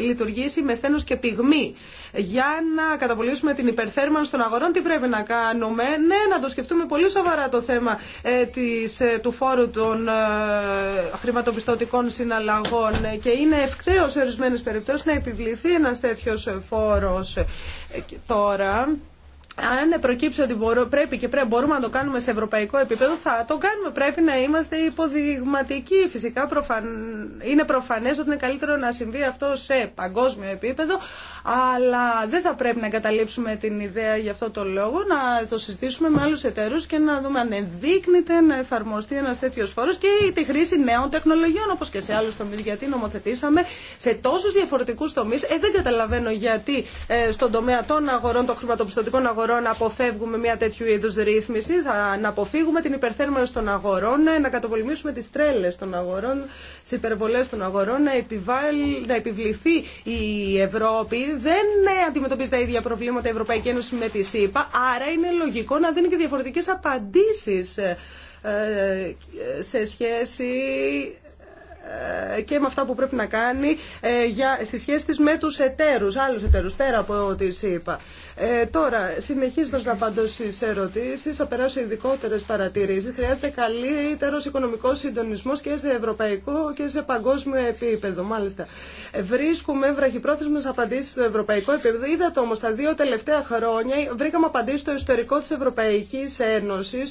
λειτουργήσει με στένος και πυγμή. Για να καταπολεμήσουμε την υπερθέρμανση των αγορών, τι πρέπει να κάνουμε. Ναι, να το σκεφτούμε πολύ σοβαρά το θέμα της, ε, του φόρου των ε, χρηματοπιστωτικών συναλλαγών ε, και είναι ευκταίο σε ορισμένες περιπτώσεις να επιβληθεί ένας τέτοιος φόρος τώρα αν προκύψει ότι μπορώ, πρέπει και πρέπει, μπορούμε να το κάνουμε σε ευρωπαϊκό επίπεδο, θα το κάνουμε. Πρέπει να είμαστε υποδειγματικοί. Φυσικά προφαν... είναι προφανέ ότι είναι καλύτερο να συμβεί αυτό σε παγκόσμιο επίπεδο, αλλά δεν θα πρέπει να καταλήψουμε την ιδέα γι' αυτό το λόγο, να το συζητήσουμε με άλλου εταίρου και να δούμε αν ενδείκνυται να εφαρμοστεί ένα τέτοιο φόρο και τη χρήση νέων τεχνολογιών, όπω και σε άλλου τομεί. Γιατί νομοθετήσαμε σε τόσου διαφορετικού τομεί. Ε, δεν καταλαβαίνω γιατί ε, στον τομέα των αγορών, των χρηματοπιστωτικών αγορών, αγορών να αποφεύγουμε μια τέτοιου είδου ρύθμιση, θα, να αποφύγουμε την υπερθέρμανση των αγορών, να καταπολεμήσουμε τι τρέλε των αγορών, τι υπερβολέ των αγορών, να, να επιβληθεί η Ευρώπη. Δεν ναι, αντιμετωπίζει τα ίδια προβλήματα η Ευρωπαϊκή Ένωση με τη ΣΥΠΑ, άρα είναι λογικό να δίνει και διαφορετικέ απαντήσει ε, ε, σε σχέση ε, και με αυτά που πρέπει να κάνει ε, για, στη σχέση της με τους εταίρους, άλλους εταίρους, πέρα από ό,τι είπα. Ε, τώρα, συνεχίζοντας να απαντώ στις ερωτήσεις, θα περάσω ειδικότερε παρατηρήσεις. Χρειάζεται καλύτερος οικονομικός συντονισμός και σε ευρωπαϊκό και σε παγκόσμιο επίπεδο. Μάλιστα, ε, βρίσκουμε βραχυπρόθεσμες απαντήσεις στο ευρωπαϊκό επίπεδο. Είδατε όμως τα δύο τελευταία χρόνια, βρήκαμε απαντήσεις στο ιστορικό της Ευρωπαϊκή Ένωση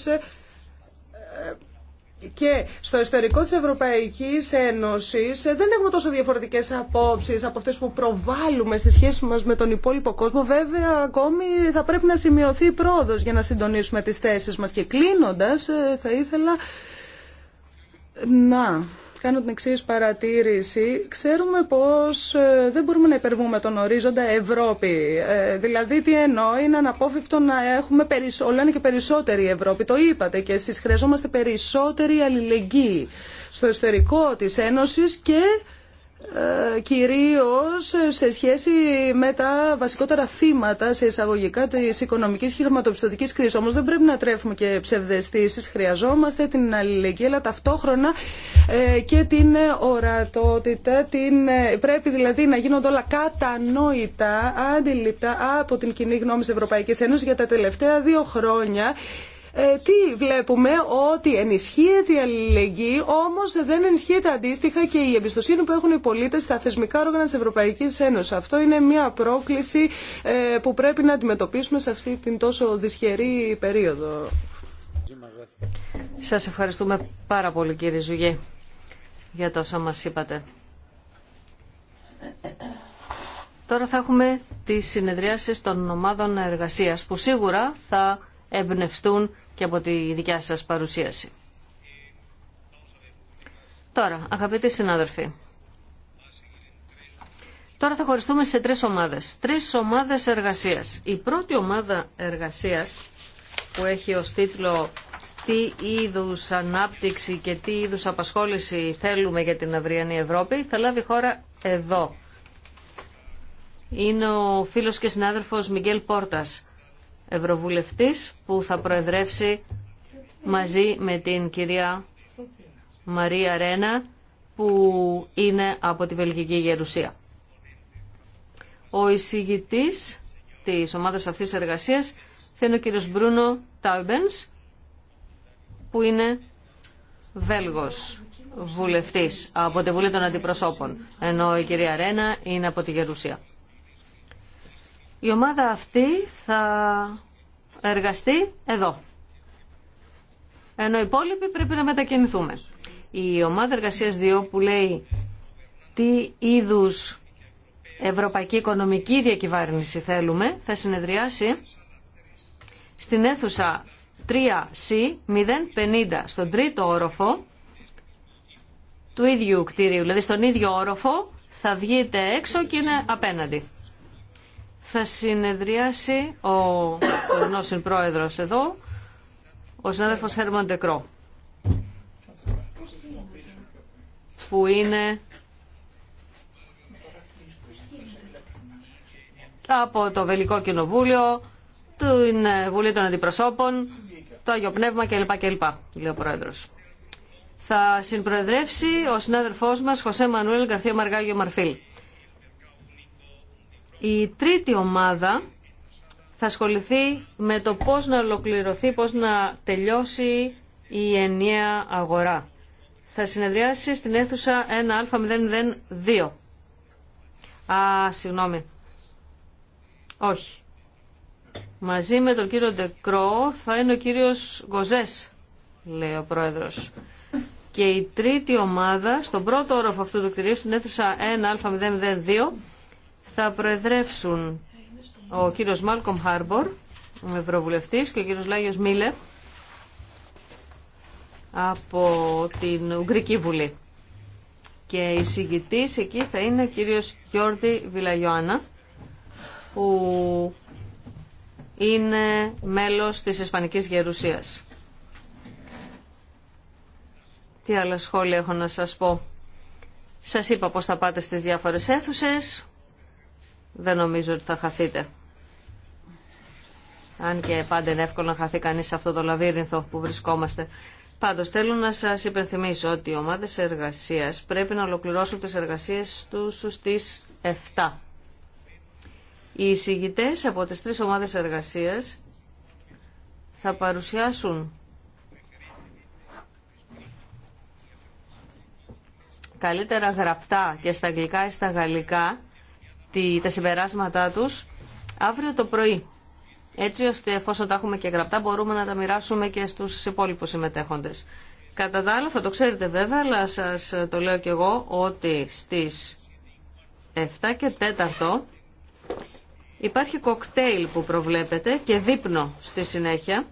και στο ιστορικό της Ευρωπαϊκής Ένωσης ε, δεν έχουμε τόσο διαφορετικές απόψεις από αυτές που προβάλλουμε στη σχέση μας με τον υπόλοιπο κόσμο. Βέβαια, ακόμη θα πρέπει να σημειωθεί πρόοδος για να συντονίσουμε τις θέσεις μας. Και κλείνοντας, ε, θα ήθελα να κάνω την εξή παρατήρηση. Ξέρουμε πως ε, δεν μπορούμε να υπερβούμε τον ορίζοντα Ευρώπη. Ε, δηλαδή τι εννοώ, είναι αναπόφευκτο να έχουμε περισσο... όλα και περισσότερη Ευρώπη. Το είπατε και εσείς, χρειαζόμαστε περισσότερη αλληλεγγύη στο εσωτερικό της Ένωσης και ε, κυρίως σε σχέση με τα βασικότερα θύματα σε εισαγωγικά της οικονομικής και χρηματοπιστωτικής κρίσης. Όμως δεν πρέπει να τρέφουμε και ψευδεστήσεις. Χρειαζόμαστε την αλληλεγγύη, αλλά ταυτόχρονα ε, και την ορατότητα. Την, ε, πρέπει δηλαδή να γίνονται όλα κατανόητα, αντιληπτά από την κοινή γνώμη της Ευρωπαϊκής Ένωσης για τα τελευταία δύο χρόνια. Ε, τι βλέπουμε, ότι ενισχύεται η αλληλεγγύη, όμω δεν ενισχύεται αντίστοιχα και η εμπιστοσύνη που έχουν οι πολίτε στα θεσμικά όργανα τη Ευρωπαϊκή Ένωση. Αυτό είναι μια πρόκληση ε, που πρέπει να αντιμετωπίσουμε σε αυτή την τόσο δυσχερή περίοδο. Σας ευχαριστούμε πάρα πολύ κύριε Ζουγέ για το όσα μας είπατε. Τώρα θα έχουμε τις συνεδριάσεις των ομάδων εργασίας που σίγουρα θα εμπνευστούν και από τη δικιά σας παρουσίαση. Τώρα, αγαπητοί συνάδελφοι, τώρα θα χωριστούμε σε τρεις ομάδες. Τρεις ομάδες εργασίας. Η πρώτη ομάδα εργασίας που έχει ως τίτλο τι είδους ανάπτυξη και τι είδους απασχόληση θέλουμε για την αυριανή Ευρώπη θα λάβει χώρα εδώ. Είναι ο φίλος και συνάδελφος Μιγγέλ Πόρτας Ευρωβουλευτής που θα προεδρεύσει μαζί με την κυρία Μαρία Ρένα που είναι από τη Βελγική Γερουσία. Ο εισηγητής της ομάδας αυτής της εργασίας θα είναι ο κύριος Μπρούνο Τάιμπενς που είναι Βέλγος βουλευτής από τη Βουλή των Αντιπροσώπων ενώ η κυρία Ρένα είναι από τη Γερουσία. Η ομάδα αυτή θα εργαστεί εδώ. Ενώ οι υπόλοιποι πρέπει να μετακινηθούμε. Η ομάδα εργασίας 2 που λέει τι είδους ευρωπαϊκή οικονομική διακυβέρνηση θέλουμε θα συνεδριάσει στην αίθουσα 3C050 στον τρίτο όροφο του ίδιου κτίριου. Δηλαδή στον ίδιο όροφο θα βγείτε έξω και είναι απέναντι θα συνεδριάσει ο γνώσιν συμπρόεδρο εδώ, ο συνάδελφος Χέρμαν Τεκρό. Που είναι από το Βελικό Κοινοβούλιο, την Βουλή των Αντιπροσώπων, το Άγιο Πνεύμα κλπ. κλπ λέει ο Πρόεδρος. Θα συμπροεδρεύσει ο συνάδελφός μας Χωσέ Μανουέλ Γκαρθία Μαργάγιο Μαρφίλ. Η τρίτη ομάδα θα ασχοληθεί με το πώς να ολοκληρωθεί, πώς να τελειώσει η ενιαία αγορά. Θα συνεδριάσει στην αίθουσα 1α002. Α, συγγνώμη. Όχι. Μαζί με τον κύριο Ντεκρό θα είναι ο κύριος Γκοζές, λέει ο πρόεδρος. Και η τρίτη ομάδα, στον πρώτο όροφο αυτού του κτηρίου, στην αίθουσα 1α002, θα προεδρεύσουν ο κύριος Μάλκομ Χάρμπορ, ο Ευρωβουλευτής, και ο κύριος Λάγιος Μίλε από την Ουγγρική Βουλή. Και η συγκητής εκεί θα είναι ο κύριος Γιώργη Βιλαγιωάννα, που είναι μέλος της Ισπανικής Γερουσίας. Τι άλλα σχόλια έχω να σας πω. Σας είπα πώς θα πάτε στις διάφορες αίθουσες δεν νομίζω ότι θα χαθείτε. Αν και πάντα είναι εύκολο να χαθεί κανείς σε αυτό το λαβύρινθο που βρισκόμαστε. Πάντως θέλω να σας υπενθυμίσω ότι οι ομάδες εργασίας πρέπει να ολοκληρώσουν τις εργασίες τους στις 7. Οι εισηγητές από τις τρεις ομάδες εργασίας θα παρουσιάσουν καλύτερα γραπτά και στα αγγλικά ή στα γαλλικά τα συμπεράσματά τους αύριο το πρωί. Έτσι ώστε εφόσον τα έχουμε και γραπτά μπορούμε να τα μοιράσουμε και στους υπόλοιπους συμμετέχοντες. Κατά τα άλλα θα το ξέρετε βέβαια, αλλά σας το λέω και εγώ ότι στις 7 και 4 υπάρχει κοκτέιλ που προβλέπετε και δείπνο στη συνέχεια.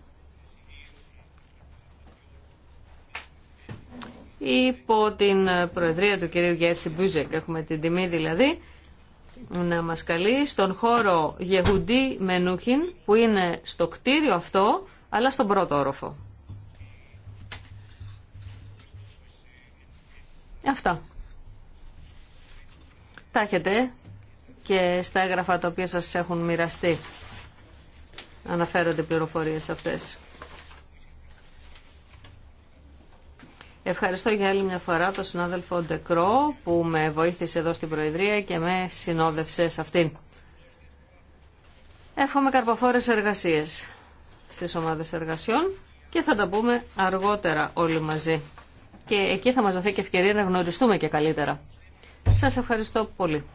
Υπό την προεδρία του κυρίου Γέρση Μπούζεκ έχουμε την τιμή δηλαδή να μας καλεί στον χώρο Γεγουντή Μενούχιν που είναι στο κτίριο αυτό αλλά στον πρώτο όροφο. Αυτά. Τα έχετε και στα έγγραφα τα οποία σας έχουν μοιραστεί αναφέρονται πληροφορίες αυτές. Ευχαριστώ για άλλη μια φορά τον συνάδελφο Ντεκρό που με βοήθησε εδώ στην Προεδρία και με συνόδευσε σε αυτήν. Εύχομαι καρποφόρες εργασίες στις ομάδες εργασιών και θα τα πούμε αργότερα όλοι μαζί. Και εκεί θα μας δοθεί και ευκαιρία να γνωριστούμε και καλύτερα. Σας ευχαριστώ πολύ.